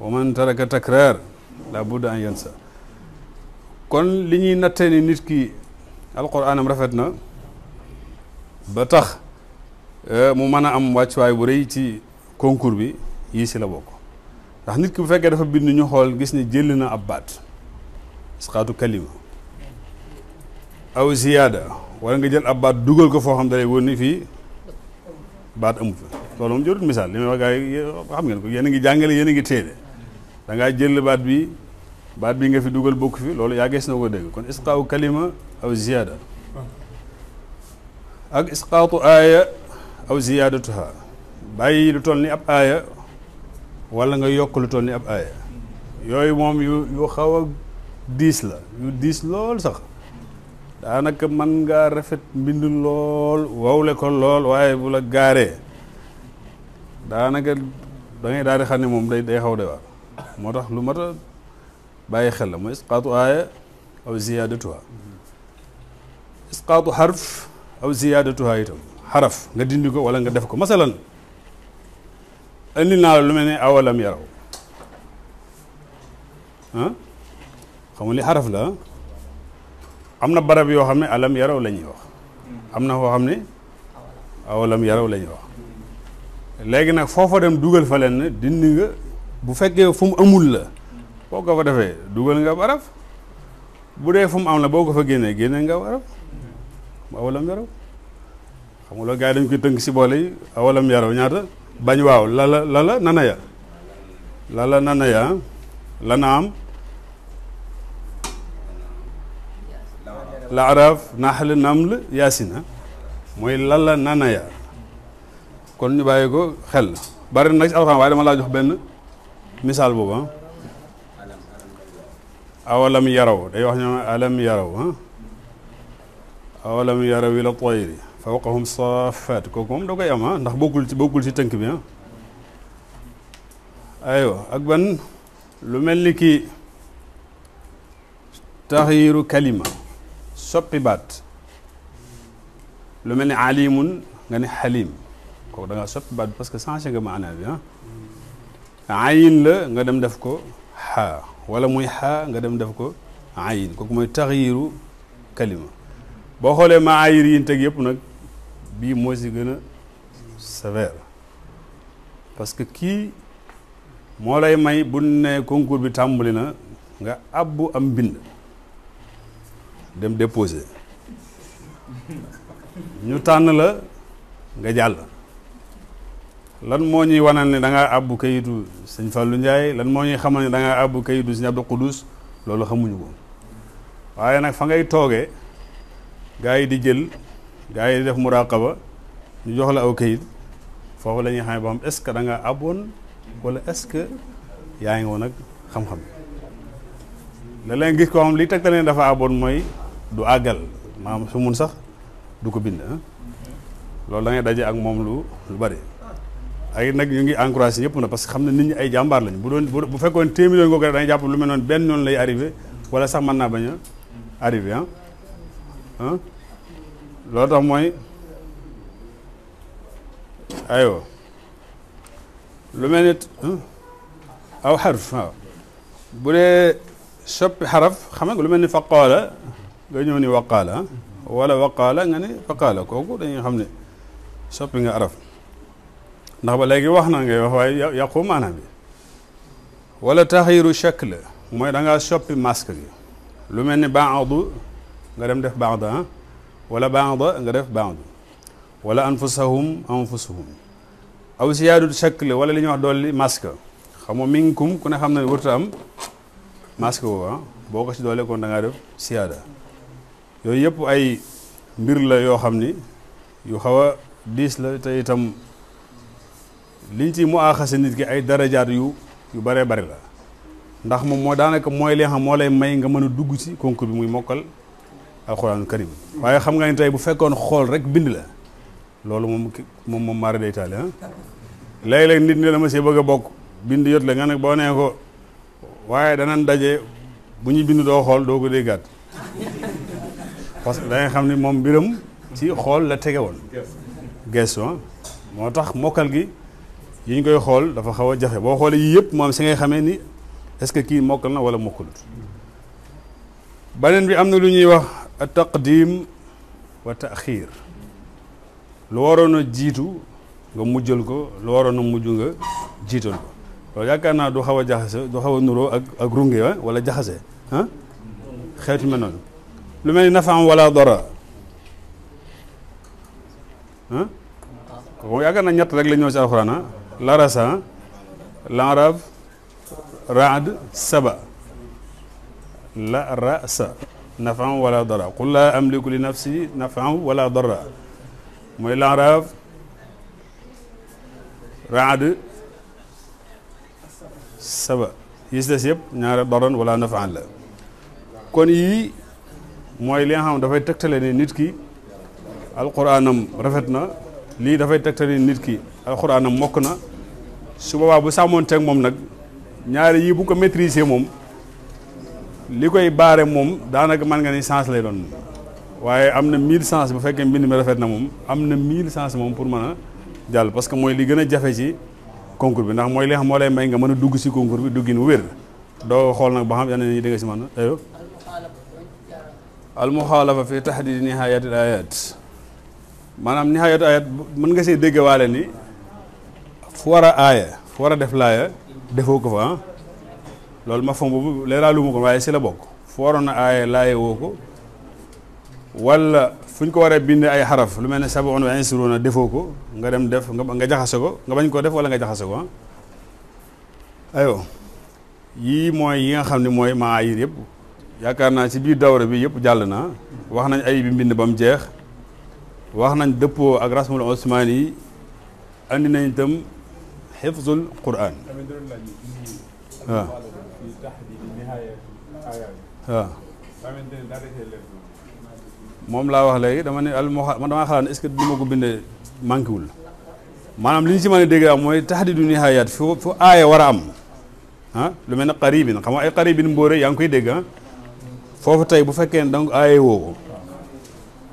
wa man taraka takraar la budda an kon li ñuy nattee ni nit ki alquraanam rafet na ba tax euh, mu mën a am wàccuwaay bu rëy ci concours bi yii si la bokk ndax nit ki bu fekkee dafa bind ñu xool gis ni jël na ab baat isqaatu kalima aw ziyaada wala nga jël ab baat dugal ko foo xam dalay wóor nii fii baat amu fa loolu moom jërut misaal li may wax gaa yi xam ngeen ko yéen a ngi jàngale yéen a ngi téele da ngaa jël baat bi baat bi nga fi dugal bokk fi loolu yaa gis na ko dégg kon isqaatu kalima aw ziyaada ak isqaatu aaya aw ziyaadatuha bàyyi lu toll ni ab aaya wala nga yokk lu toll ni ab aaya yooyu moom yu yu xaw a diis la yu diis lool sax nag man ngaa rafet mbind lool wawle ko lool waaye bu la gaaree daanaka da ngay daal di xam ne moom day day xaw de waar moo tax lu mat a bàyyi xel la mooy isqaatu aaya aw ziyaadatuha isqaatu xarf aw ziyaadatuha itam xaraf nga dindi ko wala nga def ko masalan indi naa lu mel ne awalam yaraw ah xamul li xaraf la am na barab yoo xam ne alam yaraw la wax am na foo xam ne awalam yaraw la wax léegi nag foofa dem dugal fa leen dindi nga bu fekkee fu mu amul la boo ko fa defee dugal nga baraf bu dee fu mu am la boo ko fa génnee génne nga baraf awalam yaraw xam nga loolu gars yi dañ koy tënk si boole yi awalam yaraw ñaata bañ waaw lala lala nana ya lala nana lana am la araf naxal naml yaasina mooy lala nana ya kon ñu bàyyi ko xel bari nag si alxam waaye dama laa jox benn misaal boobu ah. awalam yaraw day wax ñoom alam yaraw ah. awalam yaraw ila tayri fawqahum saaffaat kooku moom da koy am ah ndax bokkul ci bokkul ci tënk bi ah ak ban lu mel ni ki taxyiru kalima soppi baat lu mel ni alimun nga ne xalim kooku da soppi baat parce que changé nga maanaa bi ah la nga dem def ko xaa wala muy xaa nga dem def ko ayin kooku mooy taxyiru kalima boo xoolee maayir yi ñu teg yëpp nag bii moo si gën a sévère parce que kii moo lay may bu ne concours bi tàmbali na nga abbu am mbind dem déposé ñu tànn la nga jàll lan moo ñuy wanal ne da ngaa àbbu kayitu sëñ Fallou njaay lan moo ñuy xamal ne da ngaa àbbu kayitu sëñ Abdou Khoudous loolu xamuñu ko waaye nag fa ngay toogee gaa yi di jël gaa yi di def muraqaba ñu jox la aw kayit foofu lañuy ñuy xam ba xam est-ce que da nga aboon wala est-ce que yaa ngi woon ak xam-xam léeg-léeg gis koo xam li tegtaleen dafa aboon mooy du àggal maanaam su mun sax du ko bind ah. loolu da ngay daje ak moom lu lu bari ay nag ñu ngi encouragé ñëpp na parce que xam ne nit ñi ay jàmbaar lañ bu doon bu fekkoon téeméer yoon ko dañuy jàpp lu mel noonu benn noonu lay arrivé wala sax mën naa bañ a arrivé ah loolu tax mooy aywa lu mel ni aw xarf waaw bu dee soppi xaraf nga lu mel ni faqaala nga ñëw ni waqaala wala waqaala nga ni faqaala kooku dañuy xam ne soppi nga araf ndax ba léegi wax na ngay wax waaye yàqu maanaam bi wala taxyiru shakl mooy danga ngaa soppi gi lu mel ni baadu nga dem def baada ah? wala baada nga def baadu wala anfusahum anfusuhum aw siyaadu shakl wala li ñuy wax dolli masque xam nga minkum ku ne xam na ne wërta am masque boobu ah? boo ko ci doole kon da def siyaada yooyu yëpp ay mbir la yoo xam ni yu xaw a diis la te itam liñ ci mu aaxase nit ki ay darajaat yu yu bare bari la ndax moom moo daanaka mooy leexam moo lay may nga mën a dugg ci konk bi muy mokkal alxuraanu karim waaye xam nga ne tey bu fekkoon xool rek bind la loolu moom moom moom maara day taale ah léeg-léeg nit ne la ma see bëgg a bokk bind yot la nga ne boo nee ko waaye danañ daje bu ñu bind doo xool doo ko déggaat parce que da nga xam ne moom biram ci xool la tege woon gestu ah. moo tax mokkal gi yi ñu koy xool dafa xaw a jafe boo xoolee yii yëpp moom si ngay xamee ni est-ce que kii mokkal na wala mokkalut beneen bi am na lu ñuy wax taqdim wa taxiir lu waroon a jiitu nga mujjal ko lu waroon a mujj nga jiital ko loolu naa du xaw a jaxase du xaw a nuroo ak ak runge ah, wala jaxase ah xeetu mel lu mel ni nafaam wala dara ah naa ñett rek lañoo ñëw ci alxuraan ah larasa ah? lanrab raad saba la rasa nafan wala dara qul laa amliku li nafsi nafan wala dara mooy lanraaf raad saba yi si ñaare daran wala nafan la kon yii mooy li nga xam dafay tegtale ne nit ki alquraanam rafet na lii dafay tegtale nit ki alquraanam mokk na su boobaa bu sàmmoon teeg moom nag ñaari yii bu ko maîtriser moom li koy baare moom daanaka mën nga ni sens lay doon waaye am na mille sens bu fekkee mbind mi rafet na moom am na mill sens moom pour man a jàll parce que mooy li gën a jafe ci concours bi ndax mooy li xam moo lay may nga mën a dugg si concours bi duggin wér doo xool nag ba xam yenn ni di nga si mën a almuxaalafa fi taxdidi nihaayatil ayat maanaam nihaayatil ayat mën nga see dégg waale ni fu war a aaya fu war a def laaya defoo ko fa ah. loolu ma fom boobu leeraalu ma ko waaye si la bokk fu waroon a aaye laaye woo ko wala fu ñu ko waree bind ay xaraf lu mel ne saboon wa a defoo ko nga dem def nga ba nga jaxase ko nga bañ koo def wala nga jaxase ko ah ayo yii mooy yi nga xam ne mooy maa yir yëpp yaakaar naa ci biir dawra bi yëpp jàll naa wax nañ ay bi mbind ba mu jeex wax nañ dëppoo ak rasmul osmaani yi andi nañ itam xifzul waaw moom laa wax léegi dama ne al ma damaa xalaat ne est-ce du ma ko bindee manqué wul maanaam li ñu ci mën a dégg am mooy tahdiidu nihaayaat fu fu aaya war a am ah, lu mel ne xaribin xam nga ay xaribin mbóore yaa ngi koy dégg ah. foofu tey bu fekkee ne donc aaye woo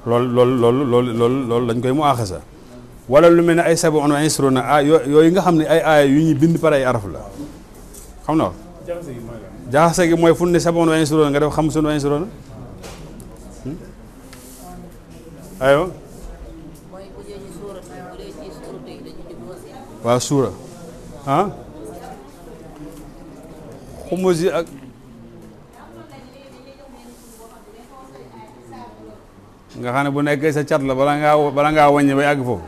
loolu lool lool lool loolu loolu dañ koy mu aaxasa wala lu mel ne ay sabu on ay surona ah yooyu nga xam ne ay aaya yu ñuy bind pare ay araf la xam na jaaxase gi mooy fu ne saboon wa insuroona nga def xam sun wa insuroona hmm? aywa waaw suura ah xumus yi ak nga xam ne bu nekkee sa cat la bala ngaa bala ngaa wàññi bay àgg foofu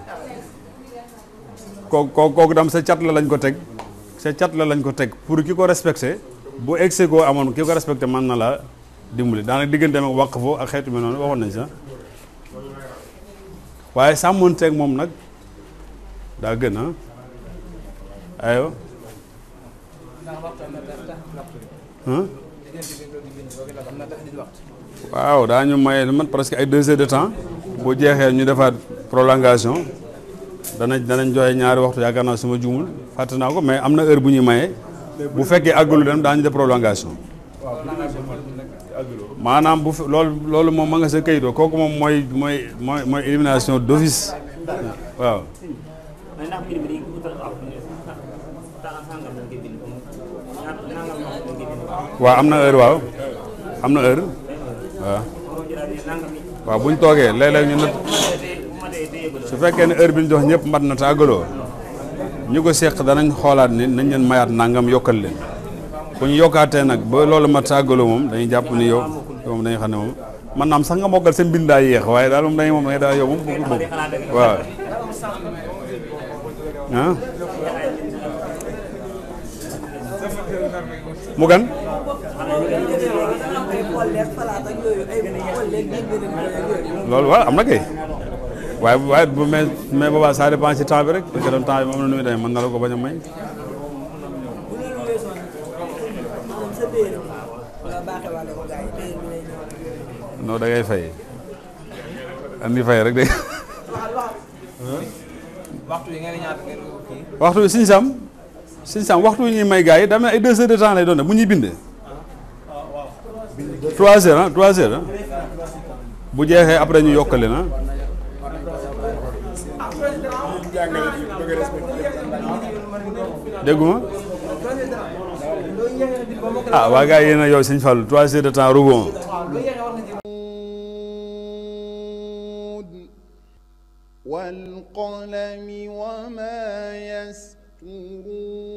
kooku kooku dam sa cat la lañ ko teg sa cat la lañ ko teg pour ki ko respecté bu koo amoon ki ko respecté man na laa dimbali daanaka diggante ak wàq foofu ak xeetu mel noonu waxoon nañ sax waaye teg moom nag daa gën a waaw daañu maye lu mat presque ay deux de temps bu jeexee ñu defaat prolongation danañ danañ joxe ñaari waxtu yaakaar naa suma juumul fàtte naa ko mais am na heure bu ñuy maye bu fekkee àggalu dem daañu def prolongation maanaam bu loolu loolu moom sa kayitoo kooku moom mooy mooy mooy mooy élimination d'office waaw am na heure waaw am na heure waaw waaw bu toogee léeg su fekkee ne heure bi ñu jox ñëpp mat na te àggaloo ñu ko seq danañ xoolaat ne nañ leen mayaat nangam yokkal leen bu ñu yokkaatee nag ba loolu ma sàggaloo moom dañuy jàpp ni yow moom dañuy ne moom man naam sax nga mokal seen bind daa yéex waaye daal moom dañuy moom dañuy daal yow moom bëgg bëgg waaw mu gan loolu waaw am na kay waaye waaye bu mais mais boobaa ça dépend ci temps rek parce que tam temps bi am na nu muy demee mën la ko bañ a may. non da ngay fay. andi fay rek de. waxtu yi ngeen ñaata ngeen kii. sam suñu sam waxtu wi ñuy may gaa yi daa ay deux heures de temps lay doon bu ñuy bind. Ah, trois heures ah trois heures bu jeexee après ñu yokkale na. dégguma ah waa gars yi yéen a yow sëñ Fall trois heures de temps rugon wal qalami wa ma yasturuun